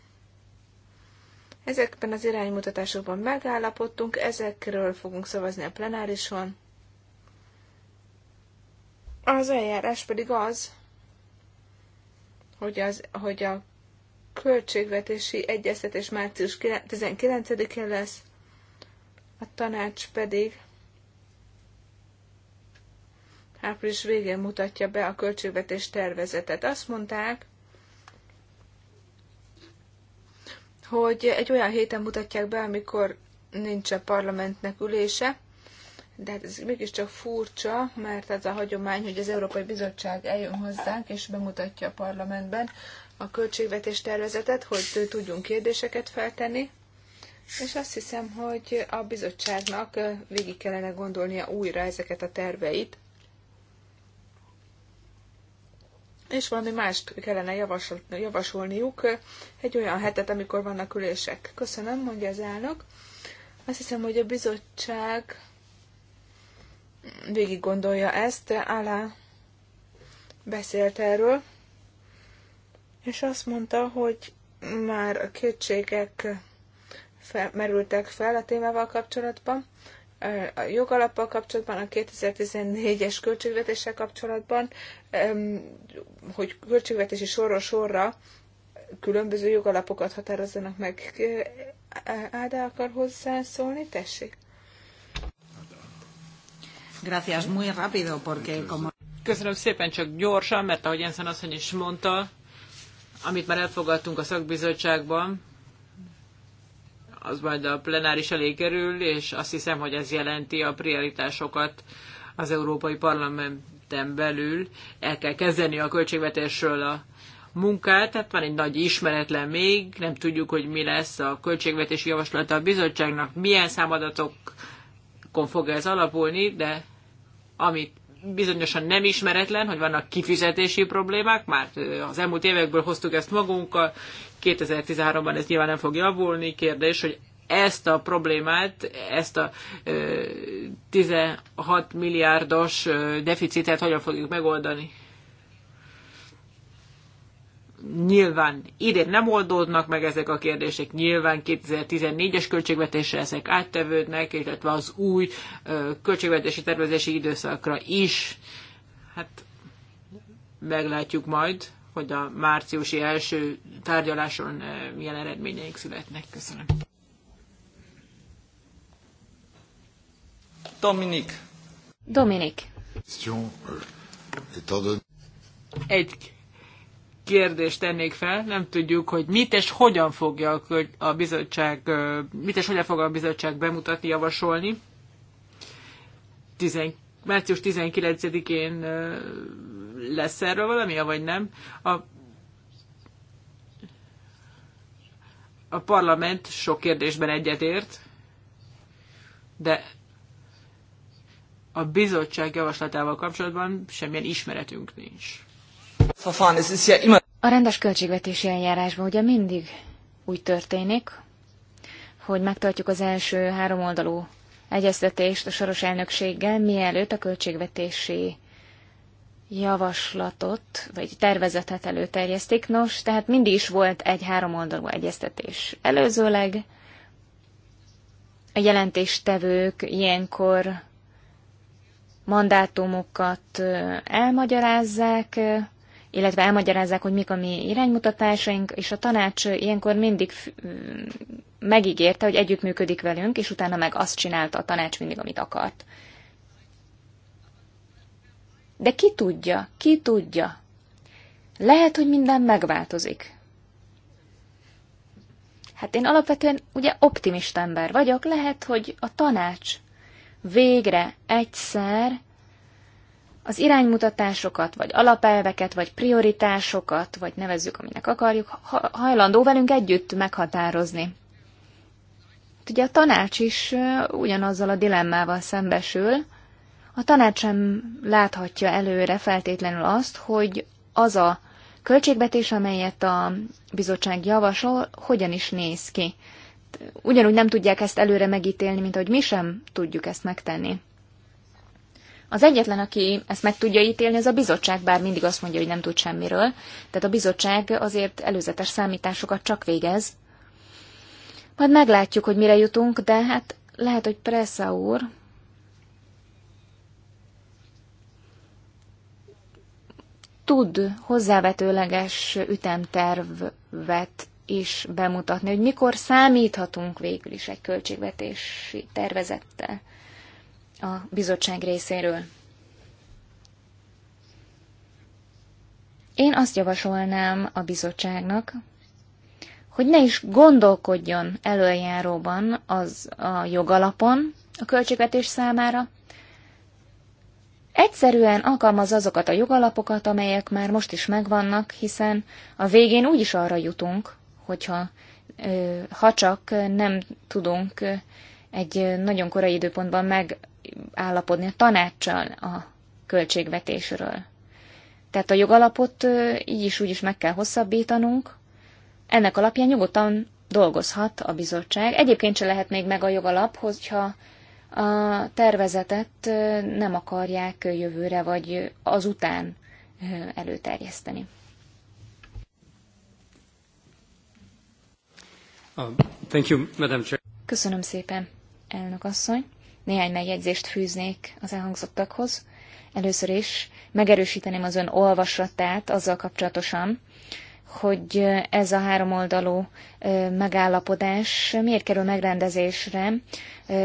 Ezekben az iránymutatásokban megállapodtunk, ezekről fogunk szavazni a plenárison. Az eljárás pedig az, hogy, az, hogy a költségvetési egyeztetés március 19-én lesz, a tanács pedig április végén mutatja be a költségvetés tervezetet. Azt mondták, hogy egy olyan héten mutatják be, amikor nincs a parlamentnek ülése, de hát ez mégiscsak furcsa, mert az a hagyomány, hogy az Európai Bizottság eljön hozzánk és bemutatja a parlamentben a költségvetés tervezetet, hogy tudjunk kérdéseket feltenni, és azt hiszem, hogy a bizottságnak végig kellene gondolnia újra ezeket a terveit, és valami mást kellene javasol, javasolniuk egy olyan hetet, amikor vannak ülések. Köszönöm, mondja az elnök. Azt hiszem, hogy a bizottság végig gondolja ezt, Alá beszélt erről és azt mondta, hogy már a kétségek fel, merültek fel a témával kapcsolatban, a jogalappal kapcsolatban, a 2014-es költségvetéssel kapcsolatban, hogy költségvetési sorról sorra különböző jogalapokat határozzanak meg. Áda akar hozzászólni? Tessék! Gracias, muy rápido, porque como... Köszönöm szépen, csak gyorsan, mert ahogy Jensen asszony is mondta, amit már elfogadtunk a szakbizottságban, az majd a plenáris elé kerül, és azt hiszem, hogy ez jelenti a prioritásokat az Európai Parlamenten belül. El kell kezdeni a költségvetésről a munkát, tehát van egy nagy ismeretlen még, nem tudjuk, hogy mi lesz a költségvetési javaslata a bizottságnak, milyen számadatokon fog ez alapulni, de amit bizonyosan nem ismeretlen, hogy vannak kifizetési problémák, már az elmúlt évekből hoztuk ezt magunkkal, 2013-ban ez nyilván nem fog javulni, kérdés, hogy ezt a problémát, ezt a 16 milliárdos deficitet hogyan fogjuk megoldani? nyilván idén nem oldódnak meg ezek a kérdések, nyilván 2014-es költségvetésre ezek áttevődnek, illetve az új költségvetési tervezési időszakra is. Hát meglátjuk majd, hogy a márciusi első tárgyaláson milyen eredményeik születnek. Köszönöm. Dominik. Dominik. Euh, Egy kérdést tennék fel, nem tudjuk, hogy mit és hogyan fogja a bizottság, mit és hogyan fog a bizottság bemutatni, javasolni. 10, március 19-én lesz erről valami, vagy nem. A, a parlament sok kérdésben egyetért, de a bizottság javaslatával kapcsolatban semmilyen ismeretünk nincs. A rendes költségvetési eljárásban ugye mindig úgy történik, hogy megtartjuk az első három oldalú egyeztetést a soros elnökséggel, mielőtt a költségvetési javaslatot, vagy tervezetet előterjesztik. Nos, tehát mindig is volt egy háromoldalú egyeztetés. Előzőleg a jelentéstevők ilyenkor mandátumokat elmagyarázzák, illetve elmagyarázzák, hogy mik a mi iránymutatásaink, és a tanács ilyenkor mindig megígérte, hogy együttműködik velünk, és utána meg azt csinálta a tanács mindig, amit akart. De ki tudja, ki tudja. Lehet, hogy minden megváltozik. Hát én alapvetően ugye optimista ember vagyok, lehet, hogy a tanács végre egyszer az iránymutatásokat, vagy alapelveket, vagy prioritásokat, vagy nevezzük, aminek akarjuk, hajlandó velünk együtt meghatározni. Ugye a tanács is ugyanazzal a dilemmával szembesül. A tanács sem láthatja előre feltétlenül azt, hogy az a költségvetés, amelyet a bizottság javasol, hogyan is néz ki. Ugyanúgy nem tudják ezt előre megítélni, mint ahogy mi sem tudjuk ezt megtenni. Az egyetlen, aki ezt meg tudja ítélni, az a bizottság, bár mindig azt mondja, hogy nem tud semmiről. Tehát a bizottság azért előzetes számításokat csak végez. Majd meglátjuk, hogy mire jutunk, de hát lehet, hogy Pressa úr tud hozzávetőleges ütemtervet is bemutatni, hogy mikor számíthatunk végül is egy költségvetési tervezettel a bizottság részéről. Én azt javasolnám a bizottságnak, hogy ne is gondolkodjon előjáróban az a jogalapon a költségvetés számára, Egyszerűen alkalmaz azokat a jogalapokat, amelyek már most is megvannak, hiszen a végén úgy is arra jutunk, hogyha ha csak nem tudunk egy nagyon korai időpontban meg állapodni a tanácssal a költségvetésről. Tehát a jogalapot így is úgy is meg kell hosszabbítanunk. Ennek alapján nyugodtan dolgozhat a bizottság. Egyébként se lehet még meg a jogalap, hogyha a tervezetet nem akarják jövőre vagy azután előterjeszteni. Um, thank you, Madam Chair. Köszönöm szépen, elnök asszony. Néhány megjegyzést fűznék az elhangzottakhoz. Először is megerősíteném az ön olvasatát azzal kapcsolatosan, hogy ez a háromoldalú megállapodás miért kerül megrendezésre,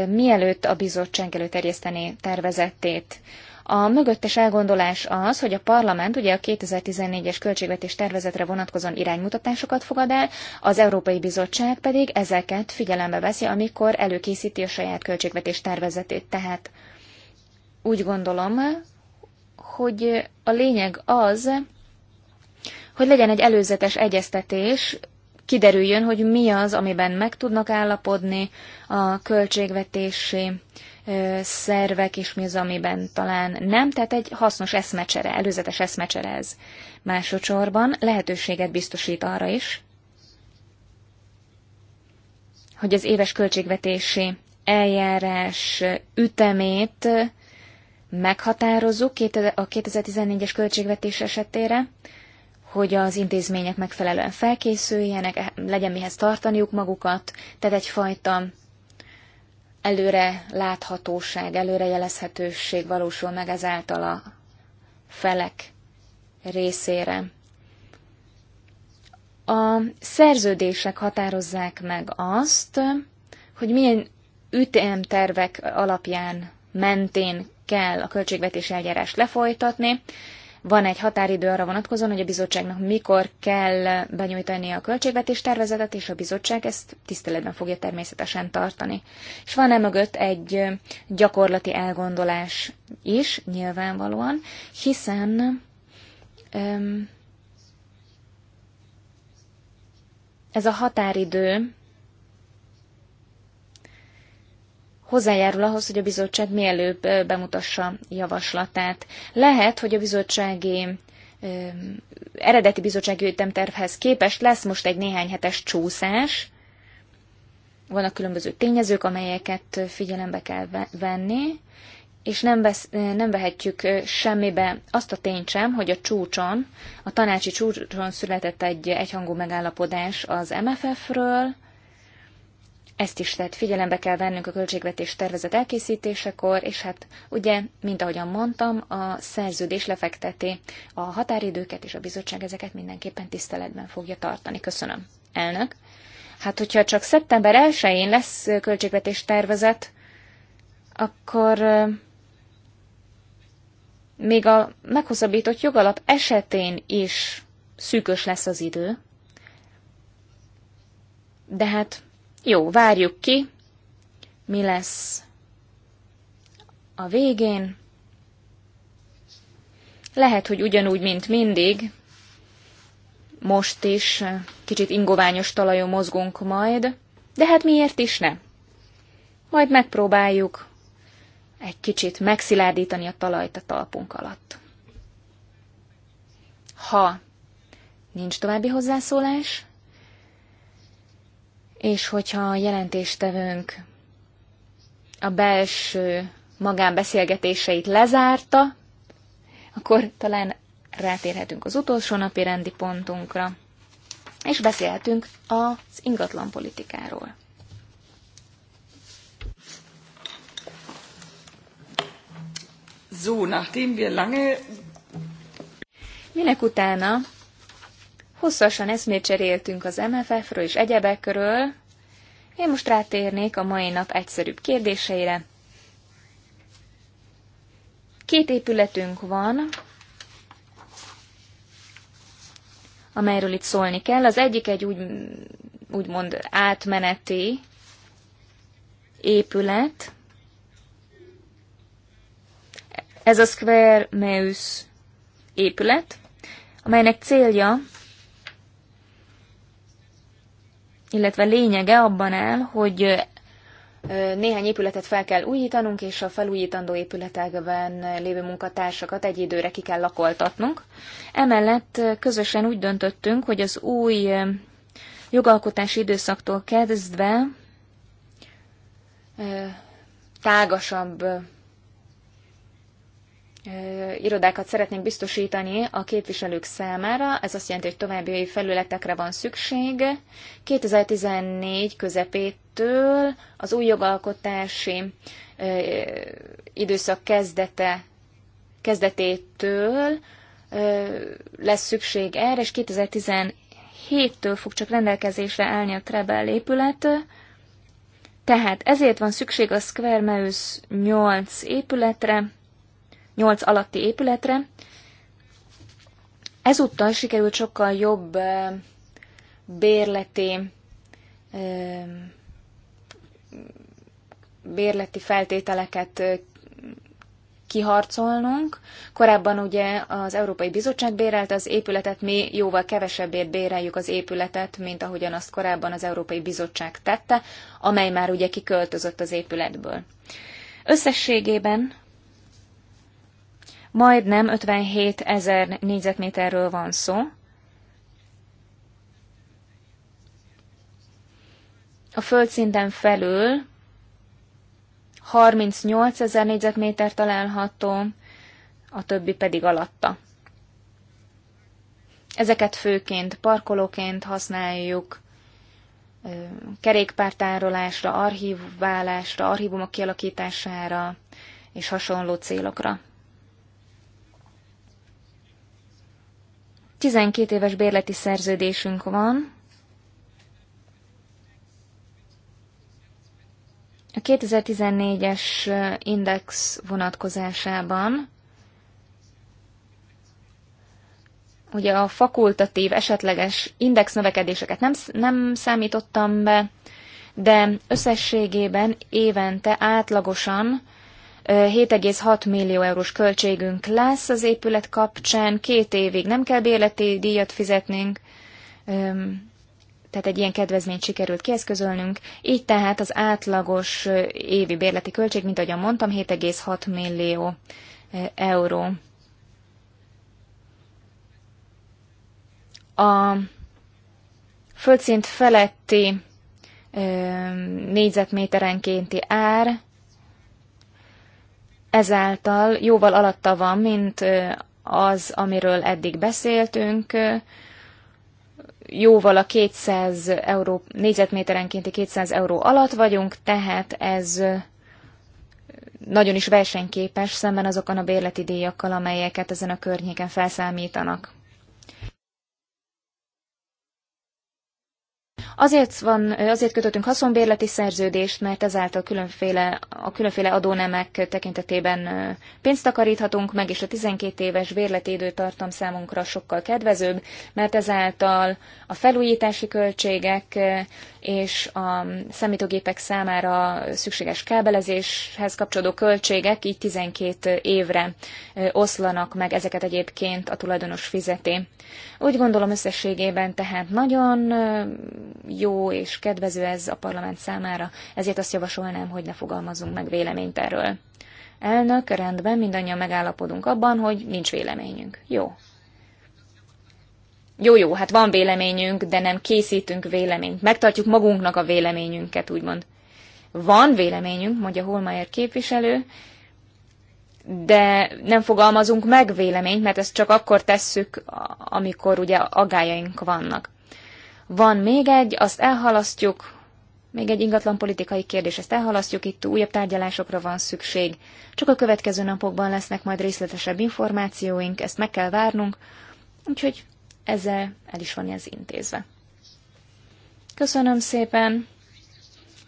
mielőtt a bizottság előterjesztené tervezettét. A mögöttes elgondolás az, hogy a parlament ugye a 2014-es költségvetés tervezetre vonatkozóan iránymutatásokat fogad el, az Európai Bizottság pedig ezeket figyelembe veszi, amikor előkészíti a saját költségvetés tervezetét. Tehát úgy gondolom, hogy a lényeg az, hogy legyen egy előzetes egyeztetés, kiderüljön, hogy mi az, amiben meg tudnak állapodni a költségvetési szervek, és mi az, amiben talán nem. Tehát egy hasznos eszmecsere, előzetes eszmecsere ez. Másodszorban lehetőséget biztosít arra is, hogy az éves költségvetési eljárás ütemét meghatározzuk a 2014-es költségvetés esetére, hogy az intézmények megfelelően felkészüljenek, eh, legyen mihez tartaniuk magukat, tehát egyfajta előre láthatóság, előrejelezhetőség valósul meg ezáltal a felek részére. A szerződések határozzák meg azt, hogy milyen ütemtervek alapján mentén kell a költségvetési eljárást lefolytatni, van egy határidő arra vonatkozóan, hogy a bizottságnak mikor kell benyújtani a költségvetés tervezetet, és a bizottság ezt tiszteletben fogja természetesen tartani. És van emögött egy gyakorlati elgondolás is, nyilvánvalóan, hiszen ez a határidő hozzájárul ahhoz, hogy a bizottság mielőbb bemutassa javaslatát. Lehet, hogy a bizottsági eredeti bizottsági ütemtervhez képest lesz most egy néhány hetes csúszás. Vannak különböző tényezők, amelyeket figyelembe kell venni, és nem, vesz, nem vehetjük semmibe azt a tényt sem, hogy a csúcson, a tanácsi csúcson született egy egyhangú megállapodás az MFF-ről, ezt is tehát figyelembe kell vennünk a költségvetés tervezet elkészítésekor, és hát ugye, mint ahogyan mondtam, a szerződés lefekteti a határidőket, és a bizottság ezeket mindenképpen tiszteletben fogja tartani. Köszönöm. Elnök. Hát, hogyha csak szeptember 1-én lesz költségvetés tervezet, akkor még a meghosszabbított jogalap esetén is szűkös lesz az idő, de hát jó, várjuk ki, mi lesz a végén. Lehet, hogy ugyanúgy, mint mindig, most is kicsit ingoványos talajon mozgunk majd, de hát miért is ne? Majd megpróbáljuk egy kicsit megszilárdítani a talajt a talpunk alatt. Ha nincs további hozzászólás, és hogyha a jelentéstevőnk a belső magánbeszélgetéseit lezárta, akkor talán rátérhetünk az utolsó napi rendi pontunkra, és beszélhetünk az ingatlan politikáról. So, nachdem wir lange... Minek utána Hosszasan eszmét cseréltünk az MFF-ről és egyebekről. Én most rátérnék a mai nap egyszerűbb kérdéseire. Két épületünk van, amelyről itt szólni kell. Az egyik egy úgy, úgymond átmeneti épület. Ez a Square Meus épület, amelynek célja illetve lényege abban áll, hogy néhány épületet fel kell újítanunk, és a felújítandó épületekben lévő munkatársakat egy időre ki kell lakoltatnunk. Emellett közösen úgy döntöttünk, hogy az új jogalkotási időszaktól kezdve tágasabb irodákat szeretnénk biztosítani a képviselők számára, ez azt jelenti, hogy további felületekre van szükség. 2014 közepétől az új jogalkotási időszak kezdete, kezdetétől lesz szükség erre, és 2017-től fog csak rendelkezésre állni a Trebel épület. Tehát ezért van szükség a Square Meus 8 épületre, 8 alatti épületre. Ezúttal sikerült sokkal jobb bérleti bérleti feltételeket kiharcolnunk. Korábban ugye az Európai Bizottság bérelt az épületet, mi jóval kevesebbért béreljük az épületet, mint ahogyan azt korábban az Európai Bizottság tette, amely már ugye kiköltözött az épületből. Összességében majdnem 57 ezer négyzetméterről van szó. A földszinten felül 38 ezer négyzetméter található, a többi pedig alatta. Ezeket főként parkolóként használjuk, kerékpártárolásra, archiválásra, archívumok kialakítására és hasonló célokra. 12 éves bérleti szerződésünk van. A 2014-es index vonatkozásában ugye a fakultatív esetleges index növekedéseket nem, nem számítottam be, de összességében évente átlagosan 7,6 millió eurós költségünk lesz az épület kapcsán, két évig nem kell bérleti díjat fizetnünk, tehát egy ilyen kedvezményt sikerült kieszközölnünk. Így tehát az átlagos évi bérleti költség, mint ahogyan mondtam, 7,6 millió euró. A földszint feletti négyzetméterenkénti ár ezáltal jóval alatta van, mint az, amiről eddig beszéltünk, jóval a 200 euró, négyzetméterenkénti 200 euró alatt vagyunk, tehát ez nagyon is versenyképes szemben azokan a bérleti díjakkal, amelyeket ezen a környéken felszámítanak. Azért, van, azért kötöttünk haszonbérleti szerződést, mert ezáltal különféle, a különféle adónemek tekintetében pénzt takaríthatunk meg, és a 12 éves bérleti időtartam számunkra sokkal kedvezőbb, mert ezáltal a felújítási költségek és a számítógépek számára szükséges kábelezéshez kapcsolódó költségek így 12 évre oszlanak meg, ezeket egyébként a tulajdonos fizeti. Úgy gondolom összességében tehát nagyon jó és kedvező ez a parlament számára, ezért azt javasolnám, hogy ne fogalmazunk meg véleményt erről. Elnök, rendben, mindannyian megállapodunk abban, hogy nincs véleményünk. Jó. Jó, jó, hát van véleményünk, de nem készítünk véleményt. Megtartjuk magunknak a véleményünket, úgymond. Van véleményünk, mondja Holmeier képviselő, de nem fogalmazunk meg véleményt, mert ezt csak akkor tesszük, amikor ugye agályaink vannak. Van még egy, azt elhalasztjuk, még egy ingatlan politikai kérdés, ezt elhalasztjuk, itt újabb tárgyalásokra van szükség. Csak a következő napokban lesznek majd részletesebb információink, ezt meg kell várnunk, úgyhogy ezzel el is van ez intézve. Köszönöm szépen,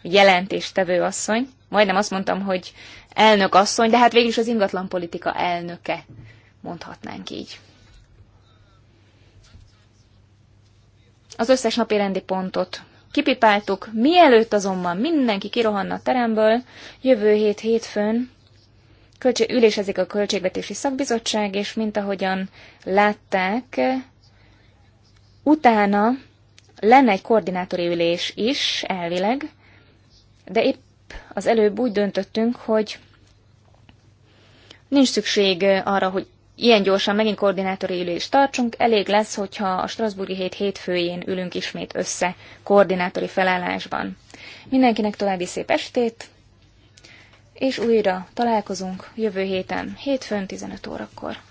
jelentéstevő asszony. Majdnem azt mondtam, hogy elnök asszony, de hát végül is az ingatlan politika elnöke, mondhatnánk így. az összes napi rendi pontot kipipáltuk, mielőtt azonban mindenki kirohanna a teremből, jövő hét hétfőn költség, ülésezik a Költségvetési Szakbizottság, és mint ahogyan látták, utána lenne egy koordinátori ülés is, elvileg, de épp az előbb úgy döntöttünk, hogy nincs szükség arra, hogy ilyen gyorsan megint koordinátori ülést tartsunk, elég lesz, hogyha a Strasburgi hét hétfőjén ülünk ismét össze koordinátori felállásban. Mindenkinek további szép estét, és újra találkozunk jövő héten, hétfőn 15 órakor.